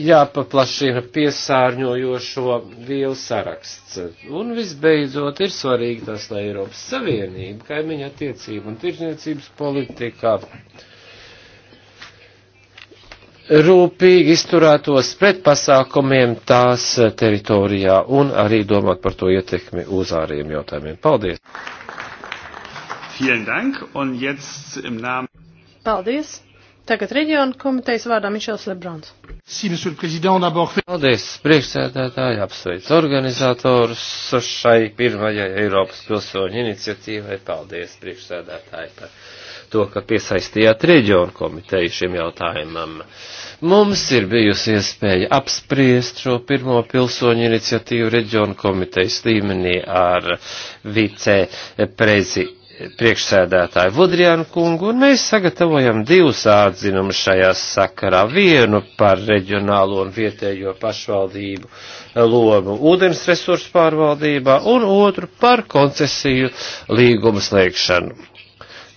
jāpaplašina piesārņojošo vielu saraksts. Un visbeidzot ir svarīgi tas, lai Eiropas Savienība, kaimiņa attiecība un tirzniecības politikā rūpīgi izturētos pret pasākumiem tās teritorijā un arī domāt par to ietekmi uz ārējiem jautājumiem. Paldies! Paldies! Tagad reģiona komitejas vārdā Mišels Lebrons. Paldies, priekšsēdētāji, apsveic organizatorus šai pirmajai Eiropas pilsoņu iniciatīvai. Paldies, priekšsēdētāji, par to, ka piesaistījāt reģionu komiteju šiem jautājumam. Mums ir bijusi iespēja apspriest šo pirmo pilsoņu iniciatīvu reģionu komitejas līmenī ar viceprezi priekšsēdētāju Vudrianu kungu, un mēs sagatavojam divus atzinumus šajā sakarā. Vienu par reģionālo un vietējo pašvaldību lomu ūdens resursu pārvaldībā, un otru par koncesiju līgumu slēgšanu.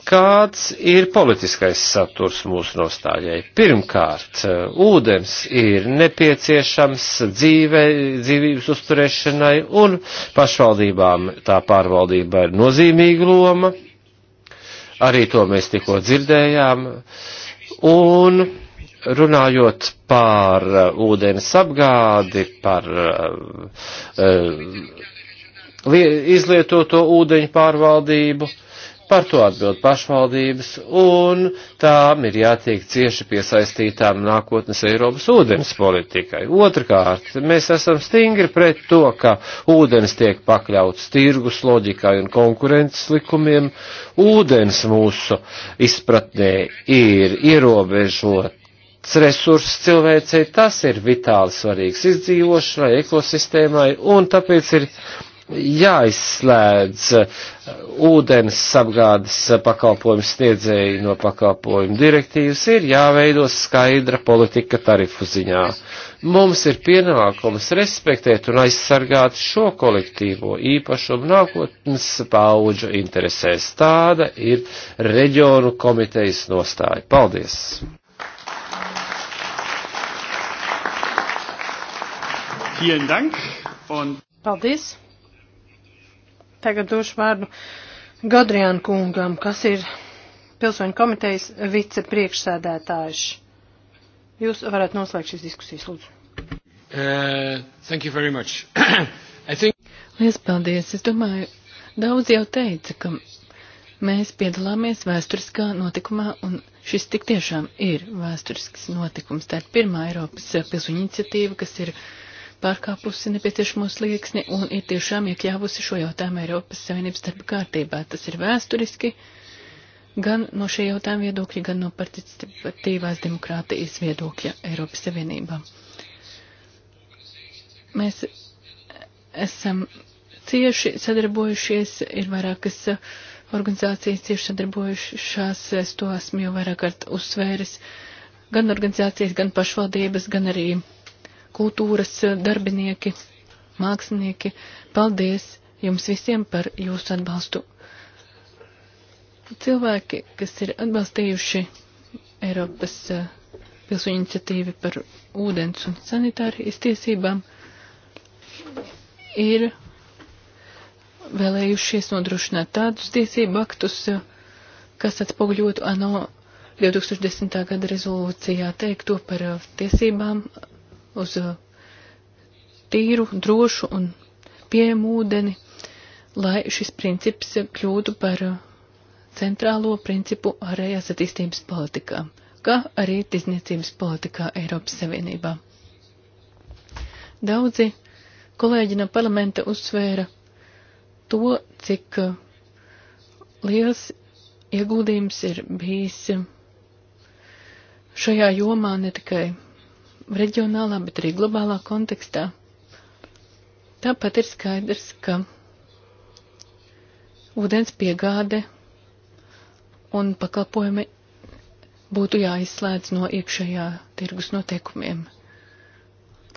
Kāds ir politiskais saturs mūsu nostājai? Pirmkārt, ūdens ir nepieciešams dzīve, dzīvības uzturēšanai un pašvaldībām tā pārvaldība ir nozīmīga loma. Arī to mēs tikko dzirdējām. Un runājot par ūdens apgādi, par uh, izlietoto ūdeņu pārvaldību, uh, Par to atbild pašvaldības, un tām ir jātiek cieši piesaistītām nākotnes Eiropas ūdens politikai. Otrkārt, mēs esam stingri pret to, ka ūdens tiek pakļauts tirgus loģikai un konkurences likumiem. Ūdens mūsu izpratnē ir ierobežot resurss cilvēcei, tas ir vitāli svarīgs izdzīvošanai, ekosistēmai, un tāpēc ir jāizslēdz uh, ūdens apgādes uh, pakalpojumu sniedzēji no pakalpojumu direktīvas, ir jāveido skaidra politika tarifu ziņā. Mums ir pienākums respektēt un aizsargāt šo kolektīvo īpašumu nākotnes pauģu interesēs. Tāda ir reģionu komitejas nostāja. Paldies! Vielen Dank und Paldies! Tagad došu vārdu Godriānu kungam, kas ir pilsoņu komitejas vicepriekšsēdētājs. Jūs varat noslēgt šīs diskusijas, lūdzu. Uh, thank you very much. [CLEARS THROAT] I think... Lies paldies. Es domāju, daudz jau teica, ka mēs piedalāmies vēsturiskā notikumā, un šis tik tiešām ir vēsturisks notikums. Tā ir pirmā Eiropas pilsoņu iniciatīva, kas ir uh, pārkāpusi nepieciešamos lieksni un ir tiešām iekļāvusi šo jautājumu Eiropas Savienības darba kārtībā. Tas ir vēsturiski gan no šī jautājuma viedokļa, gan no participatīvās demokrātijas viedokļa Eiropas Savienībā. Mēs esam cieši sadarbojušies, ir vairākas organizācijas cieši sadarbojušās, es to esmu jau vairāk kārt uzsvēris, gan organizācijas, gan pašvaldības, gan arī kultūras darbinieki, mākslinieki. Paldies jums visiem par jūsu atbalstu. Cilvēki, kas ir atbalstījuši Eiropas eh, pilsoņu iniciatīvu par ūdens un sanitārijas tiesībām, ir vēlējušies nodrošināt tādus tiesību aktus, kas atspoguļotu ANO 2010. gada rezolūcijā teikto par eh, tiesībām uz uh, tīru, drošu un pieejamu ūdeni, lai šis princips kļūtu par uh, centrālo principu ārējās attīstības politikā, kā arī tirzniecības politikā Eiropas Savienībā. Daudzi kolēģi no parlamenta uzsvēra to, cik uh, liels ieguldījums ir bijis šajā jomā ne tikai reģionālā, bet arī globālā kontekstā. Tāpat ir skaidrs, ka ūdens piegāde un pakalpojumi būtu jāizslēdz no iekšējā tirgus noteikumiem,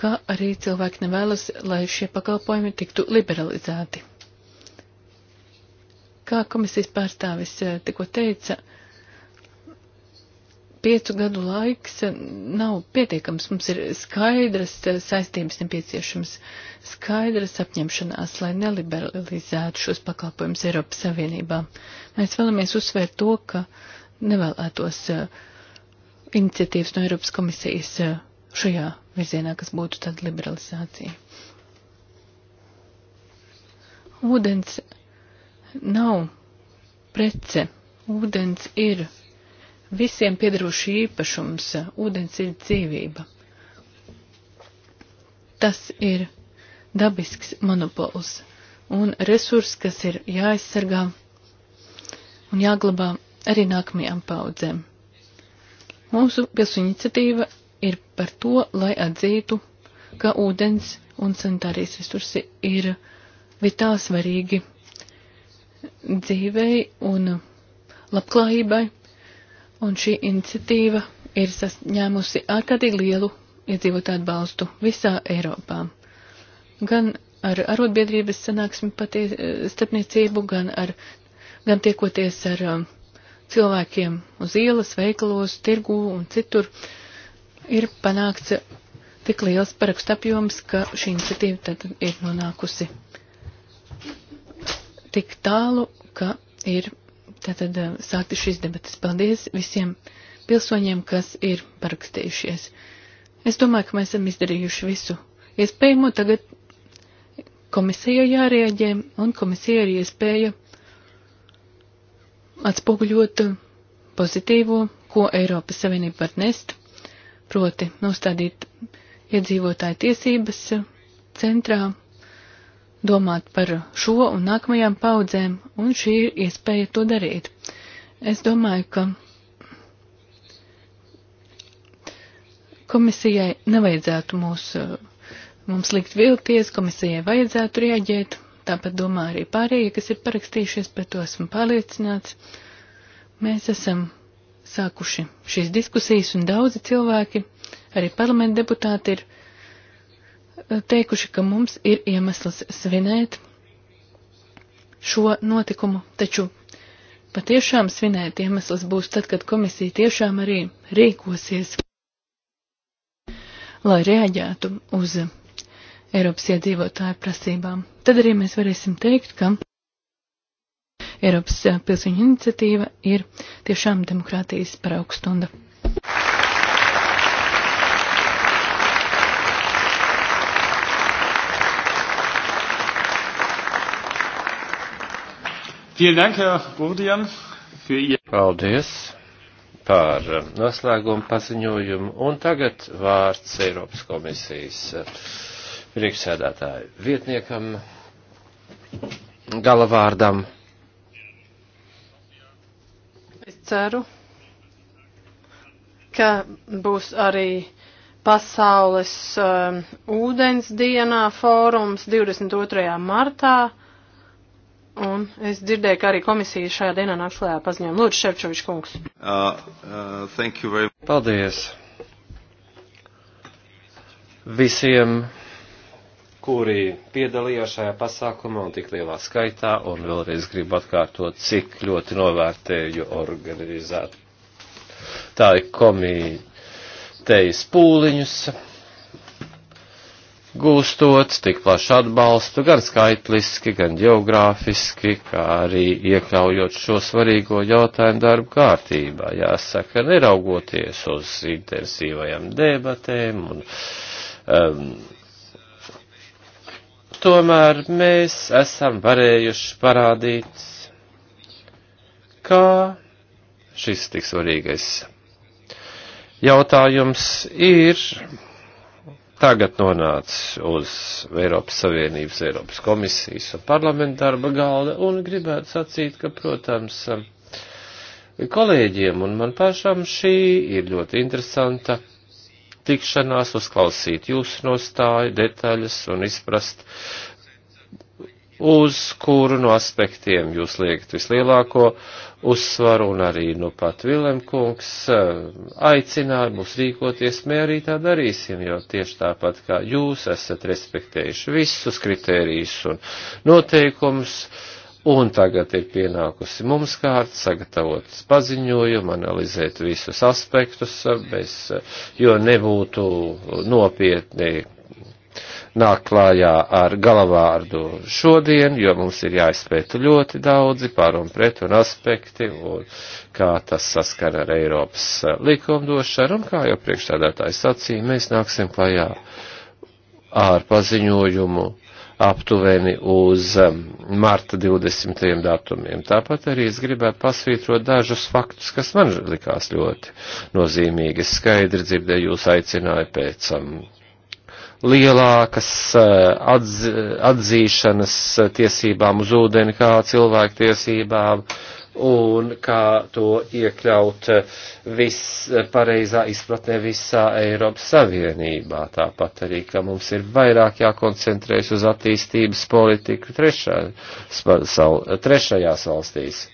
kā arī cilvēki nevēlas, lai šie pakalpojumi tiktu liberalizēti. Kā komisijas pārstāvis eh, tikko teica, uh, piecu gadu laiks nav pietiekams. Mums ir skaidras eh, saistības nepieciešams, skaidras apņemšanās, lai neliberalizētu šos pakalpojumus Eiropas Savienībā. Mēs vēlamies uzsvērt to, ka nevēlētos eh, iniciatīvas no Eiropas komisijas eh, šajā virzienā, kas būtu tad liberalizācija. Ūdens nav prece, ūdens ir visiem piedarošu īpašums - ūdens ir dzīvība. Tas ir dabisks monopols un resurs, kas ir jāaizsargā un jāglabā arī nākamajām paudzēm. Mūsu pilsu iniciatīva ir par to, lai atzītu, ka ūdens un sanitārijas resursi ir vitāli svarīgi dzīvei un labklājībai Un šī iniciatīva ir sasņēmusi ārkārtīgi lielu iedzīvotāju atbalstu visā Eiropā. Gan ar arotbiedrības sanāksmi paties, starpniecību, gan, ar, gan tiekoties ar um, cilvēkiem uz ielas, veikalos, tirgū un citur, ir panākts tik liels parakstu apjoms, ka šī iniciatīva tad ir nonākusi tik tālu, ka ir tātad eh, sākti šīs debatas. Paldies visiem pilsoņiem, kas ir parakstījušies. Es domāju, ka mēs esam izdarījuši visu iespējamo. Tagad komisija jārēģē, un komisija ir iespēja atspoguļot pozitīvo, ko Eiropas Savienība var nest, proti nostādīt iedzīvotāju tiesības centrā domāt par šo un nākamajām paudzēm, un šī ir iespēja to darīt. Es domāju, ka komisijai nevajadzētu mūs, mums likt vilties, komisijai vajadzētu rieģēt, tāpat domā arī pārējie, kas ir parakstījušies, par to esmu pārliecināts. Mēs esam sākuši šīs diskusijas, un daudzi cilvēki, arī parlamenta deputāti, ir teikuši, ka mums ir iemesls svinēt šo notikumu, taču patiešām svinēt iemesls būs tad, kad komisija tiešām arī rīkosies, lai reaģētu uz Eiropas iedzīvotāju prasībām. Tad arī mēs varēsim teikt, ka Eiropas pilsēņu iniciatīva ir tiešām demokrātijas paraugstunda. Paldies par eh, noslēgumu paziņojumu. Un tagad vārds Eiropas komisijas eh, priekšsēdētāju vietniekam, galavārdam. Es ceru, ka būs arī pasaules um, eh, ūdens dienā fórums 22. martā Un es dzirdēju, ka arī komisija šajā dienā nāks lējā paziņojumu. Lūdzu, Šepčovičs kungs. Uh, uh, very... Paldies visiem, kuri piedalījās šajā pasākumā un tik lielā skaitā, un vēlreiz gribu atkārtot, cik ļoti novērtēju organizēt. Tā ir komitejas pūliņus gūstot tik plašu atbalstu gan skaitliski, gan geogrāfiski, kā arī iekļaujot šo svarīgo jautājumu darbu kārtībā. Jāsaka, neraugoties uz intensīvajām debatēm un. Um, tomēr mēs esam varējuši parādīt, kā šis tik svarīgais jautājums ir tagad nonācis uz Eiropas Savienības, Eiropas komisijas un parlamenta darba galda, un gribētu sacīt, ka, protams, kolēģiem un man pašam šī ir ļoti interesanta tikšanās, uzklausīt jūsu nostāju, detaļas un izprast uz kuru no aspektiem jūs liekat vislielāko uzsvaru, un arī nu pat Vilemkungs eh, aicināja mūs rīkoties, mēs arī tā darīsim, jo tieši tāpat kā jūs esat respektējuši visus kritērijus un noteikumus, un tagad ir pienākusi mums kārt sagatavot paziņojumu, analizēt visus aspektus, eh, bez, eh, jo nebūtu nopietni nāk klājā ar galavārdu šodien, jo mums ir jāizpēta ļoti daudzi par un pret un aspekti, un kā tas saskana ar Eiropas likumdošanu, un kā jau priekšstādātājs sacīja, mēs nāksim klājā ar paziņojumu aptuveni uz um, marta 20. datumiem. Tāpat arī es gribētu pasvītrot dažus faktus, kas man likās ļoti nozīmīgi. Es skaidri dzirdēju, jūs aicināju pēc um, lielākas eh, atz, atzīšanas eh, tiesībām uz ūdeni kā cilvēktiesībām un kā to iekļaut eh, vispareizā izpratnē visā Eiropas Savienībā. Tāpat arī, ka mums ir vairāk jākoncentrējas uz attīstības politiku trešā, trešajās valstīs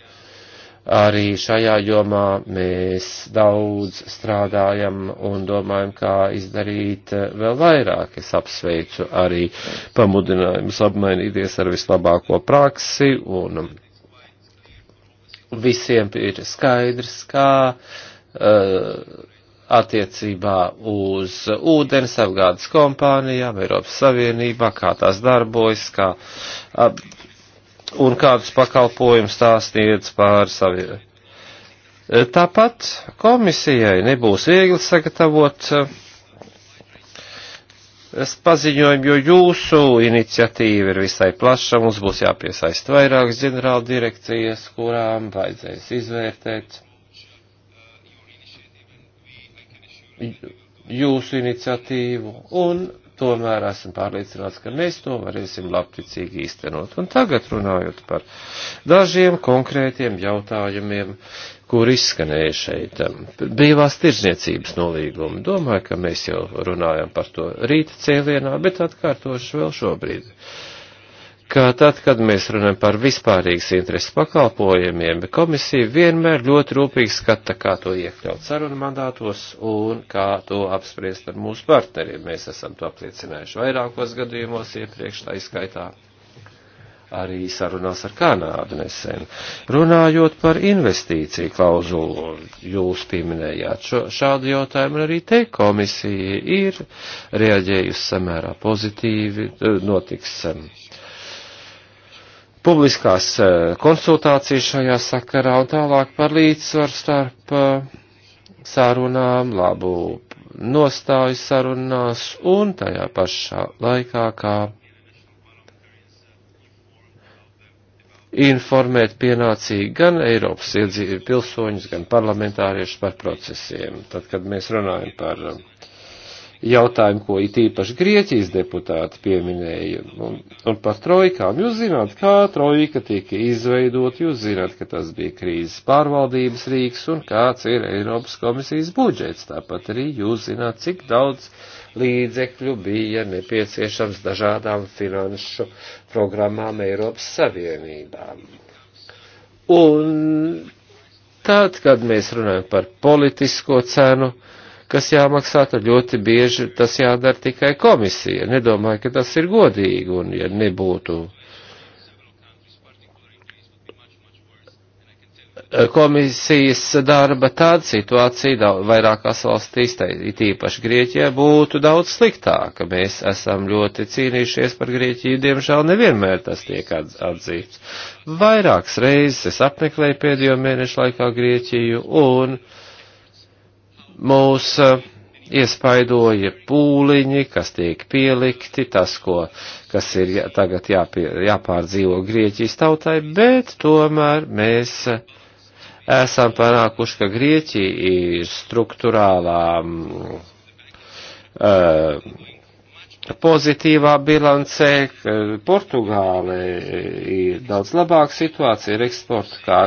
arī šajā jomā mēs daudz strādājam un domājam, kā izdarīt eh, vēl vairāk. Es apsveicu arī pamudinājumus apmainīties ar vislabāko praksi un visiem ir skaidrs, kā uh, attiecībā uz ūdens apgādes kompānijām, Eiropas Savienībā, kā tās darbojas, kā uh, un kādus pakalpojumus tās sniedz pār savi. Tāpat komisijai nebūs viegli sagatavot eh, paziņojumu, jo jūsu iniciatīva ir visai plaša, mums būs jāpiesaist vairākas ģenerāla direkcijas, kurām vajadzēs izvērtēt jūsu iniciatīvu, un tomēr esmu pārliecināts, ka mēs to varēsim labticīgi īstenot. Un tagad runājot par dažiem konkrētiem jautājumiem, kur izskanēja šeit. Um, brīvās tirzniecības nolīguma. Domāju, ka mēs jau runājam par to rīta cēlienā, bet atkārtošu vēl šobrīd. Uh, ka tad, kad mēs runājam par vispārīgas intereses pakalpojumiem, komisija vienmēr ļoti rūpīgi skata, kā to iekļaut sarunu mandātos un kā to apspriest ar mūsu partneriem. Mēs esam to apliecinājuši vairākos gadījumos iepriekš, tā izskaitā arī sarunās ar Kanādu nesen. Runājot par investīciju klauzulu, jūs pieminējāt šo, šādu jautājumu, un arī te komisija ir reaģējusi samērā pozitīvi, notiks. Um, publiskās eh, konsultācijas šajā sakarā un tālāk par līdzsvaru starp eh, sarunām, labu nostāju sarunās un tajā pašā laikā kā informēt pienācīgi gan Eiropas iedzīvi pilsoņus, gan parlamentāriešus par procesiem. Tad, kad mēs runājam par jautājumu, ko it īpaši Grieķijas deputāti pieminēja, un, un par trojkām. Jūs zināt, kā trojka tika izveidot, jūs zināt, ka tas bija krīzes pārvaldības rīks un kāds ir Eiropas komisijas budžets. Tāpat arī jūs zināt, cik daudz līdzekļu bija nepieciešams dažādām finanšu programmām Eiropas Savienībām. Un tad, kad mēs runājam par politisko cenu, kas jāmaksā, tad ļoti bieži tas jādara tikai komisija. Nedomāju, ka tas ir godīgi, un ja nebūtu eh, komisijas darba, tad situācija vairākās valstīs, it īpaši Grieķijā, būtu daudz sliktāka. Mēs esam ļoti cīnījušies par Grieķiju, diemžēl nevienmēr tas tiek atzīts. Vairākas reizes es apmeklēju pēdējo mēnešu laikā Grieķiju un uh, mūs eh, iespaidoja pūliņi, kas tiek pielikti, tas, ko, kas ir jā, tagad jāpie, jāpārdzīvo Grieķijas tautai, bet tomēr mēs eh, esam panākuši, ka Grieķija ir struktūrālām uh, pozitīvā bilancē. Portugāle e, ir daudz labāka situācija ar eksportu kā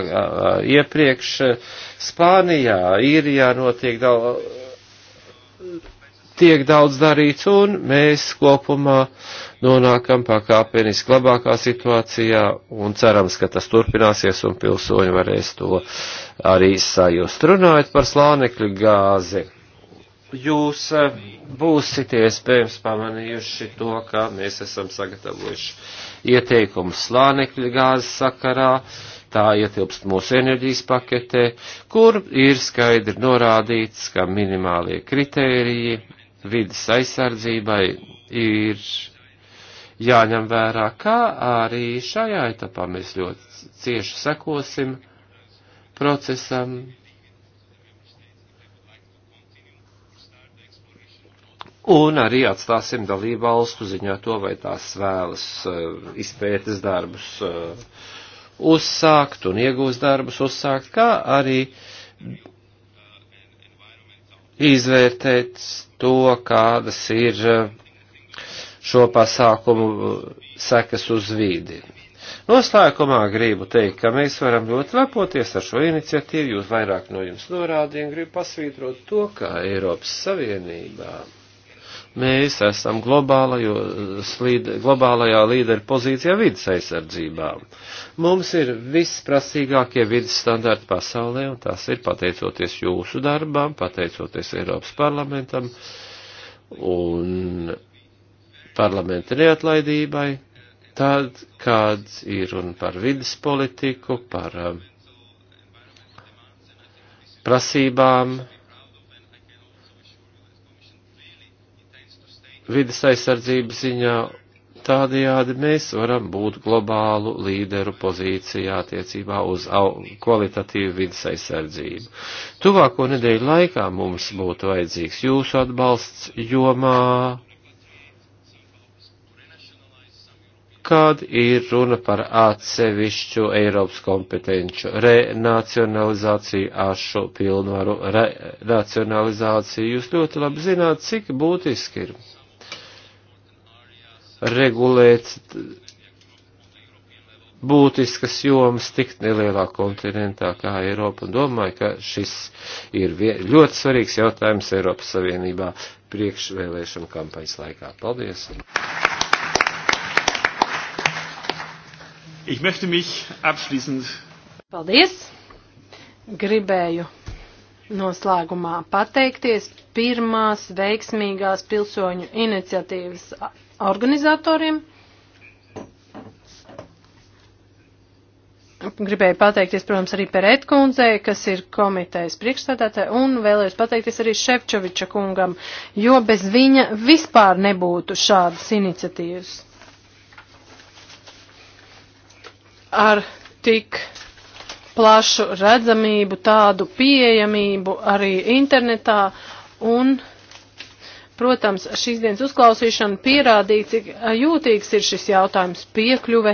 iepriekš. Spānijā, Īrijā notiek daudz, tiek daudz darīts un mēs kopumā nonākam pakāpeniski labākā situācijā un cerams, ka tas turpināsies un pilsoņi varēs to arī sajust. Runājot par slānekļu gāzi jūs eh, būsiet iespējams pamanījuši to, kā mēs esam sagatavojuši ieteikumu slānekļa gāzes sakarā, tā ietilpst mūsu enerģijas paketē, kur ir skaidri norādīts, ka minimālie kritēriji vidas aizsardzībai ir jāņem vērā, kā arī šajā etapā mēs ļoti cieši sekosim procesam, Un arī atstāsim dalību valstu ziņā to, vai tās vēlas uh, izpētes darbus uh, uzsākt un iegūst darbus uzsākt, kā arī izvērtēt to, kādas ir eh, šo pasākumu sekas uz vīdi. Noslēgumā gribu teikt, ka mēs varam ļoti lepoties ar šo iniciatīvu, jūs vairāk no jums norādījāt, gribu pasvītrot to, ka Eiropas Savienībā Mēs esam līd, globālajā līderu pozīcijā vidas aizsardzībā. Mums ir visprasīgākie vidas standarti pasaulē, un tas ir pateicoties jūsu darbām, pateicoties Eiropas parlamentam un parlamenta neatlaidībai, tad, kad ir un par vidas politiku, par um, prasībām, vidas aizsardzības ziņā. Tādējādi mēs varam būt globālu līderu pozīcijā attiecībā uz kvalitatīvu vidas aizsardzību. Tuvāko nedēļu laikā mums būtu vajadzīgs jūsu atbalsts jomā, kad ir runa par atsevišķu Eiropas kompetenču renacionalizāciju, ašu pilnvaru renacionalizāciju. Jūs ļoti labi zināt, cik būtiski ir regulēt būtiskas jomas tik nelielā kontinentā kā Eiropa. Domāju, ka šis ir ļoti svarīgs jautājums Eiropas Savienībā priekšvēlēšana kampaņas laikā. Paldies! Ich möchte mich abschließend. Paldies! Gribēju noslēgumā pateikties pirmās veiksmīgās pilsoņu iniciatīvas organizatoriem. Gribēju pateikties, protams, arī Perēt kundzei, kas ir komitejas priekšstādātāja, un vēlējos pateikties arī Ševčoviča kungam, jo bez viņa vispār nebūtu šādas iniciatīvas. Ar tik plašu redzamību, tādu pieejamību arī internetā un Protams, šīs dienas uzklausīšana pierādīja, cik eh, jūtīgs ir šis jautājums piekļuve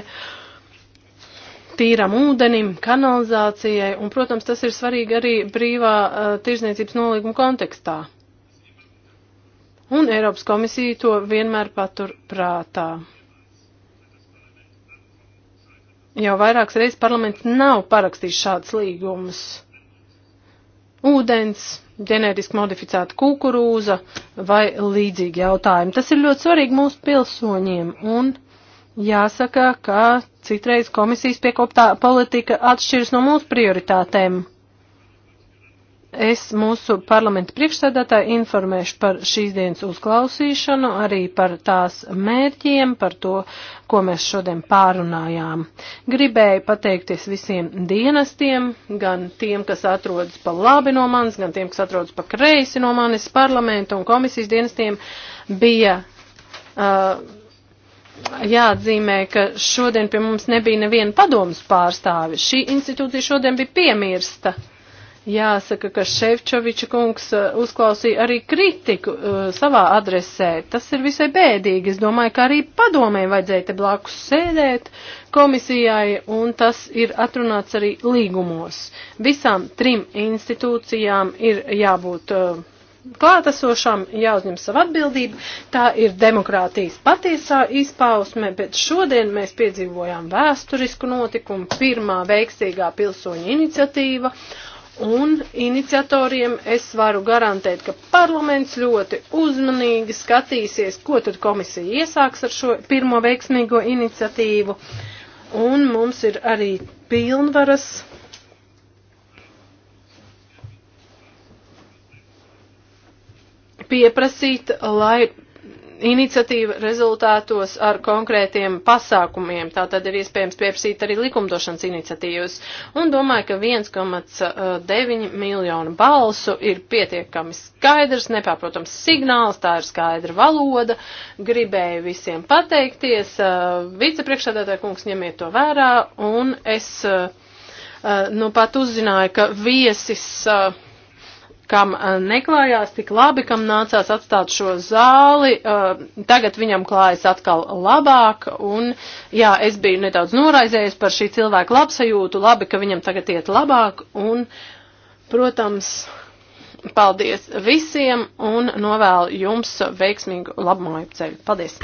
tīram ūdenim, kanalizācijai, un, protams, tas ir svarīgi arī brīvā uh, tirzniecības nolīguma kontekstā. Un Eiropas komisija to vienmēr patur prātā. Jau vairākas reizes parlaments nav parakstījis šādas līgumus ūdens, ģenētiski modificēta kukurūza vai līdzīgi jautājumi. Tas ir ļoti svarīgi mūsu pilsoņiem un jāsaka, ka citreiz komisijas piekoptā politika atšķiras no mūsu prioritātēm. Es mūsu parlamenta priekšsēdētāju informēšu par šīs dienas uzklausīšanu, arī par tās mērķiem, par to, ko mēs šodien pārunājām. Gribēju pateikties visiem dienestiem, gan tiem, kas atrodas pa labi no manis, gan tiem, kas atrodas pa kreisi no manis, parlamenta un komisijas dienestiem bija. Uh, jāatzīmē, ka šodien pie mums nebija neviena padomas pārstāvi. Šī institūcija šodien bija piemirsta. Uh, Jāsaka, ka Ševčoviča kungs uh, uzklausīja arī kritiku uh, savā adresē. Tas ir visai bēdīgi. Es domāju, ka arī padomē vajadzēja te blakus sēdēt komisijai, un tas ir atrunāts arī līgumos. Visām trim institūcijām ir jābūt uh, klātesošām, jāuzņem savu atbildību. Tā ir demokrātijas patiesā izpausme, bet šodien mēs piedzīvojām vēsturisku notikumu, pirmā veiksīgā pilsoņa iniciatīva Un iniciatoriem es varu garantēt, ka parlaments ļoti uzmanīgi skatīsies, ko tad komisija iesāks ar šo pirmo veiksmīgo iniciatīvu. Un mums ir arī pilnvaras. Pieprasīt, lai iniciatīva rezultātos ar konkrētiem pasākumiem. Tā tad ir iespējams pieprasīt arī likumdošanas iniciatīvas. Un domāju, ka 1,9 eh, miljonu balsu ir pietiekami skaidrs, nepārprotams signāls, tā ir skaidra valoda. Gribēju visiem pateikties. Eh, vicepriekšsēdētāja kungs ņemiet to vērā un es eh, nu pat uzzināju, ka viesis uh, kam eh, neklājās tik labi, kam nācās atstāt šo zāli, eh, tagad viņam klājas atkal labāk, un jā, es biju nedaudz noraizējies par šī cilvēka labsajūtu, labi, ka viņam tagad iet labāk, un, protams, paldies visiem, un novēlu jums veiksmīgu labmāju ceļu. Paldies!